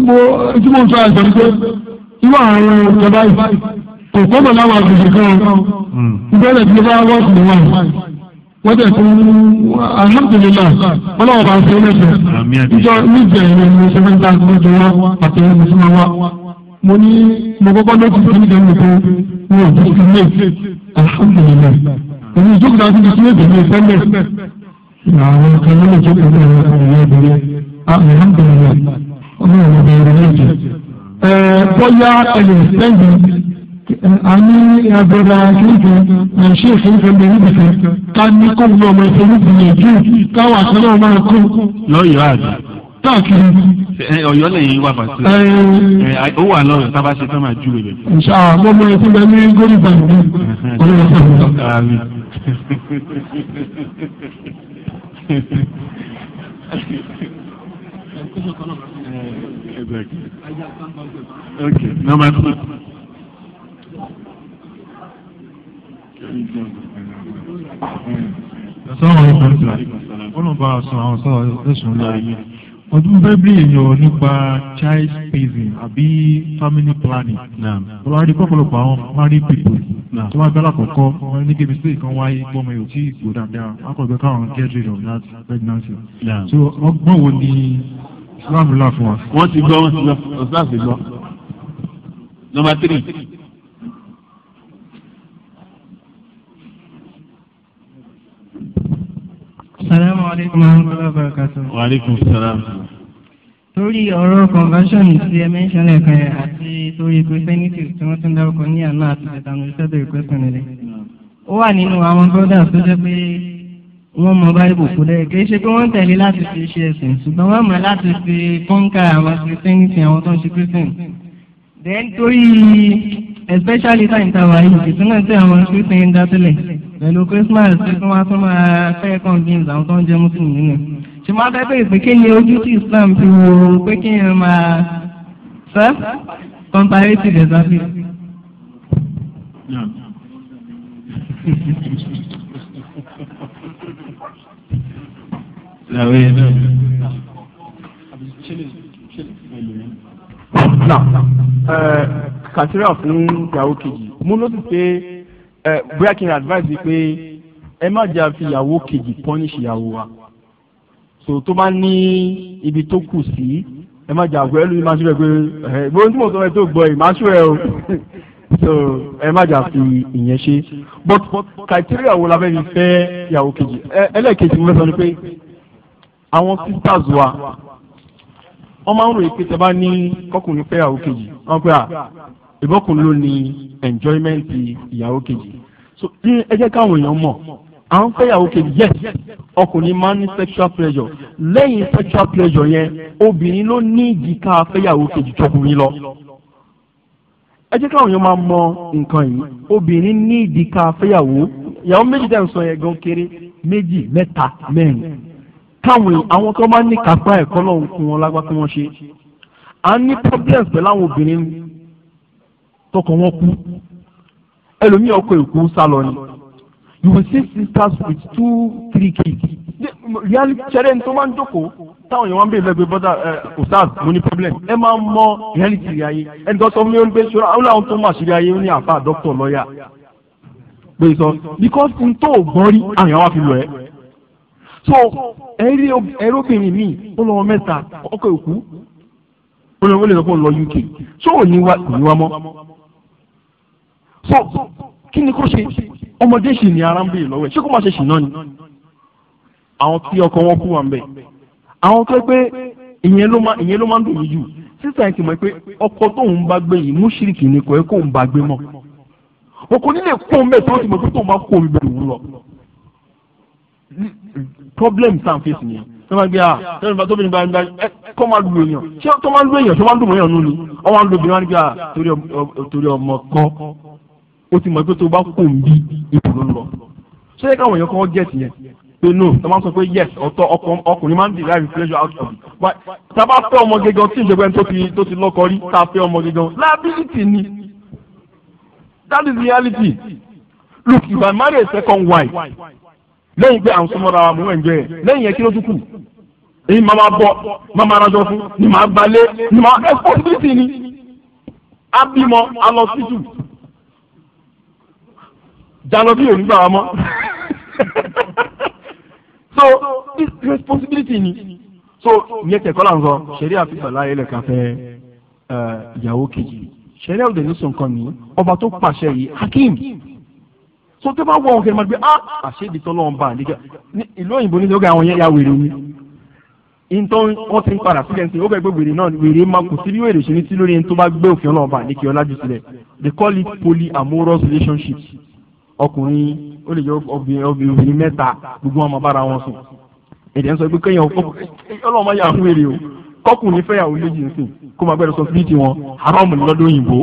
Speaker 4: mo tí mo fẹ́ àjọ pé irú àwọn ìjọba kò kọ́mọ̀ láwọn àgbègbè kan ìbẹ̀rẹ̀ tí ó bá wọ́n sì wà wọ́n tẹ̀ fún alhamdulillah wọ́n náà bá ṣe lẹ́sẹ̀ níjọ níjẹ ìrìn ní sẹ́fẹ́ntà níjọ wa àti ẹni mùsùlùmá wa mo ní mo kọ́kọ́ lọ́ọ́ ti fi níjọ nìkan wọn ò ti fi lé alhamdulillah èmi ìjókòó náà ti di sílé ìdílé sẹ́lẹ̀ àwọn kan ló lè jókòó ní àwọn ọmọ ìyá ìdílé ah, alhamdulilayi ọmọ ìyá ìdílé méjì. ẹ bọ́yá ẹ̀yẹ sẹ́yìn àní abẹ́rẹ́ àkíńkì àṣẹ ìfowópamọ́ bẹ̀rẹ̀ nìkan ká ní kó wọ́n ọmọ ìfowópamọ́ gbìyànjú káwọn àtàwọn ọmọ ẹ̀kọ́.
Speaker 1: lọ́yọ̀ọ́ àgbà
Speaker 4: káàkiri.
Speaker 1: Eh, Ọ̀yọ́ lẹ́yìn wà fàṣẹ. Eh, eh, ó wà lọ́rọ̀ tá a bá ṣe fẹ́ máa júwe rẹ̀.
Speaker 4: ǹṣà mo mọ ní gómìnà mi. ọlọ́run sọ̀rọ̀
Speaker 2: okay, number two. Sọ́wọ́n ọ̀rọ̀ kan tí
Speaker 1: wà. Ó lọ bá a sọ àwọn sọ́wọ́ ẹ̀sùn lórí yìí ọdún fẹ́ bí èèyàn nípa child spacing àbí family planning. wọ́n á rí pọ̀pọ̀lọpọ̀ àwọn married people tí wọ́n gbẹ́lá kọ̀ọ̀kọ́ wọ́n ní kí mistake kan wáyé gbọ́mọ yòó tí ìgbò dáadáa akọ̀gbẹ́ káwọn get rid of that pregnancy.
Speaker 2: so ọgbọ́n wo ni
Speaker 1: Islam là fún wa. wọ́n ti gbọ́ wọ́n ti gbọ́ ọ̀sán àti gbọ́.
Speaker 2: number three. Assalamu alaikum warahmatullahi wabarakatuh. Wa alaikum salam. Torí ọ̀rọ̀ convention tí ẹ mẹ́ṣẹ́ lẹ́ẹ̀kan yẹn àti torí Christianity tí wọ́n tún dárúkọ ní àná àti ìtànà iṣẹ́ bẹ̀rẹ̀ question rẹ̀. Ó wà nínú àwọn brothers tó jẹ́ pé wọ́n mọ báyìbù kú lẹ́yìn kì í ṣe pé wọ́n tẹ̀lé láti fi ṣe ẹ̀sìn ṣùgbọ́n wọ́n mọ̀ láti fi kọ́ńkà àwọn Christianity àwọn tó ń ṣe Christian. Then torí especially
Speaker 1: pẹ̀lú Christmas tí wọ́n tún máa fẹ́ convince àwọn tó ń jẹ́ mùsùlùmí nínú. ṣe máa fẹ́ bẹ̀rẹ̀ pé kí ni ojú tí Islam fi wo pé kí ni máa
Speaker 2: sẹ́ comparative exactly. Láwé náà.
Speaker 1: Náà, kàtírà fún ìyàwó uh, kejì, mo ló ti ẹ bóyá kí n advice yìí pé ẹ má jà fi ìyàwó kejì punish ìyàwó wa so tó bá ní ibi tó kù sí ẹ má jà àgọ́ ẹ lóyún máa ṣúrẹ́ pé ẹ gbogbo tí mo sọ ẹ tó gbọ́ ẹ máa ṣúrẹ́ o so ẹ má jà fi ìyẹn ṣe but criteria wo la fẹ́ fi fẹ́ ìyàwó kejì ẹlẹ́ẹ̀kejì mo fẹ́ sọ ni pé àwọn sisters wa wọ́n máa ń ròyìn pé tẹ bá ní kọkùnrin fẹ́ ìyàwó kejì wọ́n pé à ìbọ̀kùn ló ni enjoyment ìyàwó kejì so ẹ jẹ́ káwọn èèyàn mọ̀ à ń fẹ́ ìyàwó kejì yes ọkùnrin máa ń ní sexual pleasure lẹ́yìn sexual pleasure yẹn obìnrin ló ní ìdíkà fẹ́yàwó kejì tọkùnrin lọ ẹ jẹ́ káwọn èèyàn máa mọ nǹkan yìí obìnrin ní ìdíkà fẹ́yàwó ìyàwó méjì dẹ́n sọ yẹn gan kéré méjì mẹ́ta mẹ́rin káwọn àwọn tó máa ń ní kápá ẹ̀kọ́ lọ́hùn fún wọn lágbá kí wọ́n ṣe à ń ní problems pẹ̀lú àwọn obìnrin tọkàn wọn kú ẹlòmíì ọkọ èkó sálọ ni you will see sisters with two three kids real ṣẹlẹ̀ tó máa ń jókòó táwọn èèyàn wọn bẹ lẹgbẹ bọdà ẹ osas mo ní problem ẹ máa mọ reality rí ayé ẹni tó sọ fún mi ó ń gbé ṣọlá ó láwọn tó máa ṣe ayé ó ní àfa doctor lawyer pé sọ because n tó gbọ́n rí àwọn èèyàn wá fi lọ ẹ so ẹrí ẹrọbìnrin mi ó lọ mẹ́ta ọkọ èkó ó lè sọ pé ó lọ UK so ò ní wá mọ́ so kí ni kó ṣe ọmọdé sì ní ara ń bèèrè lọ́wọ́ ẹ̀ ṣé kó má ṣe sì náà ni àwọn tí ọkọ wọn kú wa ń bẹ àwọn tó pé ìyẹn ló máa ìyẹn ló máa ń dùn mí jù sísè àìsàn mọ̀ pé ọkọ tóun bá gbé yìí mùṣírìkì ni kò yẹ kóun bá gbé mọ́ ọkọ nílé kó ń bẹ tó ti mọ̀ pé tóun bá kó omi bẹ̀rù wúlọ problem tá à ń fèsì yẹn tó máa gbé a ah, tẹ́lẹ̀ bá tóbi ní báyìí ẹ kọ́ máa lu èèyàn tó máa lu èèyàn tó máa dùn mọ́ èèyàn nù ni ọ máa lu obìnrin wá a ah, torí ọmọ kọ́ ó ti mọ̀ pé tó bá kò ń bí ipò ló ń lọ ṣé yẹ káwọn èèyàn kan get yẹn pé no tó máa sọ pé yes ọ̀tọ̀ ọkùnrin máa ń dì láì pleasure out of bá fẹ́ ọmọ gẹ́gẹ́ tí ìjọba ẹni tó ti lọ́kọ rí tá fẹ́ ọmọ gẹ́gẹ́ liability ni that is reality look if I marry a second wife lẹ́yìn pé à ń wa mú ẹ̀ǹjọ́ lẹ́yìn yẹn kí ló tún kù
Speaker 2: èyí máa máa máa máa rajọ fún
Speaker 1: ni máa gbalé ni máa responsibility ni á bímọ á lọ sí jù jálọ́bí ò ní gbà wá mọ́ so this responsibility ni so ìyẹn tẹ̀kọ́ là ń sọ ṣẹ̀rí àfihàn láyé lẹ́ka fẹ́ ìyàwó kejì ṣẹ̀rí ọ̀dẹ̀ ní sọ̀kan ní ọba tó pàṣẹ yìí hakim so tó bá wọ ọ̀hún máa gbé ah àṣẹ ibi tọ́lọ́ ọba àdìgá ìlú òyìnbó ní sọ́gà àwọn ya wèrè ni ntọ́ wọn ti ń padà sílẹ̀ sí i ó fẹ́ gbé wèrè náà wèrè máa kò sí bí wèrè ṣe ní sí lórí ẹni tó bá gbé òfin ọlọ́ọ̀ba àdìkì ọlájú sílẹ̀ they call it polyamorous relationships ọkùnrin ó lè jẹ́ obìnrin mẹ́ta gbogbo wọn bára wọn sùn èdè ń sọ pé kéèyàn ọlọ́run yà fún èrè o kọkùnrin fẹ́yàwó méjì nsìn kó máa gbẹ́rẹ́ sọ́sibítì wọn haramu lọ́dọ̀ òyìnbó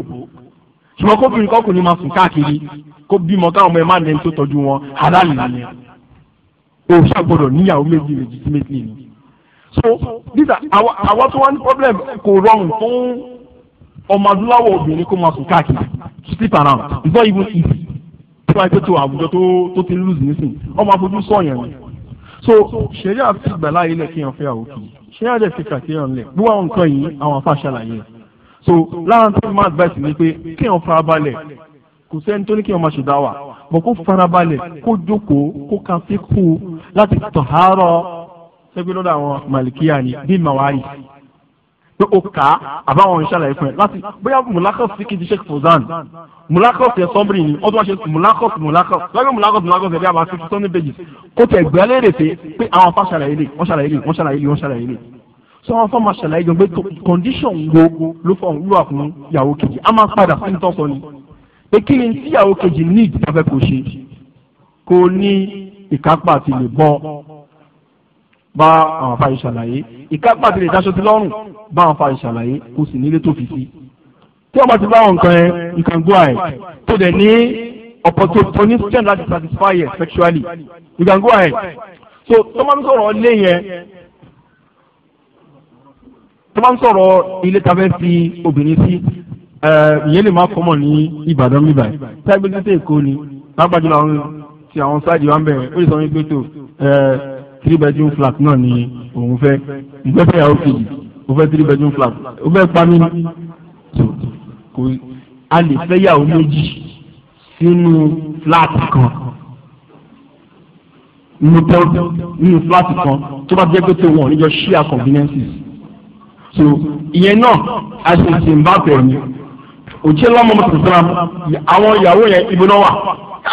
Speaker 1: ṣùgbọ́n kóbìnrin kọkùnrin máa sùn káàkiri kó bímọ káwọn ọmọ ẹ máa lẹ́ni tó tọ́jú wọn halal nìyẹn o ṣàgbọ́dọ̀ níyàwó méjì legitimately ni so these are àwọn tó wá ní problem kò rọrùn fún ọmọ adúláwọ̀ obìnrin kó máa sùn káàkiri sleep around it's not even easy tí wọ́n á pé tó àwùjọ tó ti lùz nísìn ọmọ afojú sọ̀yàn ni. so ṣẹ̀ríà fi gbàlá ilẹ̀ kí wọ́n fẹ́ àwòkì ṣẹ̀ríà dẹ̀ fi kàkíyàn lẹ̀ bí wọ́n nǹkan yìí àwọn afá ṣàlàyé rẹ̀. so láwọn tó máa advice ni pé kí wọ́n farabalẹ̀ kò sẹ́ni tó ní kí wọ́n máa ṣèdáwà bọ̀ kó farabalẹ̀ kó jókòó kó ka fi kú láti tọ̀hárọ̀ sẹ́gbẹ́ lọ́dọ̀ àwọn màlìkíyà ni bí màwáyì pé ó kà á àbáwọn ìṣàlàyé fún ẹ láti bóyá mulakos sí kí n ti Sheikh Fawzan mulakos yẹ sọmbrì ni ọdún wa ṣe mulakos mulakos lọ́gbẹ́ mulakos mulakos yẹ bí a bá fífi sọ́ni bèjì kó tẹ̀ gbẹ́ léèrè pé pé àwọn afá ṣàlàyé lè wọ́n ṣàlàyé lè wọ́n ṣàlàyé lè wọ́n ṣàlàyé lè sọ wọn fọmọ ṣàlàyé jọ pé condition wo ló fọ wúwà fún yàwó kejì a máa padà sí ní tọ́sọ ni pé kí ni tí yàwó kejì need afẹ́ kò ṣe kò ní ìkápá àti lè bọ́ bá àwọn afa ìṣàlàyé ìkápá ti lè dáṣọ ti lọ́rùn bá àwọn afa ìṣàlàyé kò sì nílé tó fi sí. tí ọba ti bá àwọn nǹkan ẹ you can go ahead tó dẹ̀ ní
Speaker 2: opportunity láti
Speaker 1: satisfy ẹ sexually you can go ahead.
Speaker 2: so tó máa ń sọ̀rọ̀ ilé yẹn
Speaker 1: tó máa ń sọ̀rọ̀ ilé tafẹ́ fi obìnrin sí ìyẹn lè má kọ́mọ̀ ní Ìbàdàn bíbà táìpé títí Èkó ni lágbàdo àwọn ti àwọn sáàdì wa ń bẹ̀rẹ̀ ó lè sọ wọn pé tó three bedroom flat náà ni òun fẹ́
Speaker 2: òun fẹ́ fẹ́yàwó kejì
Speaker 1: òun fẹ́ three bedroom flat òun fẹ́ pa mí kò a lè fẹ́yàwó méjì sínú flat kan nínú tẹ́lẹ̀ nínú flat kan tó bá jẹ́ pé tó wọ̀n níjọ share conveniences so ìyẹn náà a ṣe ṣe ń bá bẹ̀rẹ̀ ni òjì ńlá mọ́mọ́ tó sọ́ra àwọn ìyàwó yẹn ibi náà wà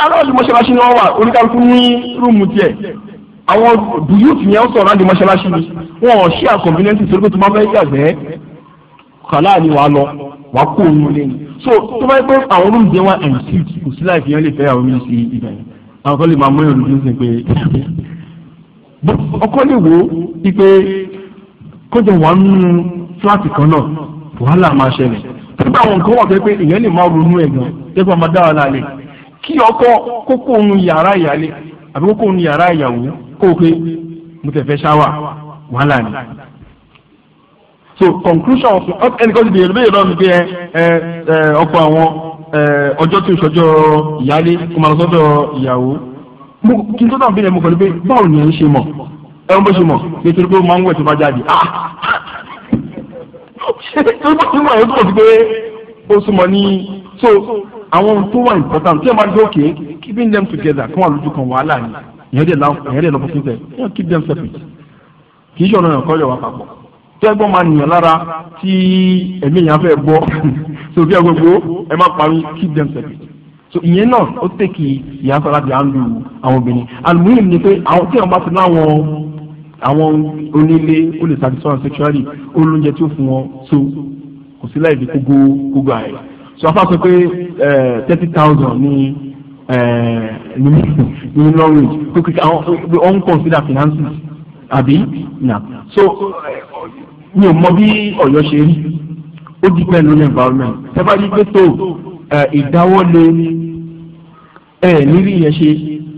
Speaker 1: aláwọ̀ ìmọ̀ṣẹ́láṣí náà wà oníkàlùkù ní rúùmù tiẹ̀ àwọn dùyúùtù yẹn ń sọ̀rọ̀ láti mọ́ṣáláṣí ni wọn ò ṣí àkọ́nfínẹ́ǹsì torí pé tó máa fẹ́ yàgbẹ́ kàlá ni wàá lọ wàá kó òun lé so tó bá yẹ pé àwọn olóhùn jẹ́ wọn ẹ̀ǹtì kò sí láì fi yẹn lè fẹ́ àwọn olóhùn sí ibà yẹn àwọn kan lè máa mú ẹ̀rù lójú sí pé ọkọ lè wò ó pé kọjá wà nínú fúláàtì kan náà wàhálà máa ṣẹlẹ̀ nígbà àwọn nǹkan wà pé pé èèyàn lè máa ronú ẹ̀ gan ẹgbẹ́ ọmọ dára lálẹ́ kí ọkọ kókó òun yàrá ìyálé àbí kókó ní yàrá ìyàwó kóòké mo tẹ̀ fẹ́ ṣáwà wàhálà ni. so conclusion of ẹnìkan ti dèrè bẹ́ẹ̀ lọ́nu pé ẹ ẹ ọkọ àwọn ọjọ́ tí ìṣọjọ́ ìyálé kò máa lọ sọ́dọ̀ ìyàwó kí n tó dàn bílẹ̀ mo pẹ̀lú pé báwo ni ẹ ń ṣe mọ̀ ẹ ń bó ṣe mọ̀ nítorí pé ó máa ń wẹ̀ tó bá jáde ah ṣé tó bá ń wẹ̀ ó tó ti pé ó súnmọ́ ní so àwọn ohun tó wà important tí ẹ máa dókè keeping them together kí wọ́n lójú kan wàhálà ni ìyẹn dẹ̀ láwọn ìyẹn dẹ̀ lọ́kọ́ fún tẹ̀ yẹn keep them separate kì í ṣọ̀nà ẹ̀kọ́ yọ̀ wá papọ̀ tẹ́gbọ́n máa nìyàn lára tí ẹ̀mí yẹn fẹ́ gbọ́ so bí agbègbè ẹ má parí keep them separate so ìyẹn náà ó tèkì ìyá sọ láti à ń lu àwọn obìnrin àlùmíyìn ni pé àwọn tí àwọn bá ti láwọn àwọn onílé ó lè satisfaction sexually ó lóúnjẹ tí ó fún wọn so kò sí láì fi kógó kógó ààrẹ sọfà sọ pé thirty thousand ní ní lọ́rùn kókè We on consider finances àbí na so mi ò mọ bí ọ̀yọ́ ṣe rí ó depend on environment tẹ́fà rí pé tó ìdáwọ́lé ẹ̀ nírí yẹn ṣe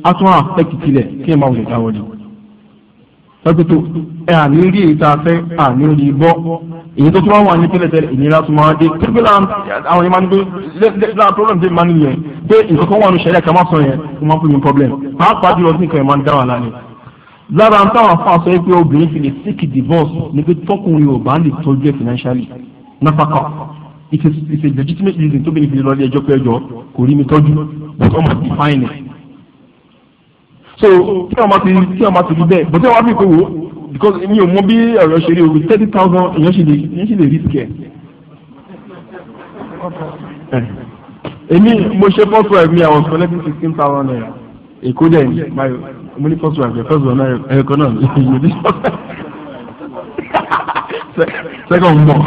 Speaker 1: á tún affect tilẹ̀ kí ẹ máa wọlé dáwọ́lé lọ́tútù ẹ àní rí èyí tá a fẹ́ àní rí i bọ́ èyí tó tún wá wà ní tẹ́lẹ̀tẹ́lẹ̀ ìnira tó máa dé pípẹ́ la àwọn yẹn máa ń gbé lára problem tí máa ń yẹn pé nǹkan kan wà ní sẹ́lẹ̀ ká má sọ yẹn ó máa fún mi problem pàápàá jùlọ sí nǹkan yẹn máa ń dá wà lálẹ́ lára ń táwọn afọ àṣọ yìí pé obìnrin fi lè seek divorce ni pé tọkùnrin ò bá lè tọ́jú ẹ̀ financially náfàkà it is a legitimate reason tóbi ní fi lọ́ọ́ ilé ẹjọ́ pé ẹjọ́ kò rí mi tọ́jú but ọmọ ti fine so tí wọn bá ti tí wọn bá ti rí bẹ́ẹ̀ bó tí wọn fi kó because mi ò mọ bí ọ̀rọ̀ ṣe rí o thirty thousand èèyàn ṣe lè èèyàn ṣe lè risk ẹ̀. Eh, èmi mo ṣe first wife mi àwọn collecting sixteen thousand naira èkó dẹ̀ báyọ̀ my ní first wife first wife eh, náà ẹ̀kọ́ náà èyí ò ní second mọ̀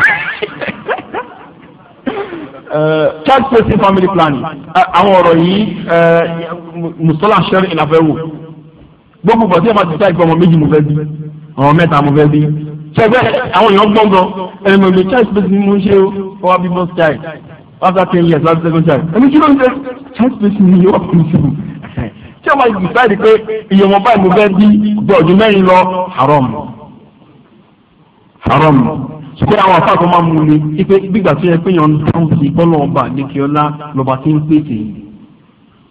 Speaker 1: child eh, placing family planning eh, àwọn ọ̀rọ̀ yìí eh, musola sẹ́rì ìlàfẹ́wò gbogbo bọ̀ tí ẹ máa ti sáà ìgbọ́ ọmọ méjì mo fẹ́ bí ọmọ mẹ́ta mo fẹ́ bí
Speaker 2: ṣẹgbẹ́ àwọn èèyàn gbọ́n gan
Speaker 1: ẹ̀mọ̀ ìlú child placing mo ń ṣe ó wá bí first child after ten years after second child ẹ̀mí kí ló ń ṣe child placing ni yóò wá fún mi tí ọmọ yìí decide pé iye báyìí mo fẹ́ bí ọjọ́ ọdún mẹ́rin lọ haram haram sukura àwọn afa àkọ́mọ́ mu ni ipe gbígbà tó yẹ pé yàn ń dán sí bọ́lọ̀ ọba nìkíọ́lá lọ́ba tí ń pèsè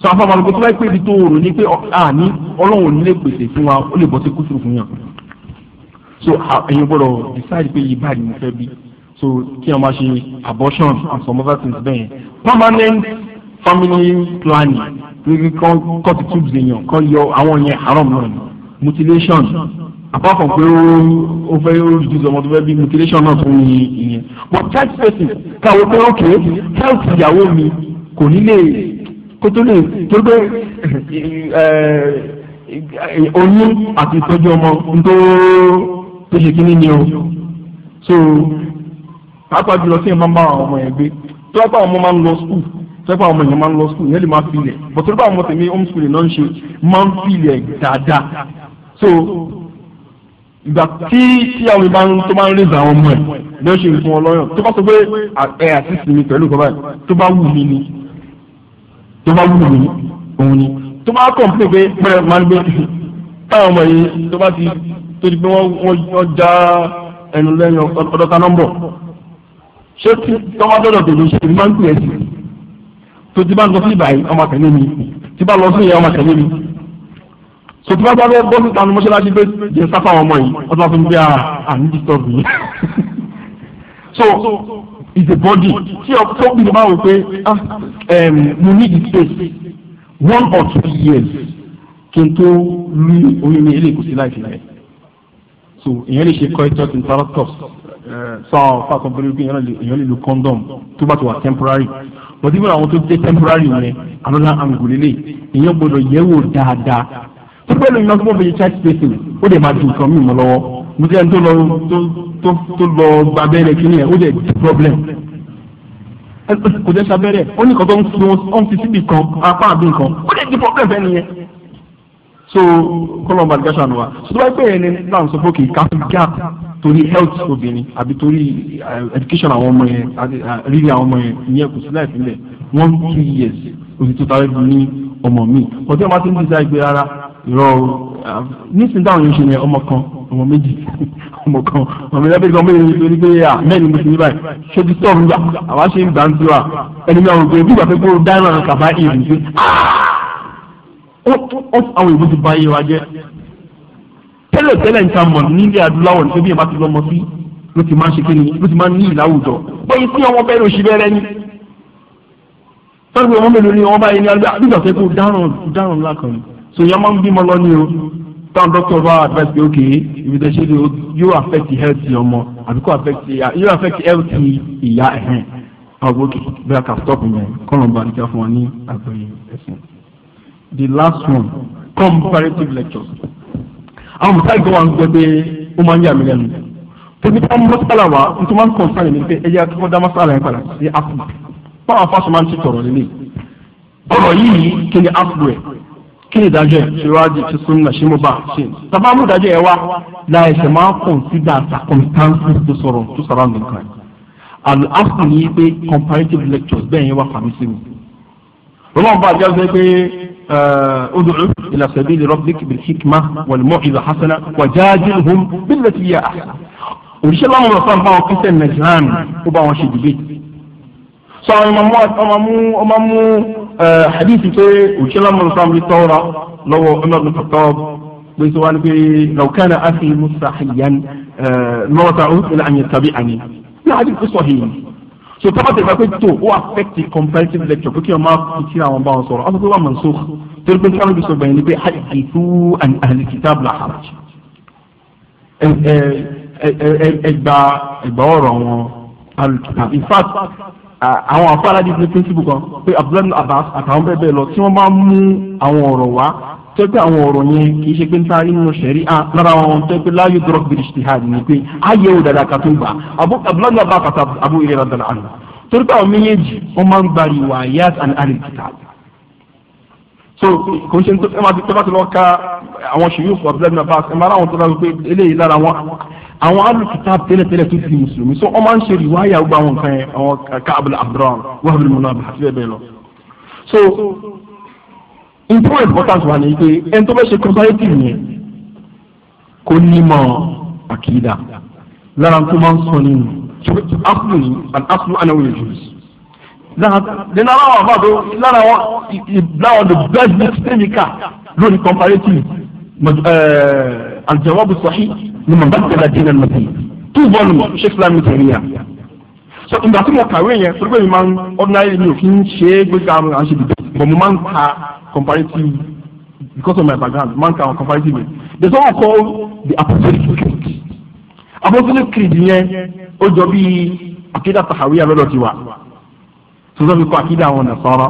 Speaker 1: sọ afa àwọn olùkọ́ tó bá pè ní tó rò ní pé àní ọlọ́run ò ní lè pèsè fún wa ó lè bọ́ sí kúsùrù fún yàn so ẹ̀yin gbọ́dọ̀ decide pé yìí báyìí mo fẹ́ bí so kí wọ́n máa ṣe abortion and some other things bẹ́ẹ̀ permanent family planning kí wọ́n cut tubes èèyàn kọ́ yọ àwọn yẹn haram náà mutilation apart from pé ó fẹ́ reduce ọmọ tó fẹ́ bí mutilation náà tún yin ìyẹn but church spacing káwọ́ pé ókè health ìyàwó mi kò ní lè kó tó lè tó gbé
Speaker 2: eh,
Speaker 1: eh, oyún àti ìtọ́jú ọmọ tó tó ṣe kí ni o so pàápàá jùlọ sí ìmọ̀ bá àwọn ọmọ yẹn gbé tó bá àwọn ọmọ máa ń lọ school tẹ́pọ̀ àwọn èèyàn máa ń lọ skul yẹn lè máa filẹ̀ bọ̀tọ́ bá àwọn ọmọ tèmi home school náà ń ṣe máa ń filẹ̀ dáadáa so ìgbà tí tí àwọn ìbá ń tó bá ń rèézà àwọn ọmọ ẹ̀ ni ó ṣe nǹkan ọlọ́yàn tó bá sọ pé ẹ àtìsí mi pẹ̀lú ìkọ́bá yìí tó bá wù mí ni tó bá wù mí ni òun ni tó bá kàn pé pé pẹ́rẹ́ máa ń gbé táwọn ọmọ yìí tó bá ti tó di pé wọ́n já ẹnu lẹ́yìn ọ̀dọ́ta nọ́mbọ̀ ṣé tí tọ́wọ́ dọ́dọ̀ tòun ṣe máa ń pè é sí tó ti bá ń lọ sí ìbàyí ọmọ ọmọ sọtí bá bẹ bọ́ síta ní mọ́ṣáláṣí pé jẹ́ sáfà ọmọ yìí wọ́n ti wá fún mi pé à ní disturb mi. so it's a body tí ọ tó kùn bá wò pé ah, mo need space one or two years kí n tó lu oyún ní ilé ìkùsí láìpẹ́ láì so èèyàn lè ṣe coitus interruptus sọ fàkàn pẹ̀lú pé èèyàn lè lo condom tó bá ti wà temporary but even àwọn tó jẹ́ temporary yẹn another angle lè èèyàn gbọ́dọ̀ yẹ̀wò dáadáa tó gbé lóyún lọ́sọ́ bóbi church spacing ó dẹ̀ máa dùn kan mí mọ́ lọ́wọ́ mo ti ẹni tó lọ tó lọ gba abẹ́rẹ́ kí ni ẹ̀ ó dẹ̀ di problem kò dẹ́ sábẹ́rẹ́ ó ní kan tó ń fi wọn fi síbi kan apá àbí nǹkan ó dẹ̀ di problem fẹ́ nìyẹn so kọ́lọ̀ bá gàṣà nù wa so tó bá pè é ní náà sọ fún ká fi gap torí health obìnrin àbí torí education àwọn ọmọ yẹn rírì àwọn ọmọ yẹn ìyẹn kò sí láì fi one two years oṣù tó tàbí ní ọmọ mi ọjọ́ máa ti ń dísà ìgbé rárá rọ um, nísìnyí táwọn yẹn ń ṣe yẹn ọmọ kan ọmọ méjì ọmọ kan ọmọ méjì ọmọ méjì lórí pé à mẹ́rin mo ti ní báyìí ṣé ti tọ́ nígbà àwa ṣe ń gbà ń tura ẹni náà gbé bí ìgbàgbé kó dáná kàfá ìrìn sí ah! àwọn ìbò ti bá yé wa jẹ́ tẹ́lẹ̀ tẹ́lẹ̀ nǹkan mọ̀ nílẹ̀ adúláwọ̀ nítorí bí ẹ̀ bá ti lọ́mọ sí ló ti máa ń ṣe kí ni ló ti máa ń ní ìlàwùjọ bẹ́ẹ̀ sí ọmọ bẹ́ẹ̀ ló ṣe sọ́dọ̀ ọmọ mélòó ni ọmọ báyìí ní alẹ́ àdúgbò àfẹ́kù dáràn dáràn ńlá kan so yẹn máa ń bímọ lọ ní o táwọn dókítà bá advice pé okay you tẹ ṣe yóò affect the health your ọmọ àbí kò affect the yóò affect the health ìyá ẹ̀hìn àwọn òkè bí a kà stop yẹn kọ́nà bá níjà fún wa ní
Speaker 2: àgbẹ̀yẹ ẹ̀sìn.
Speaker 1: the last one comparative lecture àwọn mùsàlì kan wà ń gbẹ pé ó máa ń yà mí lẹ́nu tóbi táwọn mọ́sálà wa n tó máa ń concern mi pé ẹ yẹ kí wọ́n dá mọ́sálà yẹn padà sí afro báwọn afáṣọ máa ń ti tọ̀rọ̀ lélẹ̀ ọ̀rọ̀ yìí kí ni afro ẹ̀ kí ni ìdájọ́ ẹ̀ ṣe wájú ṣe súnmọ́ ṣe mú bá ṣe tàbá mú ìdájọ́ ẹ̀ wá láì ṣe máa kọ̀ǹsídà circumstances tó sọ̀rọ̀ tó sọ̀rọ̀ nìkan àlù áfù ní pé comparative lectures bẹ́ẹ̀ yẹn wà kàmí sí mi. rọ́lọ́n bá àjọ sọ pé eh, ud'u ila sabili rabbika bil hikma wal maw'izati hasana wajadilhum billati hiya ahsan. òṣìṣẹ́ láwọn ọ̀sán bá wọn kíṣẹ́ nàìjíríà ó bá wọn ṣe hadith pé òṣèlú mọ̀lùfàm ní tọ́ra lọ́wọ́ Umar bin Khattab pé sọ wá ní pé law kana akhi mustahiyan mọ́ta ó ti lànyẹ tàbí àní ní hadith pé sọ hìyìn so tọ́ka tẹ̀ka pé tó ó affect the comparative lecture pé kí wọ́n máa fi kí àwọn bá wọn sọ̀rọ̀ á sọ pé wọ́n mọ̀ nsọ́ torí pé sọ́nà bí sọ bẹ̀yẹn ni pé hadithu an ahli kitab la haraj ẹgbà ẹgbà ọ̀rọ̀ wọn alùpùpù in fact àwọn àfọ aládìí ní píríncípù kan pé abdullahi abbas àtàwọn bẹ́ẹ̀ bẹ́ẹ̀ lọ tí wọ́n bá mú àwọn ọ̀rọ̀ wá tó pé àwọn ọ̀rọ̀ yẹn kì í ṣe pé ń taari nínú sẹ̀rí à lára àwọn tó pé láàyè dọ́rọ̀ bìrì ṣìhàdì ni pé ayé ò dàda kàtó gbà abdullahi abbas àti abu ilẹ̀ rẹ̀ àná torí pé àwọn méjèèjì wọ́n máa ń gba riwayat and al-kitab so kò ń ṣe tó bá ti lọ ka àwọn ṣèyí fún abdullahi abbas ẹ̀ máa ra àwọn tó bá wípé eléyìí lára wọn àwọn alùpùpù tẹ́lẹ̀tẹ́lẹ̀ tó ti mùsùlùmí so ọmọ ń ṣe rìwáyà gbogbo àwọn nǹkan yẹn àwọn káàbùlà abdulrahman wàhálà mùnàbà àti bẹ́ẹ̀ bẹ́ẹ̀ lọ. so important important wà ní pé ẹni tó bẹ́ ṣe conservative yẹn kò nímọ̀ àkìdá lára tó máa ń sọ nínú aflu ni and aflu anáwó yẹn jùlọ. nínú àwọn àwọn àbádo lára wọn láwọn the best mixed chemical lónìí comparative. Eh, aljawabu sahih ni mo bá tẹ̀lé dínà nàbí two volume sheikh so ìgbà tí mo kàwé yẹn torí pé mi máa ordinary mi ò kí ń ṣe é gbéga àwọn àṣẹ dìbò but mo máa ka comparative because of my background máa ka comparative yẹn there called the apostolic creed apostolic creed yẹn ó jọ bí akida tahawiyya lọ́dọ̀ tiwa tó sọ fi kọ́ akida àwọn nasara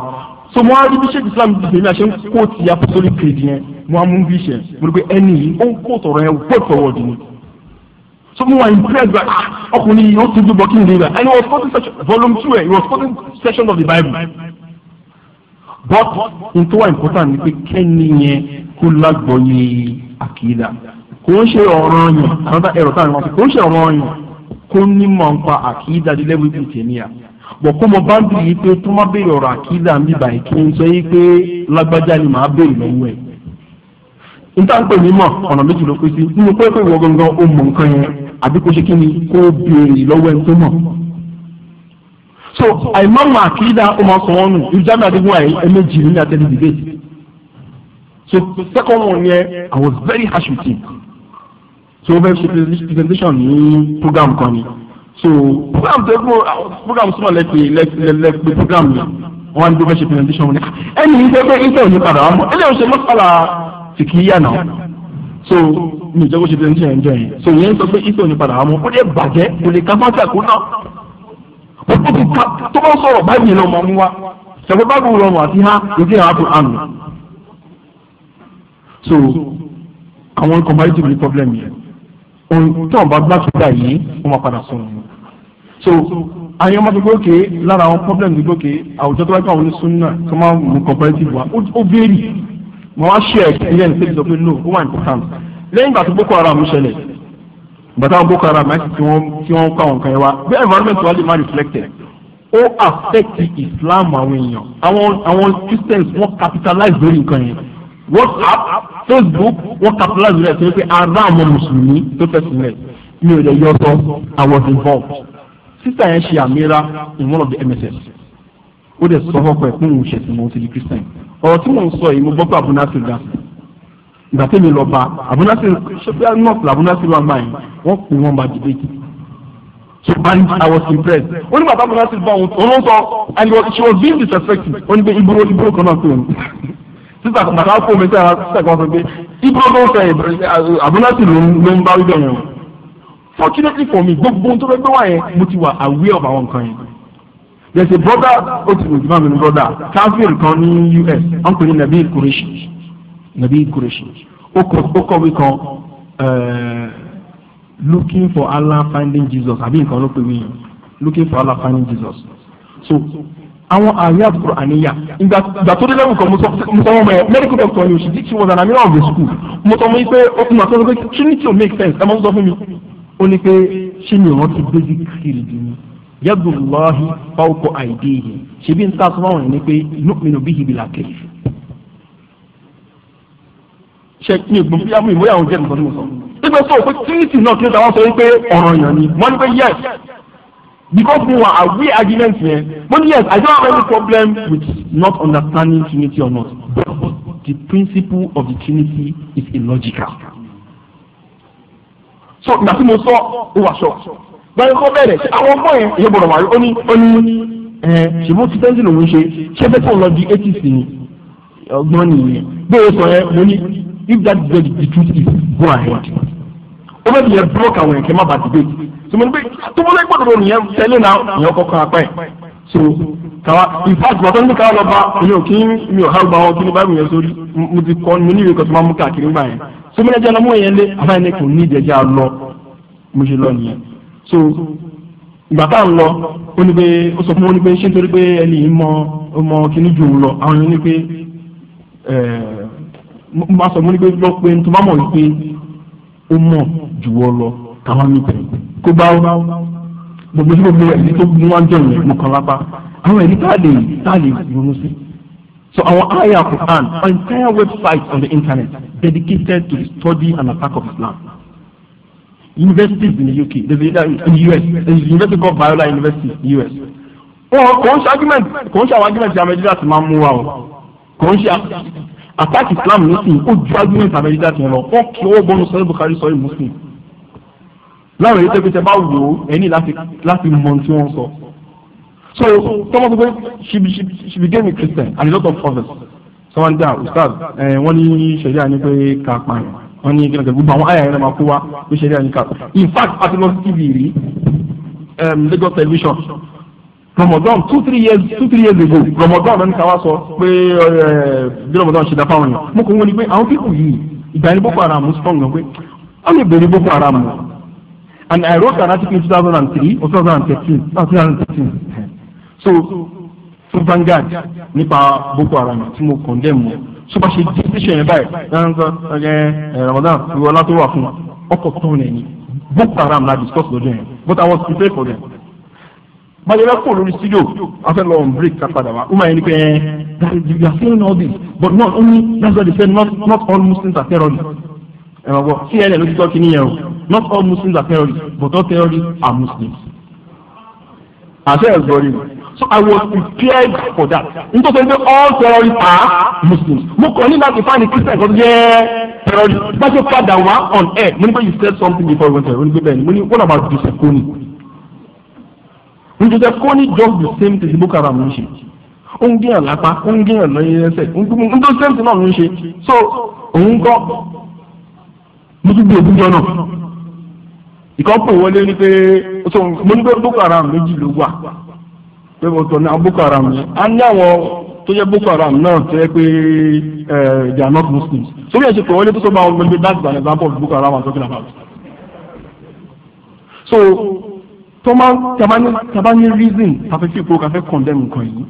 Speaker 1: so mo á rí bí sheikh islam ti tẹ̀lé àṣẹ ń kó ti apostolic creed yẹn wọn mú bí ṣe mo rí pé ẹni yìí ó ń kó sọ̀rọ̀ yẹn word for word ni so mo wà impressed by ah ọkùnrin yìí ó ti dúbọ kí n lè and he was quoting section volume two eh, he was quoting section of the bible but n tó wà important ni pé kẹ́ni yẹn kó lágbọ́yé àkìlà kò ń ṣe ọ̀rọ̀ yẹn another error táwọn ọmọ fi kò ń ṣe ọ̀rọ̀ yẹn kó nímọ̀ nípa àkìlà lílẹ̀ wípé tèmíà bọ̀ kó mo bá ń bì yí pé tó má béèrè ọ̀rọ̀ àkìlà ń bíbà kí n sọ yí pé lágbájá ni màá béèrè lọ́wọ́ ẹ̀ níta ń pè ní mọ̀ ọ̀nà méjì ló pín sí nínú pé pé ìwọ gangan ó mọ̀ nǹkan yẹn àbí kó ṣe kí ni kó béèrè lọ́wọ́ ẹni tó mọ̀. so àìmọ̀mọ̀ àkìlá ó máa sọ wọn nù ìjábẹ̀ àdéhùn àyè ẹ̀mẹ́jì ní àtẹ́lẹ̀ dìbẹ́. so second one yẹn I was very harsh with him. so ó fẹ́ ṣe presentation ní program kan ni so program tó kó program súnmọ́ lẹ́pẹ́ lẹ́pẹ́ program yẹn wọ́n á ní bí wọ́n ṣe presentation wọn ni ẹni ìṣe pé ìṣe òní padà wọn mọ̀ ẹni ò ṣe sì kì í yà náà so mi ìjọba ṣe tẹ̀lé ṣẹ̀yìn jẹ́ so yẹn sọ pé ìtò ní padà àmọ́ ó lè bàjẹ́ kò lè ká fásitì àkóná ó ti ká tó bá sọ̀rọ̀ báyìí lọ́mọ mú wa ṣàpẹ́ báàbù rọrùn àti há ìdí àwọn àpò àmì so àwọn comparative problem yẹn ohun tí wọn bá gbà tó dà yìí wọn máa padà sọ̀rọ̀ so àwọn ọmọ tó gbókè lára àwọn problem tó gbókè àwùjọ tó wáyé àwọn oníṣúná tó máa mú comparative wa ó bẹ́ẹ̀rì mo wá ṣe experience ṣe pé no ó wà ní camp lẹ́yìn ìgbà tó boko haram ṣẹlẹ̀ bàtà boko haram àti tí wọ́n tí wọ́n kọ́ àwọn nǹkan yẹn wá bí environment wa lè má reflected ó affect islam àwọn èèyàn àwọn àwọn christians wọ́n capitalize lórí nǹkan yẹn whatsapp facebook wọ́n capitalize lórí ẹ̀sìn pé ara àwọn mùsùlùmí tó fẹ̀sìn rẹ̀ mi ò lè yọ sọ i was involved sísà yẹn ṣe àmìra in one of the mss ó dẹ̀ sọ fọ́pọ̀ ẹ̀ fún òun ṣẹ̀sìn mọ́ ti di christian ọ̀rọ̀ tí mò ń sọ yìí mo gbọ́ pé abunasir dá sí ìgbà tí mi lọ bá abunasir ṣọ́fíà north labunasir wà máa yìí wọ́n pè wọ́n bá dìde kì so and I was impressed ó ní bàbá abunasir bá òun òun sọ and she was being disrespectful ó ní pé ibúrò ibúrò kan náà pè wọ́n sísà bàbá kó mi sára sísà kan sọ pé ibúrò ló ń fẹ́ ah, abunasir ló ń bá wíwẹ̀ yẹn fortunately for me gbogbo ohun tó fẹ́ gbé wá yẹn mo ti wà aware of àwọn nǹkan yẹn there's a brother ó ti lòdì brother káfíìn kan ní US wọ́n pè ní Nabil Qureshi Nabil Qureshi ó kọ̀wé kan eh, looking for Allah finding Jesus àbí nǹkan ló pè mí looking for Allah finding Jesus so àwọn ààrẹ àbúrò àníyà ìgbà tó dé lẹ́wọ̀n kan mo sọ wọn mọ̀ medical doctor ni òṣìṣẹ́ tí wọ́n dáná mi náà wọ̀ school mo sọ wọn pé ó kún àtọ́jú pé trinity ò make sense ẹ máa ń sọ fún mi ó ní pé ṣé mi ò rántí basic skill bí mi yadullahi fawqa aydihi ṣebí n ta sọ fáwọn ẹni pé nu'minu bihi bila kayf ṣe ní ìgbìmọ̀ bí amú ìmúyà òun jẹ́ nǹkan tí mo sọ ìgbẹ́ sọ pé tíìtì náà kí n ta wọ́n sọ wípé ọ̀ràn yàn ni wọ́n ní pé yes because we were away argument yẹn mo ní yes I don't have any problem with not understanding Trinity or not but the principle of the Trinity is illogical
Speaker 3: so ìgbà tí mo sọ ó wà ṣọ́ọ̀ṣọ́
Speaker 1: báyìí kọ́ bẹ̀rẹ̀ àwọn ọmọ yẹn ìyẹn bọ̀rọ̀ wáyé ó ní ó ní ẹ̀ ṣèbó ti tẹ́ńtì lòún ṣe ṣé fẹ́ kàn lọ di eighty ni ọgbọ́n nìyẹn bẹ́ẹ̀ sọ ẹ mo ní if that is the truth is go ahead ó bẹ́ẹ̀ bí yẹn block àwọn yẹn kẹ́ má ba debate so mo ní pé tó mo lè gbọ́dọ̀ lò nìyẹn tẹ́lẹ̀ náà ìyẹn kọ́kọ́ apá ẹ̀ so kàwa in fact wàá tó ń bí káwọn lọ bá mi ò kí mi ò há gba wọn kí ni báyìí yẹn sórí mo ti kọ́ mo ní ìwé kan tó máa mú káàkiri gbà yẹn so mo ní ẹjọ́ ọmọ yẹn lé àbáyé ní kò ní ìdẹ́jà lọ mo ṣe lọ nìyẹn so ìgbà tá à lọ ó ní pé ó sọ fún wọn ní pé ṣé nítorí pé ẹni yìí mọ ọmọ kìíní jù ú lọ àwọn ní pé máa sọ ní pé lọ pé tó bá ó jù ọ lọ kó bá gbogbo gbogbo ẹni tó mú lápá àwọn ẹni So our ayah Quran, our entire website on the internet dedicated to the study and attack of Islam. universities in the UK there's a uh, in the US there's uh, a university called Biola University in the US. Oh, conscious argument conscious argument amẹ́ríkà ti máa ń mú wa attack Islam nothing, ó judgment argument amẹ́ríkà ti lọ wọn kì í owó bọ́nu Bukhari sọ́yìn Muslim Now èyí tó fi about bá any ó ẹni láti mọ so. wọ́n sọ. so tọ́mọ pé she be she became a Christian and a lot of others. sọ́wọ́n dá ustaz eh, wọ́n ní ṣẹ̀dá ni pé ká pààyàn wọn ní kílọ̀kẹ́ gbogbo àwọn àyà yẹn máa kó wa bí ṣe rí àyíká in fact àti lọ sí tv rí um, Lagos television Ramadan two three years two three years ago Ramadan ló ní ká wá sọ pé uh, bí Ramadan ṣe dá fáwọn yẹn mo kàn wọ́n ní pé àwọn pípù yìí ìgbà ní Boko Haram strong gan pé wọ́n lè bèrè Boko Haram and I wrote an article in two thousand and three or two thousand and thirteen ah, two thousand and thirteen so fún Vanguard nípa Boko Haram tí mo condemn wọn sọba ṣe di tíṣẹ̀ yẹn báyìí ẹnìkan ẹ Ramadan ìwọ ọlá tó wà fún ọkọ̀ tó rẹ̀ ni boko haram na discuss lọ́jọ́ yẹn but I was prepared for them. Báyọ̀lá kò lórí studio after long break ká padà wá. Uma yẹn pé ẹ you are saying all this but not only that's why they say not not all Muslims are terrorists. Ẹ ma gbọ́ CNN ló ti tọ́ kíní yẹn o not all Muslims are terrorists but all terrorists are Muslims. Àṣẹ ẹ̀ gbọ́ rí mi so I was prepared for that nítorí pé all terrorists
Speaker 3: are
Speaker 1: Muslims mo kàn ní láti find a Christian kan yẹ terrorist bá ṣe padà wá on air mo ní pé you said something before we went there mo ní pé bẹ́ẹ̀ mo ní what about Joseph Kony Joseph Kony just the same thing Boko Haram ń ṣe ó ń gé àlápá ó ń gé àlọ́yẹ ẹsẹ̀ ń tó same thing náà ló ń ṣe so òun kọ́ mo tún gbé òkújọ náà ìkọ́pọ̀ wọlé ni pé mo ní pé Boko Haram méjì ló wà pé mo tọ̀ ní Boko Haram yẹn a ní àwọn tó jẹ́ Boko Haram náà tó yẹ pé they are not Muslims So ẹ̀sìn pé wọ́n lé tó tó bá wọn gbẹgbẹ́ that's an example of Boko Haram I'm talking about. so tó máa taba ní reason tàbí fi ìpò kàfẹ́ condemn nǹkan yìí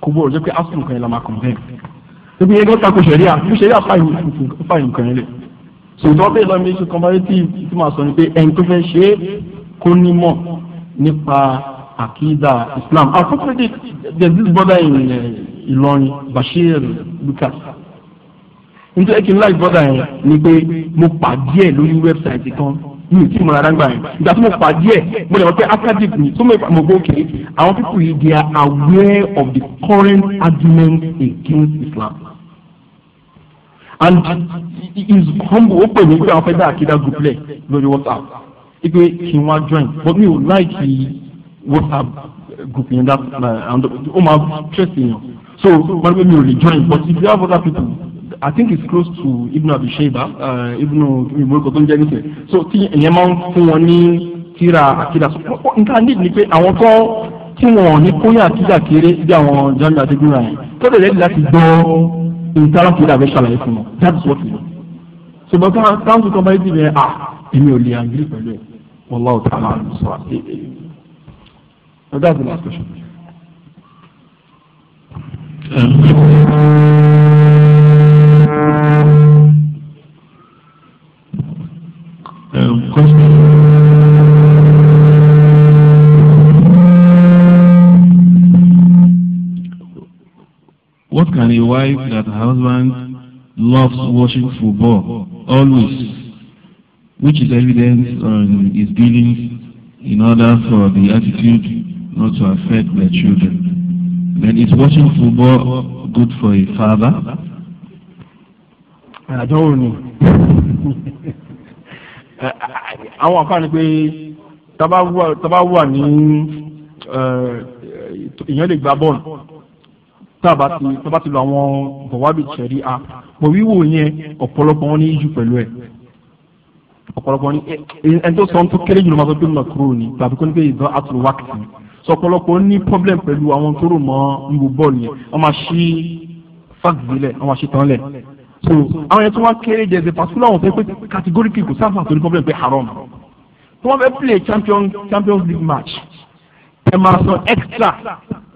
Speaker 1: kò gbọ́dọ̀ jẹ́ pé asun nǹkan yẹn la máa condemn ebi yẹn gbọ́dọ̀ takò sẹ̀ríà bí sẹ̀ríà fàyè nǹkan yẹn lẹ̀ ṣùgbọ́n bẹ́ẹ̀ lọ́ọ́ mi ṣe comparative tí màá sọ ni pé ẹni tó fẹ́ ṣe é kó nímọ̀ nípa akida islam unfortunately there is this brother in uh, Ìlọrin uh, Bashir Lucas nítorí ẹ̀kí ńlá ìbọ́dà yẹn ni pé mo pàdé ẹ̀ lórí wẹ́bsáìtì kan mi ò tí mo rárá gbà yẹn ìgbà tí mo pàdé ẹ̀ mo lè wọ́n pé academic ni tó mo gbọ́ òkè àwọn people yìí they are aware of the current argument against Islam and he is humble ó pè mí pé àwọn fẹ́ dá àkídá group lẹ̀ lórí WhatsApp pé kí n wá join but mi ò láìkì whatsapp group yẹn that uh, and ó máa stress yẹn so wọ́n pẹ́ mi ò lè join but if you have other people I think it's close to Ibn Abi Shayba uh, Ibn Imoroko tó ń jẹ́ nísìnyí so tí ìyẹn máa ń fún wọn ní tíra àkídà nǹkan ní ni pé àwọn kan tí wọn ò ní kóyà àkídà kéré bí àwọn jami àdégbòrò yẹn tó lè lẹ́yìn láti gbọ́ nǹkan àkídà fẹ́ ṣàlàyé fún wọn that is what we do ṣùgbọ́n káńtù kan bá yẹ ti bẹ́ẹ̀ à ah, èmi ò lè àgbélé pẹ̀lú ẹ̀ wọ́n lọ́wọ́ tá a máa sọ that's the last question. What can a wife that her husband loves watching football always, which is evidence on his dealings in order for the attitude not to affect their children. Then is watching football good for a father? I don't know. àwọn kan ní pé tábà wà ní ìyẹn eh, lè gba bọ́ọ̀lù tábà ti lo àwọn bọ̀wábì tẹ̀rí a pọ̀ wíwò yẹn ọ̀pọ̀lọpọ̀ wọn ní ìjù pẹ̀lú ẹ̀ ọ̀pọ̀lọpọ̀ ní ẹni tó sọ ń tó kéré jùlọ máa tó gbé mọ̀ kúrò ní tàbí kó ní pé ìdán àtúrò wákìtì sọpọlọpọ ní problem pẹ̀lú àwọn tó rò mọ́ ìwò bọ́ọ̀lù yẹn wọ́n máa ṣí fáàgì lẹ̀ wọ́n máa ṣe tán lẹ̀ so àwọn yẹn tó wá kéré jẹ ẹsẹ pàṣẹ àwọn fẹ́ pé categorically kò sáfà tó ní problem pé haram tí wọ́n fẹ́ play champion champions league match ẹ máa san extra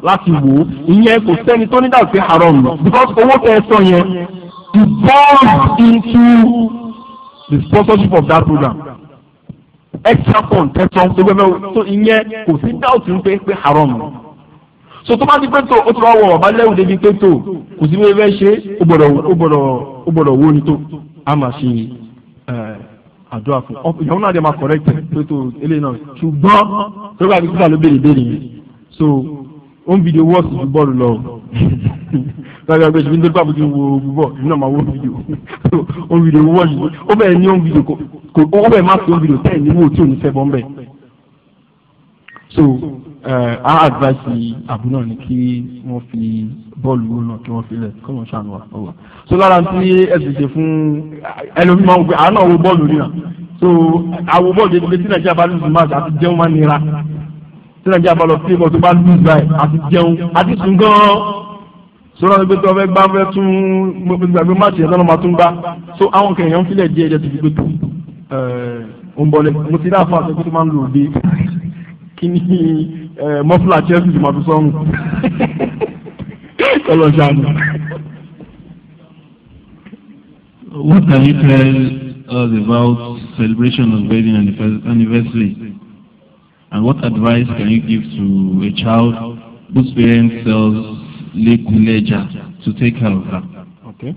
Speaker 1: láti wò ó ìyẹn kò sẹ́ni tó ní dàbí pé haram lọ because owó tẹ́ ẹ sọ yẹn
Speaker 2: devolve into
Speaker 1: the sponsorship of that program extra fund tẹ̀sán gbogbo ẹ̀mẹ́ so ìyẹn kò sí dáùtì ń pé pé haram so tó bá ti pé tó o tó bá wọ ọba lẹ́wù débi pé tó kò sí wíwẹ́ ṣe ó gbọ́dọ̀ ó gbọ́dọ̀ ó gbọ́dọ̀ wó ni tó a máa ṣe àdúrà fún ọ ìyàwó náà dẹ̀ máa correct pé tó eléyìí náà ṣùgbọ́n tó bá gbígbà ló béèrè béèrè yẹn so home video works ju bọ́ọ̀lù lọ lọ́dọ̀ ẹgbẹ́ ìṣẹ́bí nítorí pàbùkù wo bọ́ọ̀lù náà máa wọ́n fídíò home video works ó bẹ̀rẹ̀ ní home video owó bẹ́ẹ̀ má fi ó bìrò tẹ́ẹ̀ nínú òtí òní sẹ́bọ̀ ńbẹ̀. so a eh, advice àbú náà ni kí wọ́n fi bọ́ọ̀lù owó náà kí wọ́n fi lẹ̀ kí wọ́n ṣàánú wa ọwọ́. so lára tí ẹ̀sìn ṣe fún ẹlòmíì máa ń gbé àánú àwọn bọ́ọ̀lù nìyà so àwọn bọ́ọ̀lù yẹn tí nàìjíríà bá lùsùn máa àti jẹun máa nira tí nàìjíríà bá lọ sí ìbọn tó bá lùsùn báyìí àti jẹun àti sùn gan-an sọ́dọ̀ ní pé tí wọ́n fẹ́ gbá fẹ́ tún gbàgbé máàtì yẹn lọ́nà máa tún gbá so àwọn kẹ̀yàn ń filẹ̀ díẹ̀ díẹ̀ ti fi gbé tó ọ̀nbọ̀lẹ̀ mo ti dáa fún aṣọ tó máa ń lò dé kí ni mọ́fúlà chelsea ti máa fi sọ́run kọlọ ṣáàlù.
Speaker 2: What can you tell
Speaker 1: us about celebration of wedding anniversary? And what advice can you give to a child
Speaker 2: whose parents sells
Speaker 1: lekuleja to take care of her? Okay.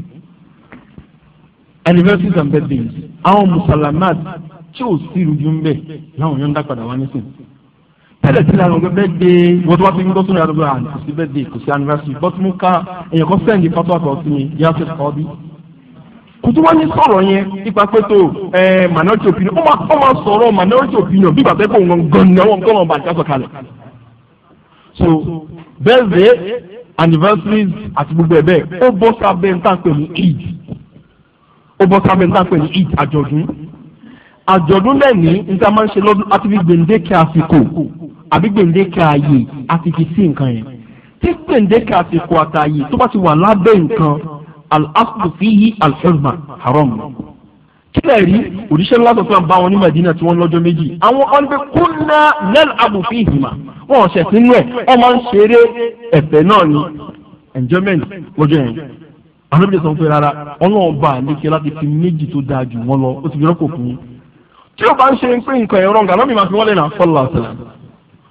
Speaker 1: Anniversaries and birthdays àwọn mùsàlámàt tí ò sí ìrújú ń bẹ láwọn yóò ń dápadà wá nísìn tẹ́lẹ̀ tí làwọn ọgbẹ́ bẹ́ẹ̀ dé wọ́n tó wá ti ń gbọ́ sórí àdúgbò à ah, kò sí bẹ́ẹ̀ dé kò sí anniversary bọ́ tí mo èèyàn kan sẹ́ǹdì fọ́tò àtọ̀ sí mi yá sí ọ́ bí. kò tí ní sọ̀rọ̀ yẹn ipa pé tó ẹ minority opinion ó máa sọ̀rọ̀ minority opinion bí bàbá ẹ̀kọ́ wọn gan ni àwọn gọ́nà ọba àdìgbàsọ̀ kalẹ̀. so birthday anniversaries àti gbogbo ẹ̀ bẹ́ẹ̀ ó bọ́ sábẹ́ ń tàn pẹ̀lú eid ó bọ́ sábẹ́ níta pẹ̀lú eid àjọ̀dún àjọ̀dún lẹ́ni níta máa ń ṣe lọ́dún àti fi gbèǹdéke àsìkò àbí gbèǹdéke ààyè àti fi sí nǹkan yẹn tí gbèǹdéke àsìkò àtààyè tó bá ti wà lábẹ́ nǹkan al-aslu fihi al-hurma haram kílẹ̀ rí òdíṣẹ́ ńlá tó fún wa bá wọn ní Madina tí wọ́n lọ́jọ́ méjì àwọn ọ̀npẹ kúnná nẹ́ẹ̀lì àbùfín ìhìmà wọn ṣẹ̀ sínú ẹ̀ wọ́n máa ń ṣeré ẹ̀fẹ̀ náà ní enjoyment lọ́jọ́ yẹn àlọ́bìnrin sọ pé rárá ọlọ́run bá àlékè láti fi méjì tó dáa jù wọ́n lọ ó ti fi rọ́pò fún yín tí ó bá ń ṣe pé nǹkan ẹ̀rọ nǹkan lọ́mìí máa fi wọ́n lẹ́nu àfọlọ́ àtàlà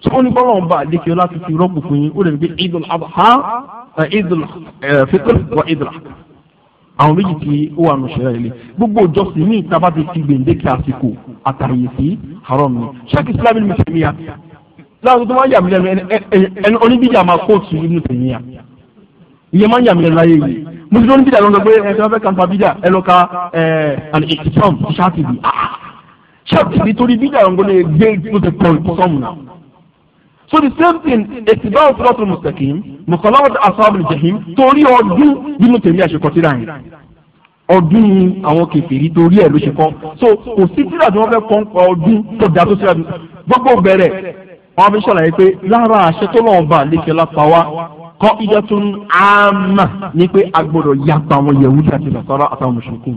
Speaker 1: tí ó ní kọ́ ọlọ́run bá àlékè láti fi rọ́pò fún yín ó lè gbé idul abha idul fitr wa idul àwọn méjì tí ó wà nù ṣẹlẹ̀ ilé gbogbo ìjọsìn ní ìtaba ti fi gbèǹdéke àsìkò àtàyè sí haram ni sheikh islam ibn tèmíya láàrín tó máa yà mí lẹ́nu ẹni oníbíjà máa kóòtù ibn tèmíya ìyẹn máa ń yà mí lẹ́nu láyé yìí mùsùlùmí bídà ló ń sọ pé ẹ fẹ́ kàn fa ẹ lọ ka ẹ ìtìsọ́m ṣáàtìbì ṣáàtìbì torí bídà ló ń gbé tó ti pọ̀ ìtìsọ́m náà. so the same thing ètìbá òfurufú mùsàkìm mùsàlámù asábìlì jahim torí ọdún nínú tèmi àṣekọ̀tìrà yẹn ọdún ni àwọn kèfèrí torí ẹ̀ ló ṣe kọ́ so kò sí tíra tí wọ́n fẹ́ kọ́ ọdún tó da tó síra gbogbo bẹ̀rẹ̀ wọn fi ṣàlàyé pé lára àṣẹ tó lọ́wọ́ bá lè fi lápá wá kọ́ ìdọ̀tún àmà ní pé a gbọ́dọ̀ yapa àwọn yẹ̀wúdí àti nàṣọ́rọ́ àtàwọn mùsùlùmí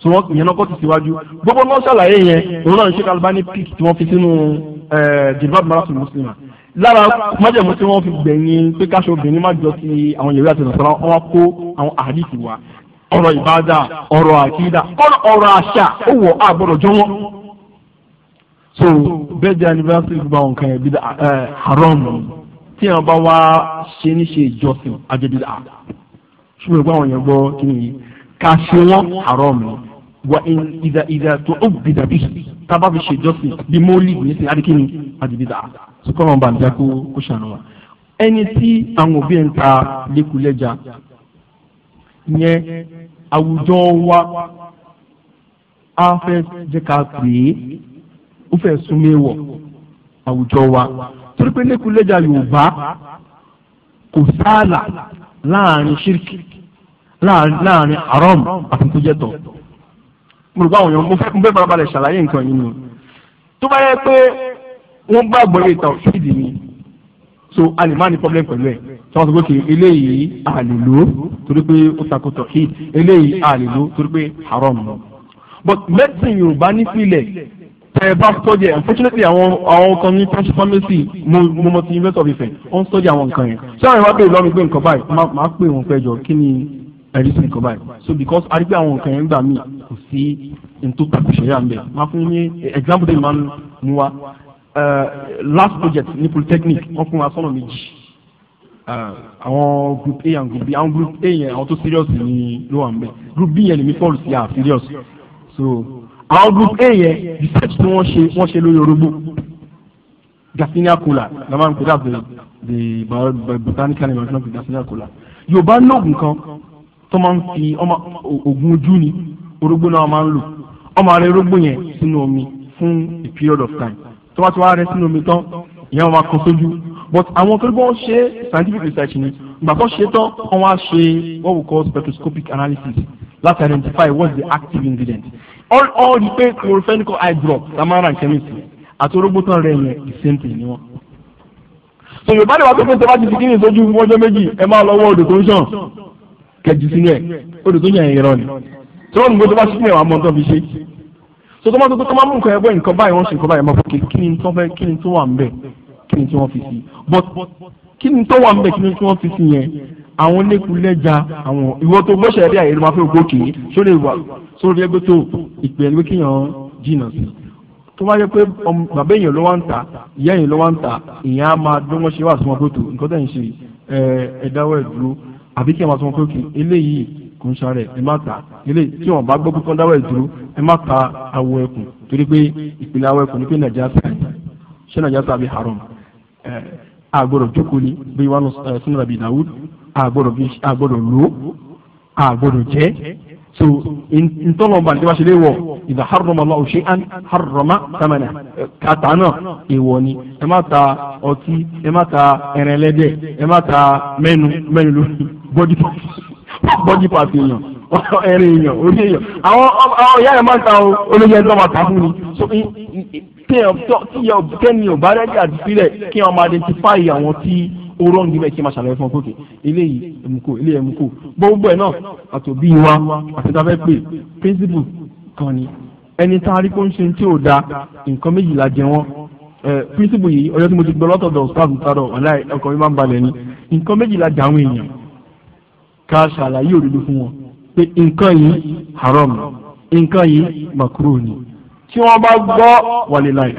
Speaker 1: tí wọ́n ìyẹn náà kọ́ ti síwájú gbogbo náà ṣàlàyé yẹn òun náà ń ṣe kalibani pik tí wọ́n fi sínú jilbab marathon muslima lára májèmú tí wọ́n fi gbẹ̀yìn pé káṣọ obìnrin má jọ sí àwọn yẹ̀wúdí àti nàṣọ́rọ́ wọn kó àwọn àdìsí wa ọ̀rọ̀ ìbáadà ọ̀rọ̀ àkídà ọ̀rọ̀ àṣà ó wọ̀ àgbọ̀dọ̀ jọ wọn so bẹ́ẹ̀ jẹ́ anniversary gbogbo àwọn kan yẹn bí tí àwọn bá wá ṣe ní ṣe ìjọsìn àjẹbí ṣùgbọ́n ìgbà wọn yẹn gbọ́ kí ni ká ṣe wọ́n haram ni wà ìdá ìdá tó ó bìdà bí tábà fi ṣe ìjọsìn bí mọ́lì nísìnyí adé kí ni àjẹbí à sọkọ́ wọn bá ń dá kó ṣàánú wa. ẹni tí àwọn òbí ẹ̀ ń ta lékulẹ́já yẹn
Speaker 2: àwùjọ wa
Speaker 1: á fẹ́ jẹ́ ká pè é ó fẹ́ súnmẹ́wọ̀ àwùjọ wa torí pé lẹ́kùlẹ́jà Yorùbá kò sáàlà láàrin ṣírkì láàrin haram àti tó jẹ́ tọ̀ mo rò bá àwọn èèyàn mo fẹ́ mo fẹ́ farabalẹ̀ ṣàlàyé nǹkan yìí ni tó bá yẹ pé wọ́n gbàgbọ́ yìí tàn fídì ni so a lè problem pẹ̀lú ẹ̀ tí wọ́n sọ pé kì í eléyìí a lè torí pé ó takò tọ̀ eléyìí a torí pé haram lọ but medicine Yorùbá ní tẹ bá sọ́jà unfortunately àwọn àwọn kan ní fresh pharmacy mo mo mo ti invest of ife ó ń sọ́jà àwọn nǹkan yẹn ṣé àwọn ìwà pé ìlọrin gbé nǹkan báyìí máa pè wọn pé jọ kí ni ẹ̀rí sí nǹkan báyìí so because a rí pé àwọn nǹkan yẹn gbà mí kò sí ntó tàbí ṣẹ̀yà ń bẹ̀ máa fún yín example dey man ń wa last project ní polytechnic wọ́n fún wa sọ́nà méjì àwọn group A and group B àwọn group A yẹn àwọn tó serious ni ló wà ń bẹ̀ group B yẹn lèmi fall sí à serious so àwọn group a yẹn research tí wọ́n ṣe wọ́n ṣe lórí orógbó Garcinia kola na máa ń pèsè àti the botanical evolution of the Garcinia kola Yorùbá lóògùn kan tó máa ń fi oògùn ojú ni orógbó náà máa ń lò ọmọ ààrẹ orógbó yẹn sínú omi fún a period of time tó bá ti wá rẹ sínú omi tán ìyẹn wọn máa kan sójú but àwọn tó gbọ́n ṣe scientific research ni ìgbà tó ṣe tán wọ́n wá ṣe what we call spectroscopic analysis láti identify what's the active ingredient all all the pain di pé chlorophenico eye drop samara and chemistry àti orógbótán rẹ yẹn the same thing ni wọn. so yorùbá lè wá pé pé tẹ́lá ti fi kíni ìsojú wọ́jọ́ méjì ẹ máa lọ́wọ́ odò tó ń sàn kẹjù sínú ẹ̀ odò tó ń yàn ẹ̀rọ ni tí wọ́n ní gbogbo tó bá sí ìwà mọ́ tó fi ṣe. so tó máa tó tó máa mú nǹkan ẹgbẹ́ nǹkan báyìí wọ́n ṣe nǹkan báyìí máa fọ kíni tó fẹ́ kíni tó wà ń bẹ̀ kíni tí wọ́n fi sí but kíni tó wà ń bẹ̀ kíni tí wọ́n fi sí yẹn àwọn oníkulẹ́ja àwọn ìwọ tó gbọ́ sẹ̀rí àyè ló máa fẹ́ gòkè tó lè wà sórí ẹgbẹ́ tó ìpè ẹni pé kéèyàn jìnnà sí tó bá yẹ pé bàbá èèyàn ló wá ń ta ìyá èèyàn ló wá ń ta ìyẹn á máa dún wọn ṣe wà sọmọ pé tó nǹkan tẹ̀ ń ṣe ẹ̀ẹ́dáwọ̀ ẹ̀ dúró àbí kí ẹ máa sọmọ pé òkè eléyìí kò ń ṣàrẹ̀ ẹ má ta eléyìí tí wọn bá gbọ́ pé kọ́ńdáwọ̀ ẹ̀ dúró ẹ má ta awọ ẹkùn torí pé ìpìlẹ̀ àgbọ̀dọ̀ lò àgbọ̀dọ̀ jẹ́ so ntọ́lọ́mọba ní wàá ṣe lé wọ̀ ìdá harrama Allahu shay'an harrama thamana kàtà náà èèwọ̀ ni ẹ má ta ọtí ẹ má ta ẹran ẹlẹ́dẹ̀ ẹ má ta mẹ́nu mẹ́nu lórí bọ́dí pàtó èèyàn ẹrin èèyàn orí èèyàn àwọn àwọn ìyá rẹ̀ máa ń ta olóyè ẹjọ́ máa ta fún mi so kéèyàn kéèyàn ò bá rẹ́dí àti sílẹ̀ kéèyàn máa identify àwọn tí ó rọ́ọ̀n níbẹ̀ kí n máa ṣàlàyé fún ọ pé eléyìí ẹ̀mùkù eléyìí ẹ̀mùkù gbogbo ẹ̀ náà àtò bí wa àti tá a fẹ́ pè principle kan ni ẹni tá a rí pé tí ò da nǹkan méjìlá jẹ wọn principle yìí ọjọ́ tí mo ti gbọ́ lọ́tọ̀dọ̀ staff tàdọ̀ ọ̀láì ọkọ̀ mi máa ń balẹ̀ ni nǹkan méjìlá jà àwọn èèyàn ká ṣàlàyé òdodo fún wọn pé nǹkan yìí haram nǹkan yìí makruh ni tí wọ́n bá gbọ́ wàlẹ̀ láì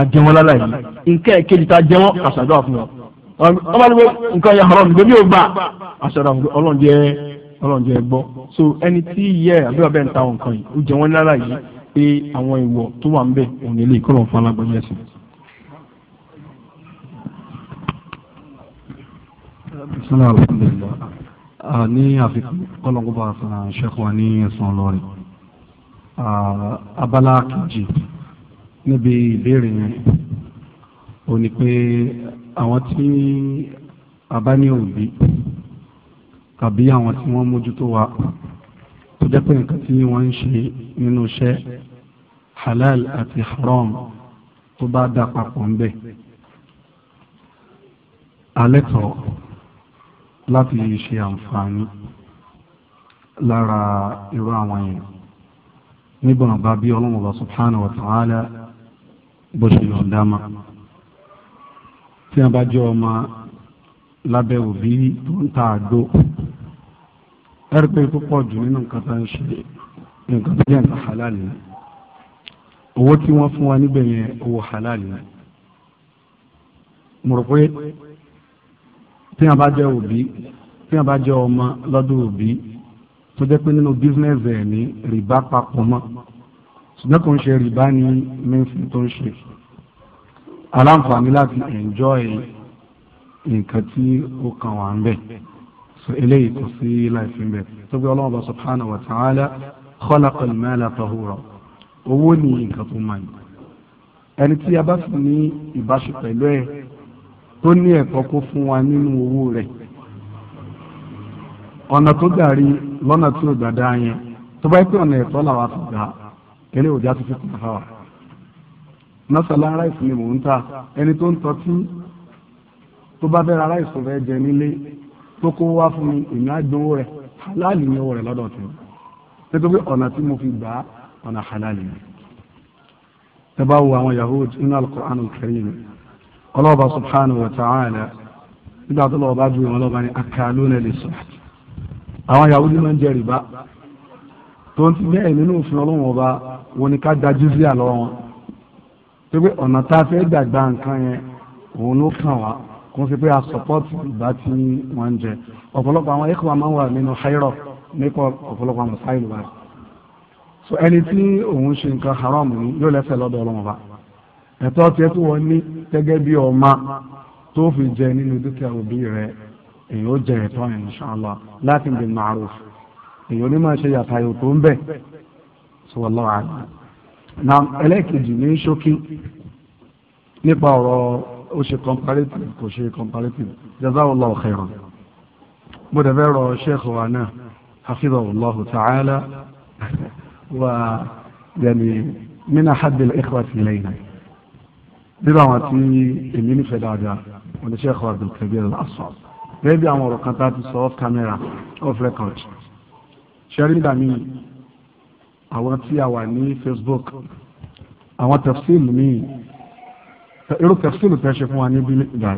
Speaker 1: àjẹwọ́n láláì nǹkan ẹ̀kejì tá a jẹ́wọ́ àṣàdọ́ àfihàn wọ́n bá ní pé nǹkan yẹn haram bẹ́ẹ̀ mi ò gbà aṣọ́ra ọlọ́run jẹ́ ọlọ́run jẹ́ gbọ́ so ẹni tí yẹ àbí ọbẹ̀ ń ta àwọn nǹkan yìí ó jẹ wọ́n lára yìí pé àwọn ìwọ̀ tó wà ń bẹ̀ òun nílé ìkọlọ̀ fún alágbèjì ẹ̀sìn. bisimilá alhamdulilah ní àfikún kọ́lọ́ngọ́ bá fún ṣẹ́kù wa ní ẹ̀sán lọ́rẹ̀ abala kejì níbi ìbéèrè yẹn ó ní pé àwọn tí a bá ní òbí tàbí àwọn tí wọ́n mójútó wa tó jẹ́ pé nǹkan tí wọ́n ń ṣe nínú iṣẹ́ halal àti haram tó bá dà papọ̀ ń bẹ̀. alẹ́ tọ̀ láti ṣe àǹfààní lára irú àwọn yẹn nígbà bá bí ọlọ́mọba subhanahu wa ta'ala bó ṣe yọ̀ǹda máa tí wọ́n bá jẹ́ ọmọ lábẹ́ òbí tó ń ta àgbo ẹ̀rí pé púpọ̀ jù nínú nǹkan tá ń ṣe nǹkan tó jẹ́ nǹkan halal ni owó tí wọ́n fún wa níbẹ̀ yẹn owó halal ni mo rò pé tí wọ́n bá jẹ́ òbí tí wọ́n bá jẹ́ ọmọ lọ́dọ̀ òbí tó jẹ́ pé nínú bísínẹ́sì ẹ̀ ní rìbá papọ̀ mọ́ ṣùgbọ́n kò ń ṣe rìbá ní mẹ́fì tó ń ṣe aláǹfààní láti enjoy nǹkan tí ó kàn wá ń bẹ̀
Speaker 2: so eléyìí kò
Speaker 1: sí láìfín bẹ̀ tó gbé ọlọ́run bá subhanahu wa ta'ala khalaqa al-mala tahura owó ní nǹkan tó máa ń ẹni tí a bá sì ní ìbáṣe pẹ̀lú ẹ̀ tó ní ẹ̀kọ́ kó fún wa nínú owó rẹ̀ ọ̀nà tó dàrí lọ́nà tí ò gbàdá yẹn tó bá yẹ pé ọ̀nà ẹ̀tọ́ làwọn àti gbà kẹ́lẹ́ òjá tó fi kún fáwọn masala ráìsì ni mò ń ta ẹni tó ń tọ́tí tó bá fẹ́ ra ráìsì rẹ jẹ nílé tó kó wá fún mi èmi á gbowó rẹ halali ni owó rẹ lọ́dọ̀ tó nítorí ọ̀nà tí mo fi gbà á ọ̀nà halali ni. ẹ bá wo àwọn yahood inú al-Qur'an al-Karim ọlọ́ọ̀bá subhanahu wa ta'ala nígbà tó lọ́ọ̀bá ju ìwọ̀n lọ́ọ̀bá ni akaluna lis-suhut àwọn yahood máa ń jẹ rìbá tó ń bẹ́ẹ̀ nínú òfin ọlọ́wọ́n ọba wọn ni ká da jizya lọ́wọ́ wọn pé pé ọ̀nà tá a fẹ́ dàgbà nǹkan yẹn òun ló kàn wá kó fi pé a sọpọ́tì ìgbà tí wọ́n ń jẹ ọ̀pọ̀lọpọ̀ àwọn ẹ̀kọ́ wa máa ń wà nínú hairọ̀ nípa ọ̀pọ̀lọpọ̀ àwọn sáìlì wa so ẹni tí òun ṣe nǹkan haram ni yóò lẹ́sẹ̀ lọ́dọ̀ ọlọ́run wa ẹ̀tọ́ tiẹ̀ tí wọ́n ní gẹ́gẹ́ bí ọmọ tó fi jẹ nínú dúkìá òbí rẹ èyí ó jẹ ẹ̀tọ́ yẹn inṣàlá láti bil ma'ruf èyí onímọ̀ ṣe yàtàyò tó ń bẹ̀ sọ wọ́n lọ́wọ́ àná na ẹlẹ́ẹ̀kejì ní ṣókí nípa ọ̀rọ̀ ó ṣe comparative kò ṣe comparative jazakallahu khairan mo dẹ̀ fẹ́ rọ sheikh wa náà hafidhahullahu ta'ala wa yẹni mina hadil ikhwati ilayna nínú àwọn tí èmi nífẹ̀ẹ́ dáadáa wọn sheikh wa abdulkabir al-aswad gẹ́gẹ́ bí àwọn ọ̀rọ̀ kan tá a ti sọ off camera off record ṣẹ́rí dàmí àwọn tí a wà ní Facebook àwọn tafsil míì irú tafsil tẹ́ ṣe fún wa níbí ìgbà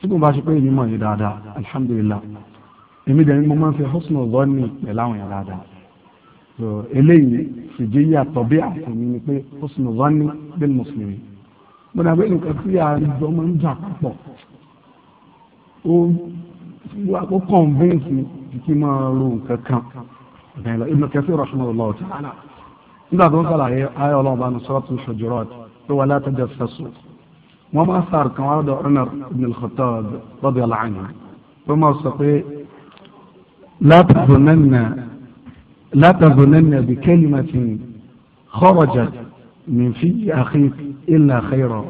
Speaker 1: tí mo bá ṣe pé èmi mọ̀ yìí dáadáa alhamdulillah èmi dẹ̀ ni mo máa ń fi husnu zọ́ọ̀nì pẹ̀lú àwọn yẹn dáadáa so eléyìí ṣèjì yàtọ̀ bí àtẹ̀mí ni pé husnu zọ́ọ̀nì bil muslimin mo dàbí nǹkan tí àjọ máa ń jà pọ̀ ó kọ̀ǹvínsì kí n máa ro nǹkan kan. ابن كثير رحمه الله تعالى إذا ذنقل آية آية الله بأن سورة الحجرات هو لا تجسسوا وما كما كمارد عمر بن الخطاب رضي الله عنه وما أستطيع
Speaker 4: لا تظنن
Speaker 1: لا تظنن بكلمة
Speaker 2: خرجت
Speaker 1: من في أخيك إلا خيرا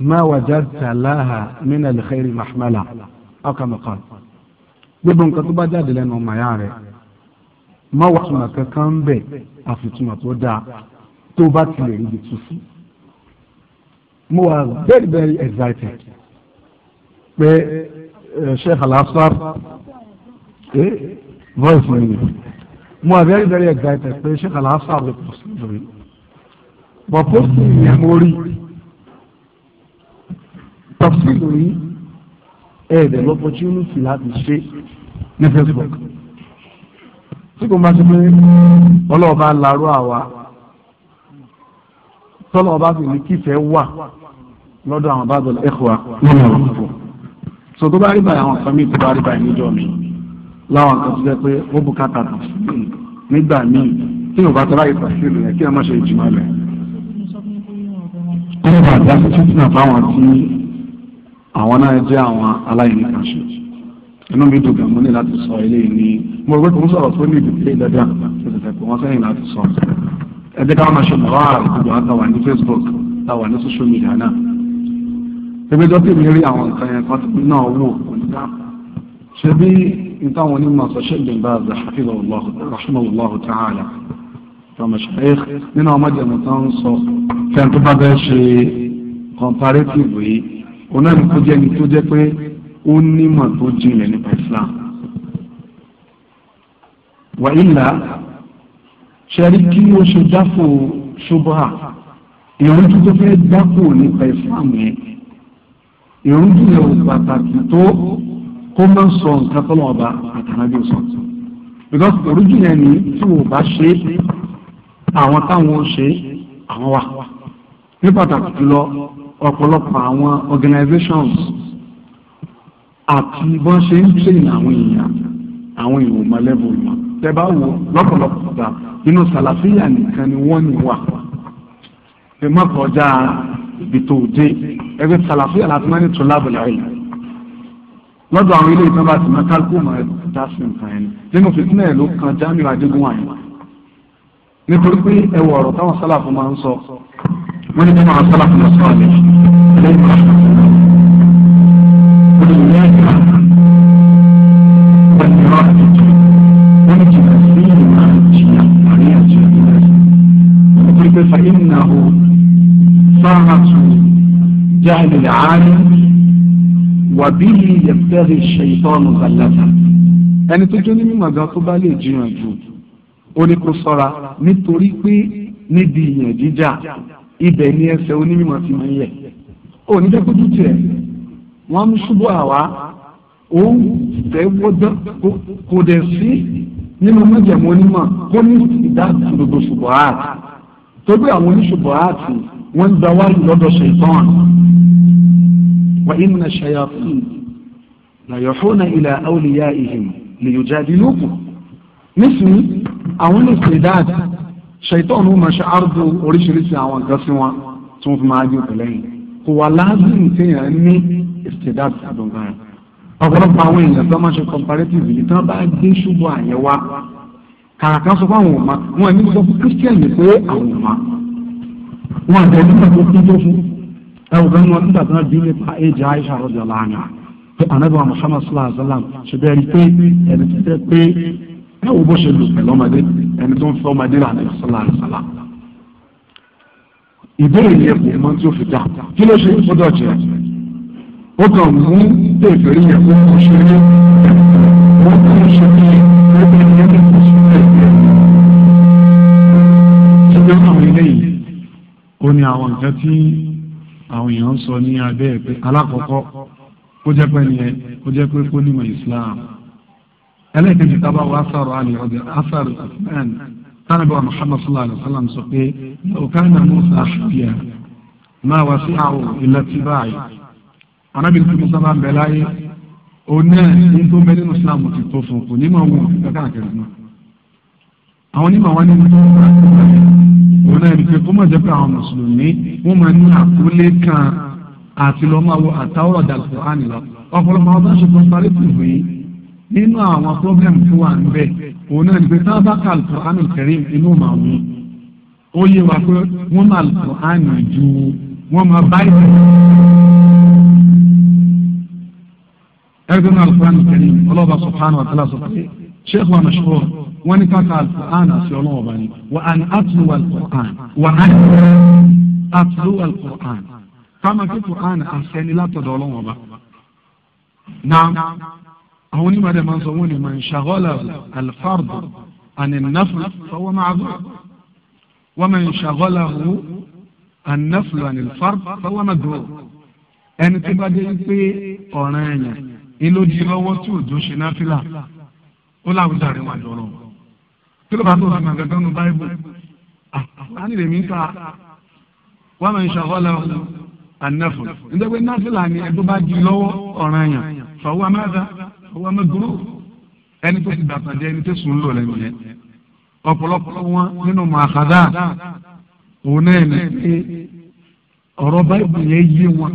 Speaker 1: ما وجدت لها من الخير محملا أو كما قال ابن قطبة جاد لأنه ما يعرف má wà túmọ̀ kankan ń bẹ̀ tó dáa tó bá tilẹ̀ ríbi tú eh, eh, mo wà very very excited pé Sheikh Al-Asqar voice mi ni mo wà very very excited pé Sheikh
Speaker 4: Al-Asqar lè pọ̀
Speaker 2: sí ìdòwì
Speaker 1: bọ̀ pósìtì yẹn mo rí tọ́sí ìdòwì ẹ̀ẹ́dẹ̀ lọ́pọ̀ tí ó ní sí láti ṣe ní Facebook tí kò bá ti pé ọlọ́ọ̀bá larú àwa tọ́lọ́ọ̀bá sì ní kífẹ́ wà lọ́dọ̀ àwọn bá dọ̀lá ẹ̀kọ́ nínú ọ̀rọ̀ fún so tó bá rí báyìí àwọn kan míì tó bá rí báyìí níjọ mi láwọn kan tó jẹ́ pé ó bùkátà tó nígbà míì tí yóò bá tọ́ láyé pàṣẹ rẹ̀ kí ẹ má ṣe ìjìmọ̀ rẹ̀
Speaker 4: bá dá sí títúnà fáwọn tí
Speaker 1: àwọn náà jẹ́ àwọn aláìníkàṣe inú mi dùn gan mo ní láti sọ eléyìí ní mo rò pé mo sọ̀rọ̀ tó ní ìdílé dáadáa tó ti tẹ̀kọ̀ wọn sẹ́yìn láti sọ. ẹ jẹ́ ká máa ṣe mọ̀ wá àtàwà ní Facebook àtàwà ní social media náà. ebi tó tèmi rí àwọn nǹkan yẹn kan náà wò òníkà. ṣé bí nǹkan wọn ní mọ̀ sọ ṣé ìgbìmọ̀ bá zà hafiz rahimahullahu ta'ala tọmọ ṣẹ́yìn nínú ọmọdé mi tó ń sọ fẹ́ẹ́ tó bá bẹ́ẹ̀ ṣe comparative yìí onáà ní kó jẹ́ ni tó jẹ́ pé ó nímọ̀ tó jinlẹ̀ nípa Islam wà ilà
Speaker 4: ṣẹ́rí kí ó ṣe dáfò ṣubha
Speaker 1: ìrújú tó fẹ́ dáfò nípa ìsìláàmù yẹn ìrújú yẹn ò pàtàkì tó kó má sọ nǹkan tó lọ́wọ́ bá àtàlábí sọ because ìrújú yẹn ni tí wò bá ṣe àwọn táwọn ṣe àwọn wà ní pàtàkì jùlọ ọ̀pọ̀lọpọ̀ àwọn organizations àti bọ́n ṣe ń train àwọn èèyàn àwọn èèyàn ò mọ level wọn tẹ́ bá wò lọ́pọ̀lọpọ̀ gbà inú sàlàfíà nìkan ni wọ́n ní wà ẹ má kọjá ibi tó dé ẹgbẹ́ sàlàfíà láti má ní tó lábẹ̀lẹ̀ rẹ̀ lọ́dọ̀ àwọn ilé ìtàn bá ti máa kálukú máa dá sí nǹkan ẹni nínú fìtínà ẹ̀ ló kan Jamiu Adigun àyè nítorí pé ẹwọ ọ̀rọ̀ táwọn sálàfù máa ń sọ
Speaker 2: wọ́n ní bí máa sálàfù lọ sọ àlẹ́ lẹ́yìn olùyẹ́ ìgbà pẹ̀lú ìrọ̀
Speaker 1: pé fàyínà o sáàtù jáde làárí wà bí yẹ̀fẹ́rì ṣèyítọ́nù gàlàtà ẹni tó jẹ́ ní mímọ̀ gan tó bá lè jiyàn jù ó ní kó sọ́ra nítorí pé níbi ìyàn jíjà ibẹ̀ ni ẹsẹ̀ onímọ̀ ti máa ń yẹ̀ ó ní jẹ́ kójú tiẹ̀ wọ́n mú ṣubú àwa ó fẹ́ wọ́dán kò dẹ̀ sí nínú
Speaker 4: mọ́jẹ̀mú onímọ̀ kó ní ìdá gbogbo ṣùgbọ́n àti torí àwọn oníṣòwò àti
Speaker 1: wọ́n ń gba wáyé lọ́dọ̀ ṣèǹtàn wà ìmúna ṣayàfún làyọ̀fóònà ila awliyaihim liyujadilukum nísìnyí àwọn ní ìṣèdáàd ṣèǹtàn ó máa ṣe àrùdù oríṣiríṣi àwọn nǹkan sí wọn tí wọ́n fi máa jẹ́ òkèlẹ́yìn kò wà láàbùn téèyàn ní ìṣèdáàd àdùnkàn ọ̀pọ̀lọpọ̀ àwọn èèyàn tó máa ṣe comparative yìí tán bá gbé ṣubú àyẹ̀wá àràkà sọ fún àwọn ọ̀ma wọn ẹni sọ fún kírísítẹ́nì pé àwọn ọ̀ma wọn àti ẹni tó kún tó fún ẹwọ gan wọn nígbà tí wọn bí nípa ẹjẹ Aisha rọjò lánà pé anabi wa Muhammad sallallahu alaihi wa sallam ṣùgbọ́n ẹni pé ẹni tó tẹ pé ẹ wo bó ṣe lò pẹ̀lú ọmọdé ẹni tó ń fẹ́ ọmọdé rà nípa sallallahu alaihi wa sallam ìbéèrè yẹn kò mọ tí ó fi dá kí ló ṣe fọdọ̀ jẹ ó kàn mú
Speaker 4: tèfèrí yẹn kó kàn ṣe é wọn kàn ṣe é
Speaker 3: ṣùgbọ́n
Speaker 1: àwọn eléyìí ó ní àwọn nǹkan tí àwọn èèyàn ń sọ ní abẹ́ ẹ̀ pé alákọ̀ọ́kọ́ kó jẹ́ pé ni ẹ kó jẹ́ pé kó nímọ̀ Islam ẹlẹ́ẹ̀kejì tá a bá wọ asaro alẹ́ ọ̀dẹ asaro ọ̀sán tánàbí wa Muhammad sallallahu alayhi wa sallam sọ pé ọ̀kánà Musa àṣìbíà máa wá sí àwọn ilẹ̀ tí báyìí anábìrin Musa bá ń bẹ láyé òun náà ní tó bẹ nínú Islam ti tó fún kò ní máa wù káàkiri mọ́ àwọn onímọ̀ wọn ní tó wà òun náà ní pé kó má jẹ́ pé àwọn mùsùlùmí wọ́n máa ní àkólé kan àti lọ́ọ́ máa wo àtàwọn ọ̀dàlùkọ́ àní lọ ọ̀pọ̀lọpọ̀ àwọn bá ṣe kọ́ parí tìwé nínú àwọn pọ́blẹ́mù tó wà níbẹ̀ òun náà ní pé táwọn bá ka Al-Qur'an Al-Karim inú màá wù ó yé wa pé wọ́n máa Al-Qur'an ju أردنا القرآن الكريم الله سبحانه وتعالى شيخ ومشهور وانتا قال القرآن سيولوبا وأن أتلو القرآن وأن أتلو القرآن كما في القرآن أحسن لا تدولوبا نعم هوني ما من زوني من شغل الفرد عن النفل فهو معذور ومن شغله النفل عن الفرض فهو مدعو أنت يعني تبدأ في قرآنه
Speaker 2: ìlú di lọ́wọ́ tí òjò
Speaker 1: ṣe náfìlà ó
Speaker 4: láwùjọ rẹ̀ wà
Speaker 2: lọ́rọ̀
Speaker 1: kí ló bá tó sùn àgàgà nù báyìí àní lèmi ń ta wọ́n máa ń ṣàkọ́lá ànáfò nítorí náfìlà ni ẹgbẹ́ bá di lọ́wọ́ ọ̀ràn yàn fọwọ́ amáda fọwọ́ amẹ́gbòrò ẹni tó ti dàtàjẹ́ ẹni tó sùn lò lẹ́nu yẹn ọ̀pọ̀lọpọ̀ wọn nínú màkàdá òun náà ní ọ̀rọ̀ báyìí yẹn yé wọn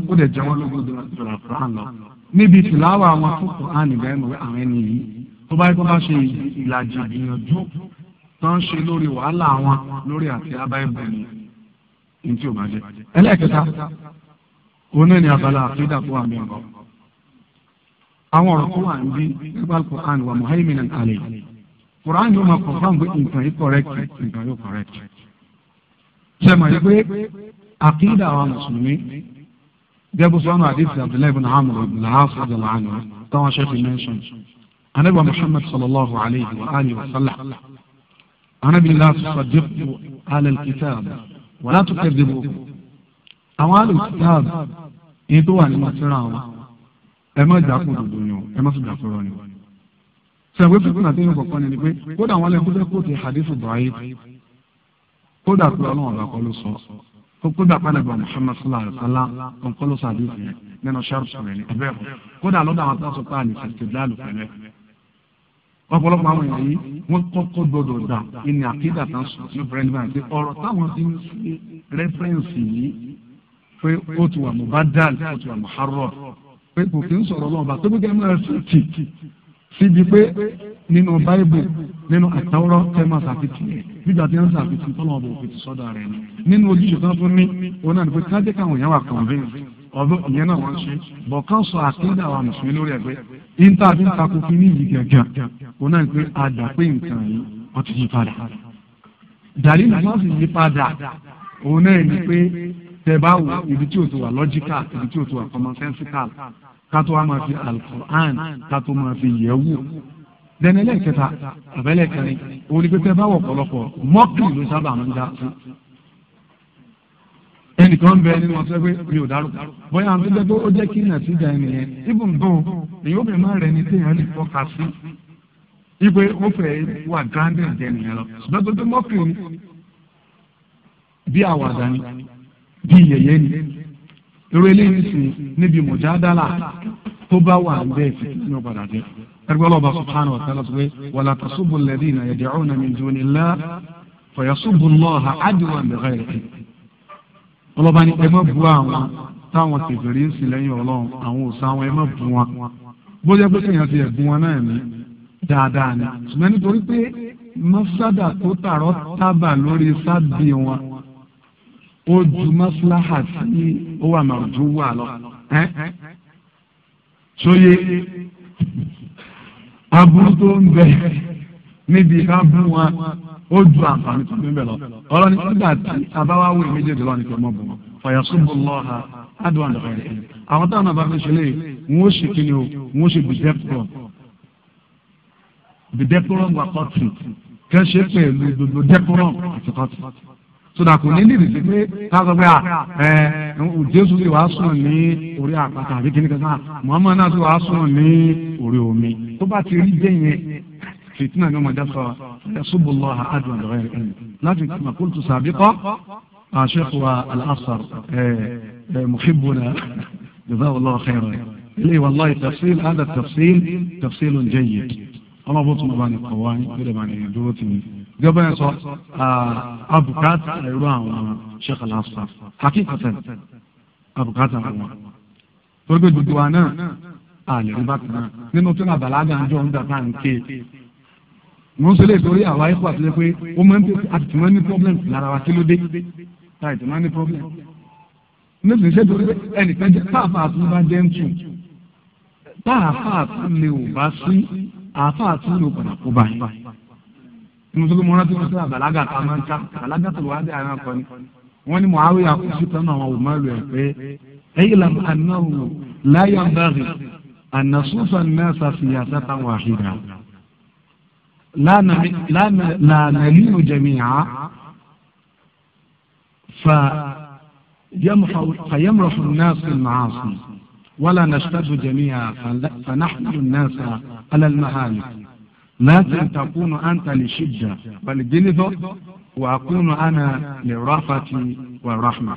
Speaker 1: ó níbi tìláwà àwọn fúnpọ̀ ànìgbà ẹnu àwọn ẹni yìí tó bá tó bá ṣe ìlàjì ìgbìyànjú tó ń ṣe lórí wàhálà àwọn lórí àti abáyébọ̀ ni ní tí ò bá jẹ. ẹlẹ́ẹ̀kẹta oní ni abala àfídà tó wà mẹ́rin àwọn ọ̀rọ̀ tó wà ń bí nípa Al-Qur'an wa muhaiminan alayhi Quran yóò máa confam pé nǹkan yìí correct nǹkan yóò correct.
Speaker 2: ṣe mọ̀ yìí pé àkídà àwọn mùsùlùmí
Speaker 1: gẹ́gẹ́ sọ́nà àdìsí abdullahi bin amr bin al-as radiyallahu anhu táwọn ṣe fi mẹ́ṣọ̀n anabi muhammad sallallahu alayhi wa alihi wa sallam anabi la tusaddiqu ala al-kitab
Speaker 2: wa la tukadhibu
Speaker 1: àwọn al-kitab èyí tó wà nínú síra wọn ẹ má jà kó dodo ni o ẹ má sì jà kúrò ni o
Speaker 3: sẹ̀wé fífún àti ẹ̀yìn kọ̀ọ̀kan
Speaker 1: ni pé kódà àwọn ẹlẹ́kùn fẹ́ kó ti hadith kódà kúrò kódà pàdàbà Muhammad sallallahu alaihi wa sallam kọ́ńkọ́lọ́ sàdé ìfẹ́ nínú sharp rẹ̀ ní ẹ̀bẹ́ ẹ̀kọ́ kódà lọ́dọ̀ àwọn tó sọ pé àlè ṣètìláàlù pẹ̀lẹ́
Speaker 2: ọ̀pọ̀lọpọ̀ àwọn èèyàn
Speaker 1: yìí wọ́n kọ́kọ́ gbọdọ̀ dà ìní àkídà tán sùn ní bẹ́ẹ̀ni báyìí pé ọ̀rọ̀ táwọn ti ń ṣe rẹ́fẹ́rẹ́nsì yìí pé ó ti wà mubadal ó ti wà muharrar nínú àtàwọ́rọ́ tẹ́mà sàfitì nígbà tí wọ́n sàfitì tọ́lọ̀ ọ̀bọ̀ òfin ti sọ́dọ̀ rẹ̀ nínú ojúṣe tó tún ní òun náà ní pé kájẹ́ káwọn èèyàn wà convince ọdún ìyẹn náà wọ́n ṣe bọ̀ kán sọ àkíńdà àwọn mùsùlùmí lórí ẹgbẹ́
Speaker 4: yíńtà bí ń takò fún
Speaker 2: níyì gàgà
Speaker 4: òun náà ní pé àdà pé nǹkan
Speaker 2: yìí wọ́n ti yí padà dàrí náà sì yí
Speaker 1: padà òun náà ní pé tẹ bá wò ibi tí o ti wà logical ibi tí o ti wà
Speaker 2: commonsensical
Speaker 1: ká tó wá máa fi Al-Qur'an ká tó máa fi yẹ̀ wò dẹni ẹlẹ́kẹta àbẹ́lẹ́kẹrin òun ni pípẹ́ bá wọ̀ pọ̀lọpọ̀ mọ́kì ló sábà ń dá fún. ẹnìkan bẹ nínú ọ̀sẹ̀ pé mi ò dárúkọ bóyá àwọn tó ó jẹ́ kí nàìjíríà síjà ẹnìyẹn ibùdó èyí ó bẹ̀ má rẹ̀ ní téèyàn lè fọ́ka sí. ipe ó fẹ́ wà gírándì ẹ̀jẹ̀ nìyẹn lọ ṣùgbọ́n tó tó ni bí àwàdà ni bí yẹ̀yẹ́ ni lórí eléyìí níbi mọ̀jádálà tó bá wà ń bẹ́ẹ̀ fi ẹgbẹ́ ọlọ́ba subhanahu wa ta'ala sọ pé wàlá tasubbu alladhina yad'una min dunillah fayasubbu Allaha adwan bighayri ilm ọlọ́ba ní ẹ má bu àwọn táwọn kèfèrí ń sìn lẹ́yìn ọlọ́run àwọn òòṣà àwọn ẹ má bu wọn bóyá pé kéèyàn ti ẹ̀bùn wọn náà ní dáadáa ni ṣùgbọ́n nítorí pé mọ́sádà tó
Speaker 4: tààrọ́
Speaker 2: tábà lórí sábì wọn
Speaker 1: ó ju mọ́sáláhà tí ó wà màdúwà lọ. sóye aburú tó ń bẹ níbi ká wọn ó ju àǹfààní tó ń bẹ lọ ọlọ́ni nígbà tí àbáwáwò méjèèjì lọ́ni kò ọmọ bù fàyà súnbù lọ́ha
Speaker 2: ádùn àdàkọ̀ rẹ̀
Speaker 1: àwọn táwọn náà bá fi ṣe léyìí wọn ó ṣe kíni o wọn ó ṣe wà kọ́tù pẹ̀lú gbogbo àti kọ́tù kò ní sí pé pé ẹ jésù wàá sùn ní orí àpáta muhammadu náà sì wàá sùn ní orí تو با تیری في فتنه نو مدفع يصب الله عدوا بغير علم لكن كما قلت سابقا عاشق والاخر محبنا جزاه الله خيرا لي والله تفصيل هذا التفصيل تفصيل جيد انا بوت مباني قواني بلا ماني دوتني قبل يا صاح ابو كات شيخ الاخر حقيقه ابو كات الله فرقد بدوانا àlè rí bákan náà nínú tí wọn àbàlágà ń jọ ń gbà náà ń ké wọn ṣe lè torí àwa ikú àtúnṣe pé ó máa ń tẹ àtìtì wọn ní problem lára wa kí ló dé àtìtì wọn ní problem nítorí ṣé torí ẹnìkan jẹ káàfà àtúnṣe bá jẹ ń tù káàfà àtúnṣe ò bá sí àfà àtúnṣe ò padà kó báyìí nítorí mo rántí wọn sí àbàlágà tá máa ń ká àbàlágà tó wá dé àárín akọni wọn ni muhammed akusi tán àwọn òmàlù ẹ pé ẹyìn làmú anáwó láyà bá rè أن نصوص الناس سياسة واحدة لا لا نلين جميعا فيمرح الناس في المعاصي ولا نشتد جميعا فنحمل الناس على المهالك لازم تكون أنت لشدة والجلد وأكون أنا لرافتي والرحمة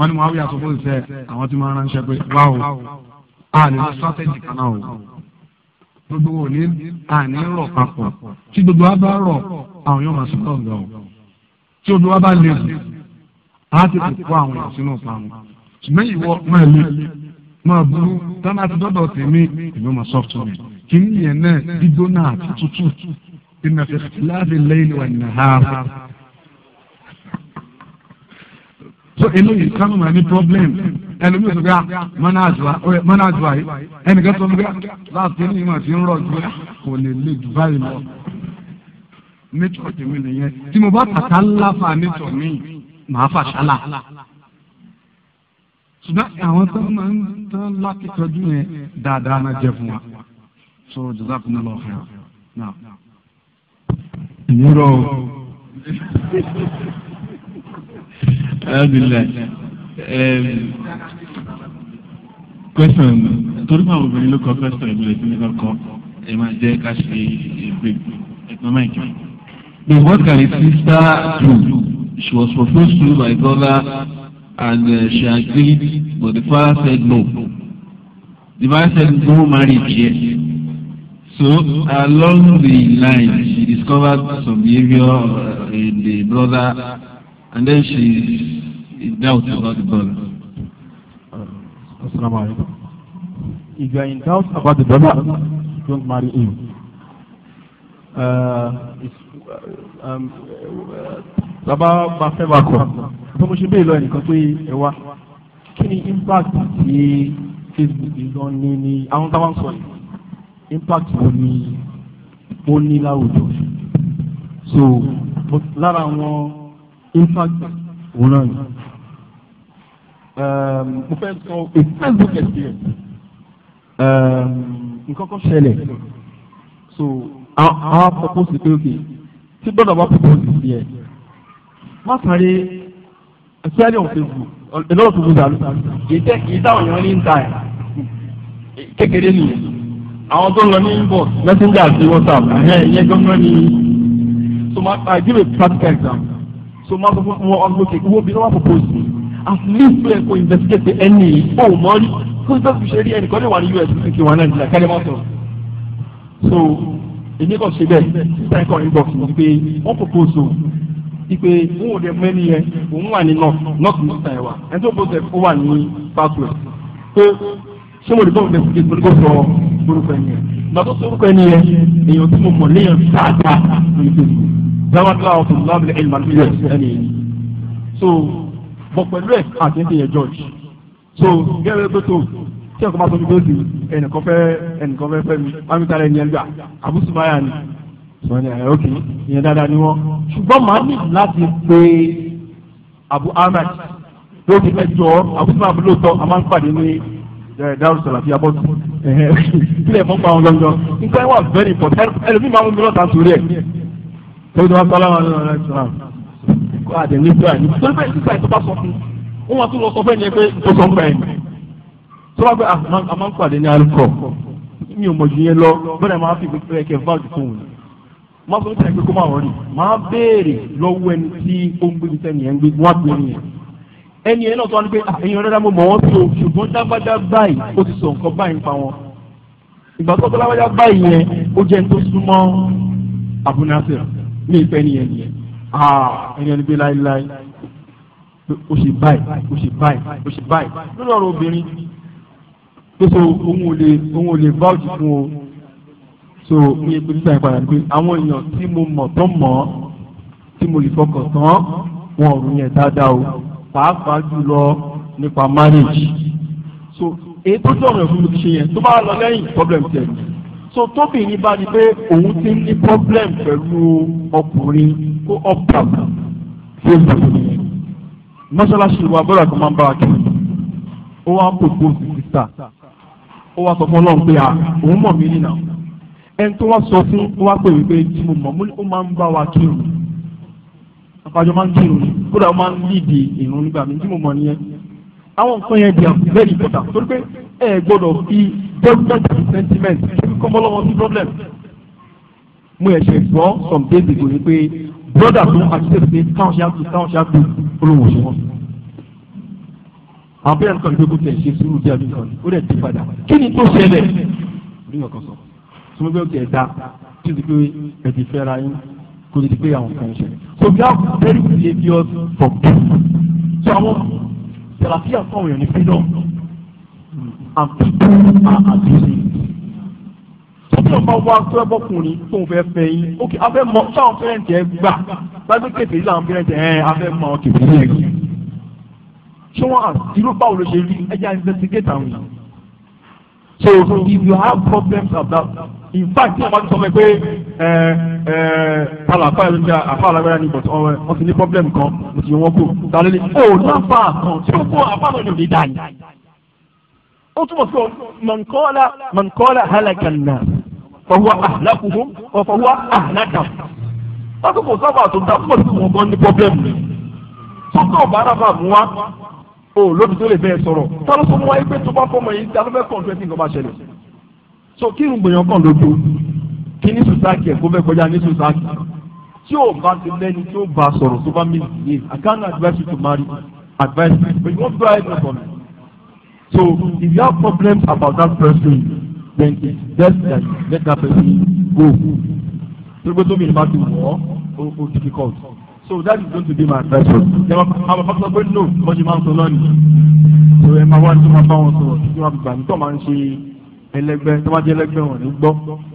Speaker 1: wọ́n ní muawiya sọ fún ìfẹ́ àwọn àní strategy kan náà o gbogbo
Speaker 4: wo ní àní rọ̀ papọ̀ tí gbogbo wa bá rọ̀
Speaker 2: àwọn yóò máa sọ̀rọ̀
Speaker 1: ọ̀gá o tí gbogbo wa bá lè rù á ti kò kó àwọn èèyàn sínú ìparun ṣùgbọ́n ìwọ máa lè máa burú tán láti dọ́dọ̀ tèmi ìlú máa sọ́ọ̀tù mi kì í yẹn
Speaker 2: náà gbígbóná àti tútù ìnà fìfì
Speaker 4: láti lẹ́yìn wà nínú ha so eléyìí kánú máa ní problem ẹlòmíì sọ pé ah, mọ́nà àjùwà yìí ẹnìkan sọ pé láti ní ìmọ̀ tí ń rọ̀ jù kò lè lè jù báyìí lọ. nature tèmi nìyẹn tí mo bá tàkà ńlá fa nature mi
Speaker 2: màá fà ṣálà.
Speaker 1: ṣùgbọ́n àwọn tó máa ń
Speaker 4: tán láti tọ́jú yẹn dáadáa
Speaker 1: náà jẹ́ fún wa.
Speaker 2: so jazakumullahu khairan.
Speaker 1: ìyẹn rọ o. alhamdulilayi question torí fún àwọn obìnrin ló kọ question ìbílẹ̀ tí wọ́n kọ́ ẹ máa jẹ́ ká ṣe ìgbé economic. The what can a sister do? She was proposed to by brother and uh, she agreed but the father said no. The father said no marriage yet. So along the line she discovered some behavior uh, in the brother and then she ìdáhùn
Speaker 2: tó bá ti bọ̀rọ̀.
Speaker 1: Assalamu alaikum. If you are in doubt about the brother, don't marry him. Bàbá bá fẹ́ bá kọ̀. Bí mo ṣe bẹ́ẹ̀ lọ ẹnìkan pé ẹ wá. Kí ni impact ti Facebook lọ ní ní àwọn táwọn sọ yìí? Impact wo ni ó ní láwùjọ? So lára àwọn impact
Speaker 2: wo náà ni?
Speaker 1: Um, mo fẹ́ sọ a facebook experience um,
Speaker 3: nǹkan kan ṣẹlẹ̀ so àwọn
Speaker 1: propose pé ok tí gbọ́dọ̀ bá propose sí ẹ má sáré especially on facebook a lot of people da kì í dáhùn yẹn ní ta ẹ kékeré nìyẹn àwọn tó ń lọ ní inbox messenger àti whatsapp ìyẹn gbọ́dọ̀ ní so i give a practical example so ma sọ fún wọn ọgbọ́n kékeré wo bí wọ́n propose sí at least yẹ kó investigate ẹni yìí ó money. rí kó tó fi ṣe rí ẹnìkan ní wà ní us ní kí wọn náà nílẹ̀ kẹ́lẹ́ mọ́ so èmi kàn ṣe bẹ́ẹ̀ sísá ẹ̀kọ́ inbox mi pé wọ́n propose o ipe n ò dẹ̀ mẹ́ni yẹn òun wà ní north north ní sísá ẹ̀ wà ẹni tó propose ẹ̀ ó wà ní south west pé ṣé mo lè bọ́ investigate mo ní kó sọ orúkọ ẹni yẹn gbàtọ́ sọ orúkọ ẹni yẹn èèyàn tí mo mọ̀ léèyàn dáadáa lórí facebook. Zawad Lawa Fúnlábìlì Ẹ̀lmà Bílẹ̀ ẹni yẹn. so bọ̀ pẹ̀lú ẹ̀ àti ní tẹ̀yẹ jọ́ọ̀jì so gẹ́gẹ́ bí tó tí ẹ̀kọ́ bá sọ fífi òsì ẹnìkan fẹ́ ẹnìkan fẹ́ fẹ́ mi wàmí tara ẹni ẹgbà àbúsùmáyà ni sọ ni ẹ̀ ok ìyẹn dáadáa ni wọ́n ṣùgbọ́n màá ní láti pé Abu Ahmed lórí ẹjọ́ àbúsùmáyà àbúlò tọ́ a máa ń pàdé ní Darul Salafiya bọ́ọ̀tù kílẹ̀ mọ́ pa àwọn gangan nígbà wà very important ẹlòmíì máa ń mú mi lọ́ta sórí ẹ̀ tó ti wá sọ́lá wọn lọ́la kọ́ àtẹ̀wé gbé àyè tó ń bẹ̀ nígbà tó bá sọ fún un wọ́n tún lọ sọ fẹ́ ni pé ó sọ fẹ́ ni tó bá gbé ah, a máa ń pàdé ní alukọ mi ò mọ̀ ju yẹn lọ bẹ́ẹ̀ máa fi kẹ̀kẹ́ vouch fún un máa sọ tẹ̀ pé kó máa rọrì máa béèrè lọ́wọ́ ẹni tí ó ń gbé mi sẹ́ni yẹn ń gbé wọ́n á gbé mi ẹni yẹn náà tó wá ní pé ah, ẹ̀yin ọ̀dọ́dá mo mọ̀ wọ́n tó ṣùgbọ́n dábàdá báyìí ó ti sọ nǹkan báyìí pa wọn ìgbà tó dábàdá báyìí yẹn ó jẹ́ ní tó súnmọ́ abúnáfẹ́ ní ìfẹ́ nìyẹn nìyẹn Ah, ẹni ẹni bí láéláé ó ṣe báyìí ó ṣe báyìí ó ṣe báyìí lórí ọ̀rọ̀ obìnrin tó so òun ò lè òun ò lè vouch fún o so ní ebi nígbà yẹn padà pé àwọn èèyàn tí mo mọ̀ tó mọ̀ ọ́ tí mo lè fọkàn tán wọn ò rìn yẹn dáadáa o pàápàá jùlọ nípa marriage so èyí tó tó ọ̀rọ̀ ẹ̀fún mi ṣe yẹn tó bá lọ lẹ́yìn problem tẹ̀ mí so tóbìnrin bá di pé òun ti ní problem pẹ̀lú ọkùnrin kó up down ṣe ń bọ̀ mọ́ṣáláṣí wa bọ́dà tó máa ń bá wa kiri ó wá ń pòpò sísá ó wá sọ fún ọlọ́run pé òun mọ̀ mí nínà ẹni tó wá sọ fún ó wá pè mí pé tí mo mọ̀ ó máa ń bá wa kiri àpàjọ máa ń kiri kódà ó máa ń lídì ìrún nígbà mi tí mo mọ̀ nìyẹn àwọn nǹkan yẹn di very important torí pé ẹ gbọ́dọ̀ fi judgment and sentiment ṣe kọ́ mọ́lọ́wọ́ sí problem. mo ẹ̀ṣẹ̀ gbọ́ some days ago ni pé brother tó àtúntò pé káwọn ṣe àgbo káwọn ṣe àgbo olówó ṣe wọn. àwọn bẹ́ẹ̀ nǹkan ìgbẹ́kùn tẹ̀ ṣe sùúrù díẹ̀ bí kan ó dẹ̀ ti padà kí ni tó ṣẹlẹ̀ ní ọ̀kan sọ sọ pé ó ti ẹ̀dá tí o ti pé ẹ̀ ti fẹ́ ra yín kò ti pé àwọn kan ṣe. so we have very behaviours for people. so àwọn therapy àtọ̀wọ̀n yẹn ni freedom and people are abusing. Sọ́dọ̀ máa wá tó ẹ bọ́kùnrin tó ń fẹ́ fẹ́ yín. Ok, abẹ́ mọ sáwọn pẹ́rẹ́ǹtì ẹ gbà. Lágbé kẹfẹ́ yìí làwọn pẹ́rẹ́ǹtì ẹ abẹ́ mọ kẹfẹ́ yẹn rí. Ṣé wọ́n àti báwo ló ṣe rí ẹja investigate àwọn So if you have problems about in fact wọ́n máa ń sọ fún ẹ pé ẹ ẹ pàlọ́ àfáà ló ń jẹ àfáà alágbára ni but ọ̀rẹ́ wọ́n ti ní problem kan mo ti wọ́n kù. Dàlẹ́ ni ó náà fà á kan tí ó kó àfáà náà ní ó túmọ̀ sí mọ̀nkọ́lá mọ̀nkọ́lá halakanna fọwọ́ àhàlákùhùn fọwọ́ àhàlákà wọ́n tún kò sábà tó dá pọ̀ sí wọn gan ní pọ́blẹ́mù sọ́kàn ọ̀bá arábà mú wa ó lóbi tó lè bẹ́ẹ̀ sọ̀rọ̀ sọ́dún tó mú wa pé tó bá fọmọ yìí dá lọ́fẹ́ kàn fẹ́ kí nǹkan bá ṣẹlẹ̀ so kí irun gbìyànjú kàn lójú kí ní sùsáàkì ẹ̀ kó fẹ́ kọjá ní sùsáàkì tí ò bá ti lẹ́ni tí ó So if you have problems about that person, then it's best that let that person go. Gbogbo tóbi ní bá ti wọ̀ ọ́ ó difficult. So that is going to be my advice for you. Ṣé àwọn afọ́sọ pé no wọ́n ṣe máa ń sọ lọ́nìí? So ẹ máa wá ní tó máa bá wọn sọ̀rọ̀ tí wọ́n gbà ní tó máa ń ṣe ẹlẹgbẹ́ tó bá jẹ́ ẹlẹgbẹ́ wọn ní gbọ́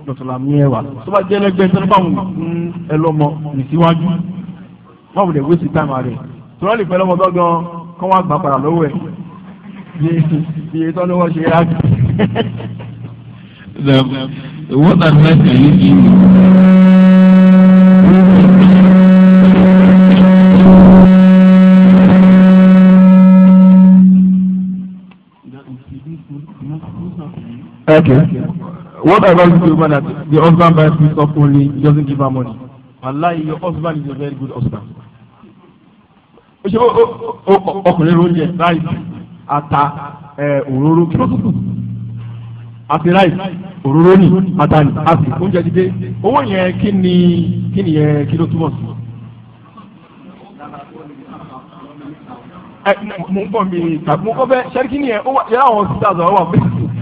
Speaker 1: lọ́sọ̀lá mi ẹ̀ wà. Tó bá jẹ́ ẹlẹgbẹ́ tó bá wọn ń ẹ lọ́mọ nìsíwájú. Wọ́n wùdẹ̀ wíṣí táìmù rẹ̀. Tọ́lá lè fẹ́ lọ́mọ gbọ́ngàn kọ́ wá gbà padà lọ́wọ́ ẹ̀ iye tọ́ ni wọ́n ṣe rà.
Speaker 2: What advice can you give? Okay. What about the woman that the husband
Speaker 1: buys me stuff only, he doesn't give her money? Allah, your husband is a very good husband. Ọkùnrin ló ń jẹ láìsí. ata òróró àti òróró ni ata ni a sì oúnjẹ dídé owó yẹn kí ni kí ni yẹn kí ló túmọ̀ sí. mo ń bọ̀ mi tàbí mo kọ́ fẹ́ sẹ́ríkì ni yẹn yẹn àwọn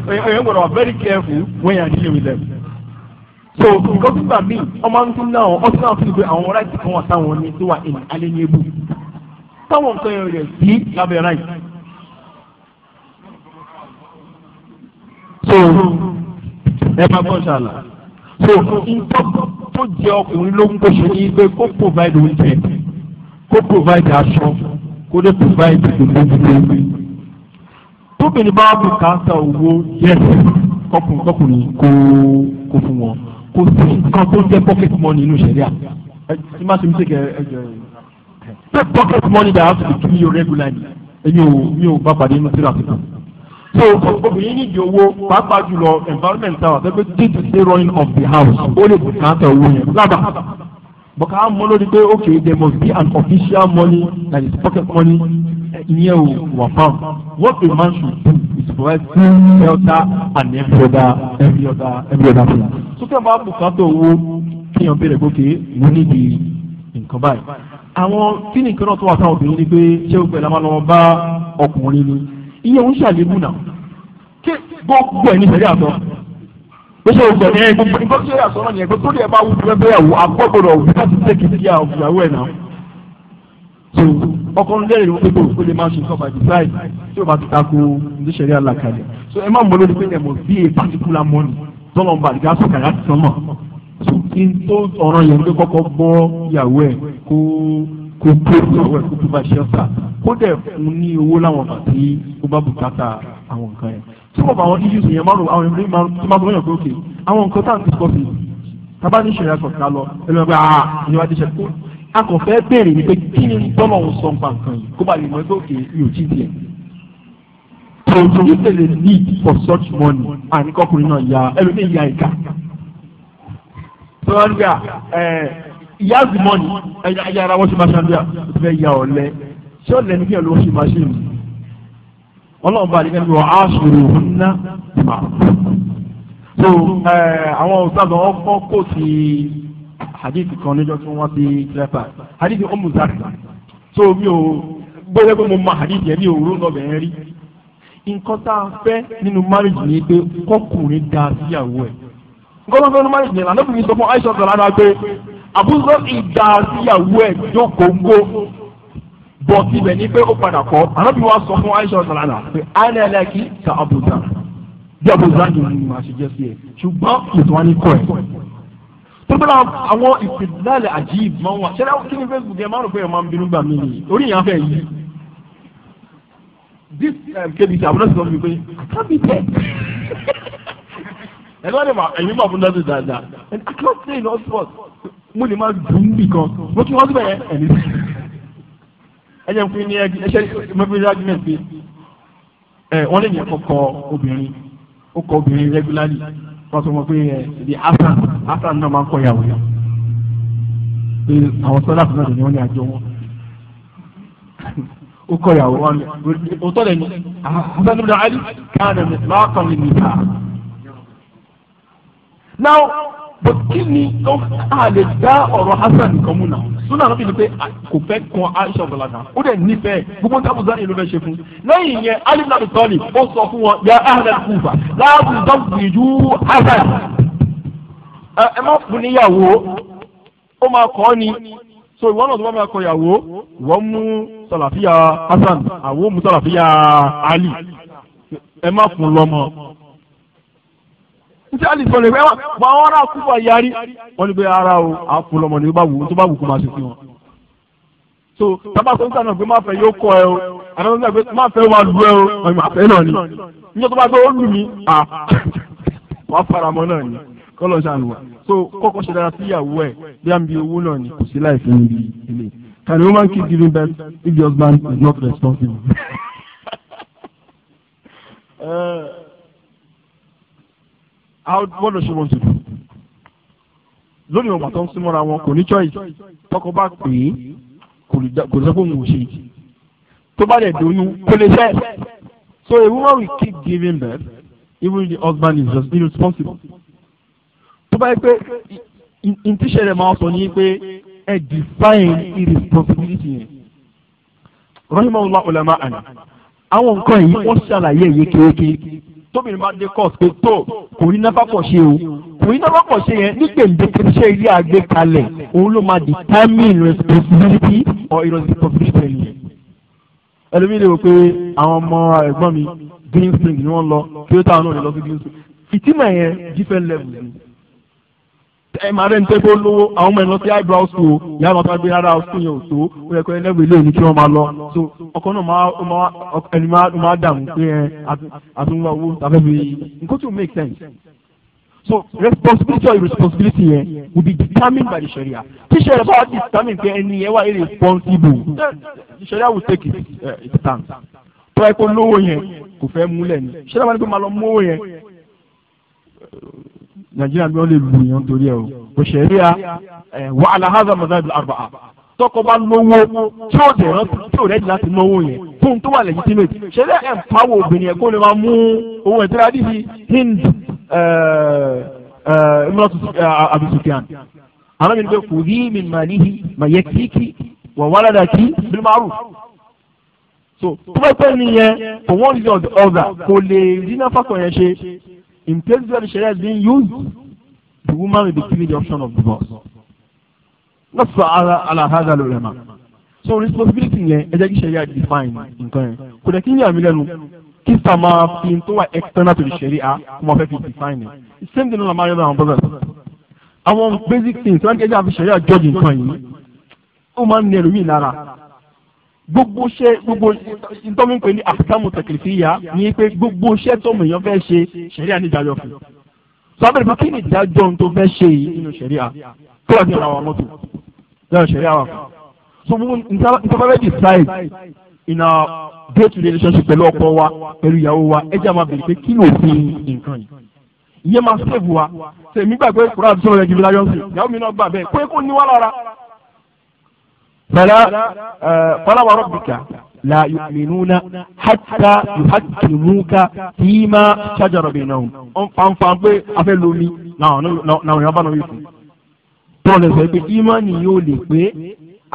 Speaker 1: sisters very careful when you are dealing with them. so because nígbà míì ọmọ tún náà ọtún náà mi àwọn kan wà táwọn ní tó wà ní alẹ́ ní ebú táwọn nǹkan yẹn rẹ̀ sí lábẹ́ so ẹ máa gbọ́ ṣàlà so nǹkan tó jẹ ọkùnrin ló ń gbèsè ní pé kó provide oúnjẹ kó provide aṣọ kó dé provide ìdòmójútó tóbìnrin bá bù káńtà owó yẹsẹ kọkùnrin kọkùnrin kó kó fún wọn kó sì nǹkan tó jẹ pocket money inú sẹríà ẹ ẹ má ṣe mí ṣe kẹ ẹ jẹ ẹ pocket money that has to be given you regularly ẹ mi ò mi ò bá pàdé inú tíra tuntun so obìnrin nídìí owó pàápàá jùlọ environment tower tẹ́gbẹ́ títí sí running of the house ó lè bùkátà owó yẹn lábà bọ̀ká mọ́ lórí pé okay there must be an official money that is pocket money ìyẹn ò wà fáwọn what a man should do is provide food shelter and every other every other every other thing so tẹ́ ẹ bá bùkátà owó kí èèyàn bẹ̀rẹ̀ gòkè mo nídìí nǹkan báyìí àwọn kí ni nǹkan náà tó wà sáwọn obìnrin ni pé ṣé o pẹ̀lú àwọn ọmọ bá ọkùnrin ni iye òun ṣàlébù náà kí gbogbo ẹ̀ ní àtọ́ ó ṣe ògbẹ̀ ní ẹgbẹ́ gbogbo sẹ́rí àtọ́ náà yẹn gbogbo ẹ̀ bá wù fún ẹgbẹ́ ìyàwó agbọ́gbọ́dọ̀ òwú láti tẹ́kì sí ìyàwó ẹ̀ náà so ọkùnrin lẹ́rìí ló pépè ó lè máa ṣe nǹkan by design tí ó bá ti tako ní sẹ́rí àlàkalẹ̀ so ẹ má mọ lórí pé ẹ̀mọ̀ bí a particular money tọ́lọ̀ ń ba àdìgá sọ̀kà láti sánmọ̀ so kí n tó ọ̀ràn yẹn ló kọ́kọ́ bọ́ ìyàwó kó tó sọ̀rọ̀ ẹ̀ kó tó bá ṣe ọ̀sà kó dẹ̀ fún ní owó láwọn ọ̀nà tí ó bá bùkátà àwọn nǹkan yẹn. tí wọ́n bá àwọn issues yẹn márùn àwọn ìrírí márùn tó máa bọ́yàn pé òkè àwọn nǹkan tá à ń discuss tábà ní ìṣẹ̀lẹ̀ àkọ́kọ́ lọ ẹlẹ́wọ̀n pé àà ah, ìyẹn ti ṣe akọ̀fẹ́ béèrè ni pé kí ni tọ́lọ̀ ń sọ nǹkan nǹkan yìí kó bá lè mọ ẹgbẹ́ òkè yóò jí tiẹ̀. tòótọ́ yóò tẹ̀lé ìyá àzùmọ́ ni ẹ̀yà ara wọ́n ṣe máa ṣàbíà ó ti fẹ́ ya ọ̀lẹ́ ṣé ọ̀lẹ́ ní kí ọ̀lẹ́ wọ́n ṣe máa ṣe nù ọlọ́run bá nìkan wọ aṣòro ńlá ìmọ̀ so àwọn òṣàgbọ̀n ọkọ̀ kò sí hadith kan níjọ́ tí wọ́n ti tẹ́pà hadith ọmọ zari so mi ò gbọ́dọ̀ pé mo mọ hadith yẹn mi ò rún lọ́bẹ̀ yẹn rí nǹkan tá a fẹ́ nínú marriage ni pé kọkùnrin da síyàwó ẹ̀ nǹkan tó ń fẹ́ nínú marriage yẹn lànà bí sọ fún Aisha sọ̀rọ̀ lára pé àbúrò ìdá síyàwó ẹ̀ jókòó ń gbó bọ̀ síbẹ̀ ní pé ó padà kọ́ ànábì wa sọ fún Aisha ọ̀sán pé àìní ẹlẹ́kì ta àbùdá bí àbùdá yìí ni màá ṣe jẹ́ sí ẹ ṣùgbọ́n ètò wa ní kọ́ ẹ̀. tó bá àwọn ìpìlẹ̀ àjíìb máa ń wà ṣẹlẹ̀ kí ni Facebook yẹn máa ń rò pé ẹ̀ máa ń bínú gbà mí nìyí orí yẹn á fẹ́ yí. this kébì tí àbúrò sọ fún mi pé kábì tẹ̀. ẹ̀ lọ́dẹ̀ mà ẹ̀yin máa fún dáadáa ẹ̀ mo lè máa dùn bì kan mo kí wọ́n síbẹ̀ ẹ̀mí sí. ẹ jẹ́ fún ní ẹgbẹ́ ẹṣẹ́ mọ́fíìsì argument pé ẹ wọ́n lè yẹn kọ́kọ́ obìnrin ó kọ obìnrin regularly wọ́n sọ wọn pé ẹ ìdí hasan hasan náà máa ń kọ ìyàwó yẹn pé àwọn sọ́dà fún náà ni wọ́n ní àjọ wọn ó kọ ìyàwó wọn ó tọ́lẹ̀ ní hasan ah, ibn ali kan ní lákàn ní nìyà. now but kí ni tó a lè dá ọ̀rọ̀ hasan nìkan mú na sunna ló fi ni pé ah, kò fẹ́ kan aisha ọ̀gbọ̀lá kan ó dẹ̀ nífẹ̀ẹ́ gbogbo nǹkan abuzari ìlú fẹ́ ṣe fún lẹ́yìn yẹn alim nabi tọ́lì ó sọ fún wọn ya ahmed kufa láàbù dọ́gbìjú hasan ẹ má fún níyàwó ó máa kọ́ ni so ìwọ náà tó bá máa kọ ìyàwó ìwọ mú sàlàfíà hasan àwo mú sàlàfíà ali ẹ má fún lọ́mọ ntí àlè sọ̀rọ̀ ìwé wọn àwọn ará kúkú àyàrí wọn ni pé ara o àpò lọmọ ni bá wù tó bá wù kó máa ṣe fún wọn. so tábà sọ nígbà náà pé má fẹ́ yóò kọ ẹ o àtàwọn nígbà pé má fẹ́ máa lu ẹ o ọmọ àfẹ́ náà ni níjọ́ tó bá gbé ó lù mí à wàá faramọ́ náà ni kọ́lọ̀ ṣàánú wa so kọ́kọ́ ṣe dára síyàwó ẹ̀ bí a ń bi owó náà ni kò sí láì fún ilé Can a woman keep giving birth if the husband is not responsible? uh, how what does she want to do lónìí ọmọ tó ń súnmọ́ra wọn kò ní choice tọkọ bá pè é kò lè sọ pé òun ò ṣe tó bá dẹ̀ dóyún kò lè fẹ́ so a woman will keep giving birth even if the husband is just irresponsible tó bá yẹ pé ntíṣẹ́ rẹ̀ máa sọ ní pé ẹ define irresponsibility yẹn rahimahullah ulama àná àwọn nǹkan yìí wọ́n ṣàlàyé yékéyéké tóbìnrin bá dé court pé tó kò rí náfà pọ̀ ṣe o kò rí náfà pọ̀ ṣe yẹn ní gbèǹdéke iṣẹ́ ilé àgbékalẹ̀ òun ló máa determine responsibility or irresponsibility pẹ̀lú yẹn. ẹlòmíì lè wò pé àwọn ọmọ ẹ̀gbọ́n mi green spring ni wọ́n lọ kí ó táwọn náà lè lọ sí green spring. ìtìmọ̀ yẹn different level. ni ẹ máa rẹ̀ ń tẹ́ lówó àwọn ọmọ ẹ̀ lọ sí eyebrow school ìyá ọ̀tá gbé rárá school yẹn ò tó ó yẹ kó ẹ lẹ́wọ̀ ilé òní kí wọ́n máa lọ so ọkọ náà máa ẹni máa dààmú pé ẹ àtúnwá owó tàbí bí nǹkan tó make sense so responsibility or irresponsibility yẹn
Speaker 2: will be determined
Speaker 1: by the sharia tí sharia bá wà determine pé ẹni yẹn wà irresponsible the sharia will take it, uh, eh, its stand tó ẹ kó lówó yẹn kò fẹ́ múlẹ̀ ni sharia wà ní pé máa lọ mówó yẹn nàìjíríà bí wọ́n lè lu èèyàn torí ẹ̀ o kò ṣẹ̀ríà wà á làhàzà mazahib arba'a tọkọ bá lówó tí ò dẹ̀ rántí tí ò rẹ́dí láti náwó yẹn fóun tó wà legitimate ṣẹ̀ríà ẹ̀ ń pawọ́ obìnrin ẹ̀ kó lè máa mú owó ẹ̀ tẹ́lẹ̀ àdìsí hind imratu abi sufyan àwọn ènìyàn kò rí mi màlíhi màyẹ́kìkì wà wàládàkì bil ma'ruf so tó bá pẹ́ nìyẹn for one reason or the other kò lè rí náfàkọ̀ yẹn ṣe In places where the Sharia is being used, the woman will be given the option of divorce. Not for Allah, ala hada ulama. So responsibility yẹn ẹ jẹ́ kí Sharia define nǹkan yẹn. Kò dẹ̀ kí ní àmì lẹ́nu kí sàmà fi tó wà external to the Sharia kó máa fẹ́ fi define it. Same thing on the máa of our brothers. Àwọn basic things wọ́n ti ẹja fi Sharia judge in yìí. Ó máa ń ní ẹlòmíì gbogbo ṣe gbogbo ntọ́mi pé ní àkàmù tẹkìlìfìyà ní pé gbogbo ṣe tọ́mù èèyàn fẹ́ ṣe ṣẹ̀ríà ní ìdájọ́ fún un. sọ abẹ́rẹ́ fún kí ni ìdájọ́ ohun tó fẹ́ ṣe yìí nínú ṣẹ̀ríà tó wà ní ọ̀rọ̀ àwọn mọ́tò lọ́rọ̀ ṣẹ̀ríà wà fún. so gbogbo ntọ́fẹ́fẹ́ decide in a day to day relationship pẹ̀lú ọkọ wa pẹ̀lú ìyàwó wa ẹ jẹ́ máa bèrè pé kí ló fi nǹkan yìí ìyẹn máa save wa tèmi gbàgbé kúrò àti sọ̀rọ̀ فلا قال ربك لا يؤمنون حتى يحكموك فيما شجر بينهم أنفان بي أفلومي نعم نعم يبانو يكون tọ́ lè sọ pé ìmánì yóò lè pé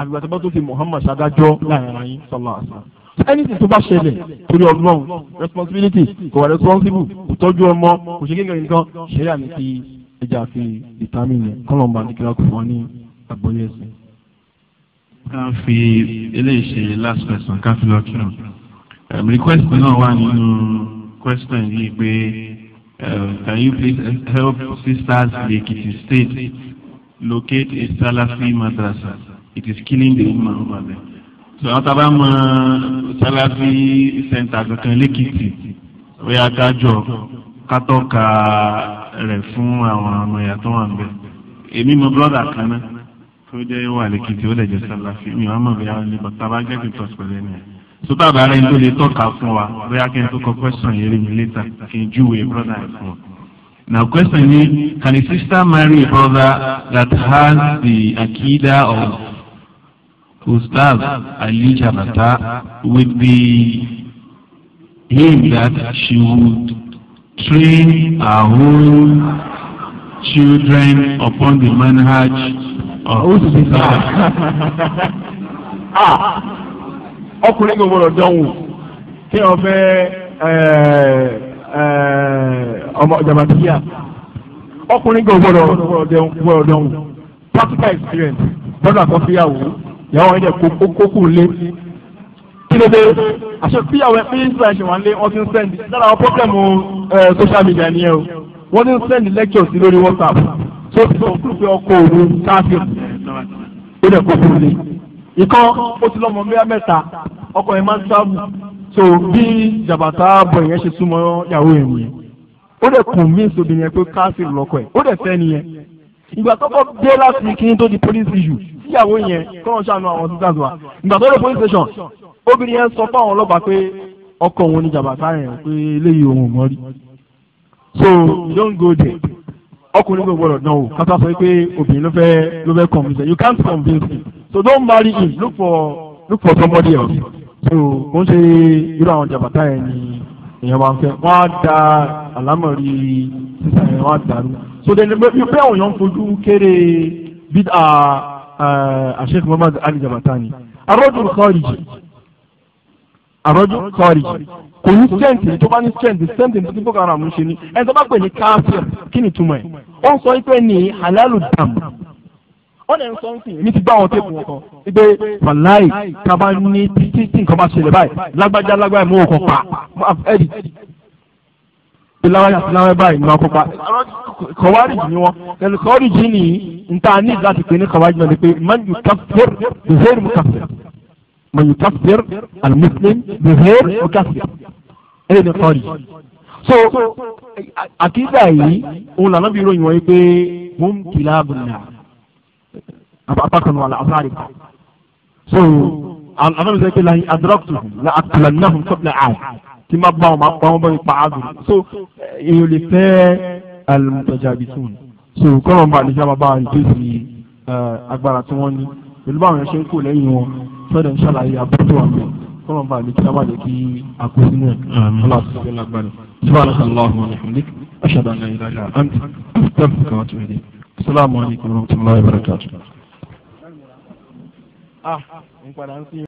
Speaker 1: àgbàtàbà tó fi Muhammad ṣàdájọ́ láàrin ara yín sọlá àṣà.
Speaker 4: anything tó bá ṣẹlẹ̀ torí ọlọ́run
Speaker 1: responsibility kò wà responsible kò tọ́jú ọmọ kò ṣe kékeré nǹkan ṣẹlẹ̀ àmì ti ẹja àfi ìtàmì yẹn kọ́lọ̀ ń bá ní kíláàkù fún ọ ní ká fi eléyìí last question ká fi lọ kírun request náà wà nínú question yìí pé can you please help sisters in Ekiti state locate a Salafi madrasa it is killing the woman over there so àwọn tá a Salafi center kankan lẹ́kìtì ó yà ká jọ ká tọ́ka rẹ̀ fún àwọn ọmọ ìyá tó wà ń bẹ̀ èmi mọ brọ́dà kan náà tó jẹ́ wà lẹ́kìtì ó lè jẹ́ sálàfí mi wọ́n mọ̀ bẹ́ẹ̀ ní bàtà bá jẹ́ kí n tọ́sí pẹ̀lú ẹ̀. tó bá bàárẹ̀ ń tó tọ́ka fún wa bóyá kí n tó kọ question yẹn rí mi later kí n júwe brother ẹ̀ fún wa. Now question ni can a sister marry a brother that has the akida of Ustaz Ali Jabata with the aim that she would train her own children upon the manhaj Ah, ó sì ti sá. Ah, ọkùnrin kò gbọdọ̀ dánwò kí wọ́n fẹ́ ọmọ jàmàtíyà ọkùnrin kò gbọdọ̀ gbọdọ̀ dánwò practical experience brother kan fíyàwó ìyàwó ẹ̀jẹ̀ kókó lé kí ló dé àṣẹ fíyàwó ẹ̀ fíyàwó ẹ̀ ṣe wà ń lé wọ́n ti ń sẹ́ndì lára àwọn problem social media nìyẹn o wọ́n ti ń sẹ́ndì lectures lórí WhatsApp tó ti sọ fún pé ọkọ òun káfíà ó dẹ̀ kó fún mi. ìkan ó ti lọ́mọ bíyà mẹ́ta ọkọ yẹn máa ń sáàbù so bí jàbàtà bọ̀ yẹn ṣe súnmọ́ yàwó yẹn nìyẹn ó dẹ̀ kùn mí sóbìnrin yẹn pé káàsì lọ́kọ ẹ̀ ó dẹ̀ fẹ́ nìyẹn ìgbà tó kọ́ dé láti kí n tó di police issue síyàwó yẹn kọ́ ṣàánú àwọn sisters wa ìgbà tó dé police station obìnrin yẹn sọ fáwọn ọlọ́pàá pé ọkọ òun ni jàbàtà yẹn pé eléyìí òun ò mọ́ rí so you don't go there ọkùnrin kò gbọdọ̀ dán o kátó sọ pé obìnrin ló fẹ́ ló fẹ́ convince you can't convince me, so don't marry him look for look for somebody else so kò ń ṣe irú àwọn jàbátá yẹn ni èèyàn máa ń fẹ́ wọ́n á da àlámọ̀rí sísan yẹn wọ́n á dàrú so then bí pé àwọn èèyàn ń fojú kéré bí àṣekù eh, Muhammad Ali jàbátá ni arọ́jú kọ́ọ̀rì jì arọ́jú kọ́ọ̀rì jì kò strength, sẹ́ǹtì tó bá ní same thing. tó ti Boko Haram ṣe ni ẹni tó bá pè ní káfíà kí ni túmọ̀ ẹ̀ wọ́n sọ pé ní halalu dam
Speaker 2: wọ́n lè sọ nsìn èmi ti gbá àwọn téèpù wọn kan wípé wàláì kaba
Speaker 1: ní títí tí nǹkan bá ṣẹlẹ̀ báyìí lágbájá lágbájá mú òkò pa ẹ̀dì láwáyà àti láwáyà báyìí máa kópa kọ̀wárìjì ni wọ́n ẹnu kọ̀wárìjì ni nta ní láti pè ní kọ̀wárìjì náà ni pé man kafir bihair mukafir man yu kafir al muslim bihair mukafir ẹ̀rẹ́ mi kọ́ọ̀rì. so àkídà yìí òun làná bí ròyìn wọ́n pé wọ́n kìlá bùnà apákanu àlà afárí. so àná mi sọ pé láyé adúrọ́kùtù la àtùlànàhùn kọ́bìlà àì tí má bá wọn máa pa wọn bá wọn pa àdùn. so èyí ò lè fẹ́ al-mutajabisun so kọ́nà bá àlejò àbábá ìgbésí eh, agbára tí wọ́n ní pẹ̀lú báwọn ẹ̀ṣẹ́ ń kó lẹ́yìn wọn fẹ́rẹ̀ ń ṣàlàyé àbúrò àmì kọ́nà bá àdékí lábàjẹ́ kí àkó sínú ẹ̀ aláàtú sí lágbára
Speaker 3: subhanahu wa ta'ala wa rahmatulahi
Speaker 1: ashhadu an la ilaha illa anta
Speaker 2: astaghfiruka wa atubu ilayk assalamu wa rahmatullahi wa barakatuh.
Speaker 1: Ah,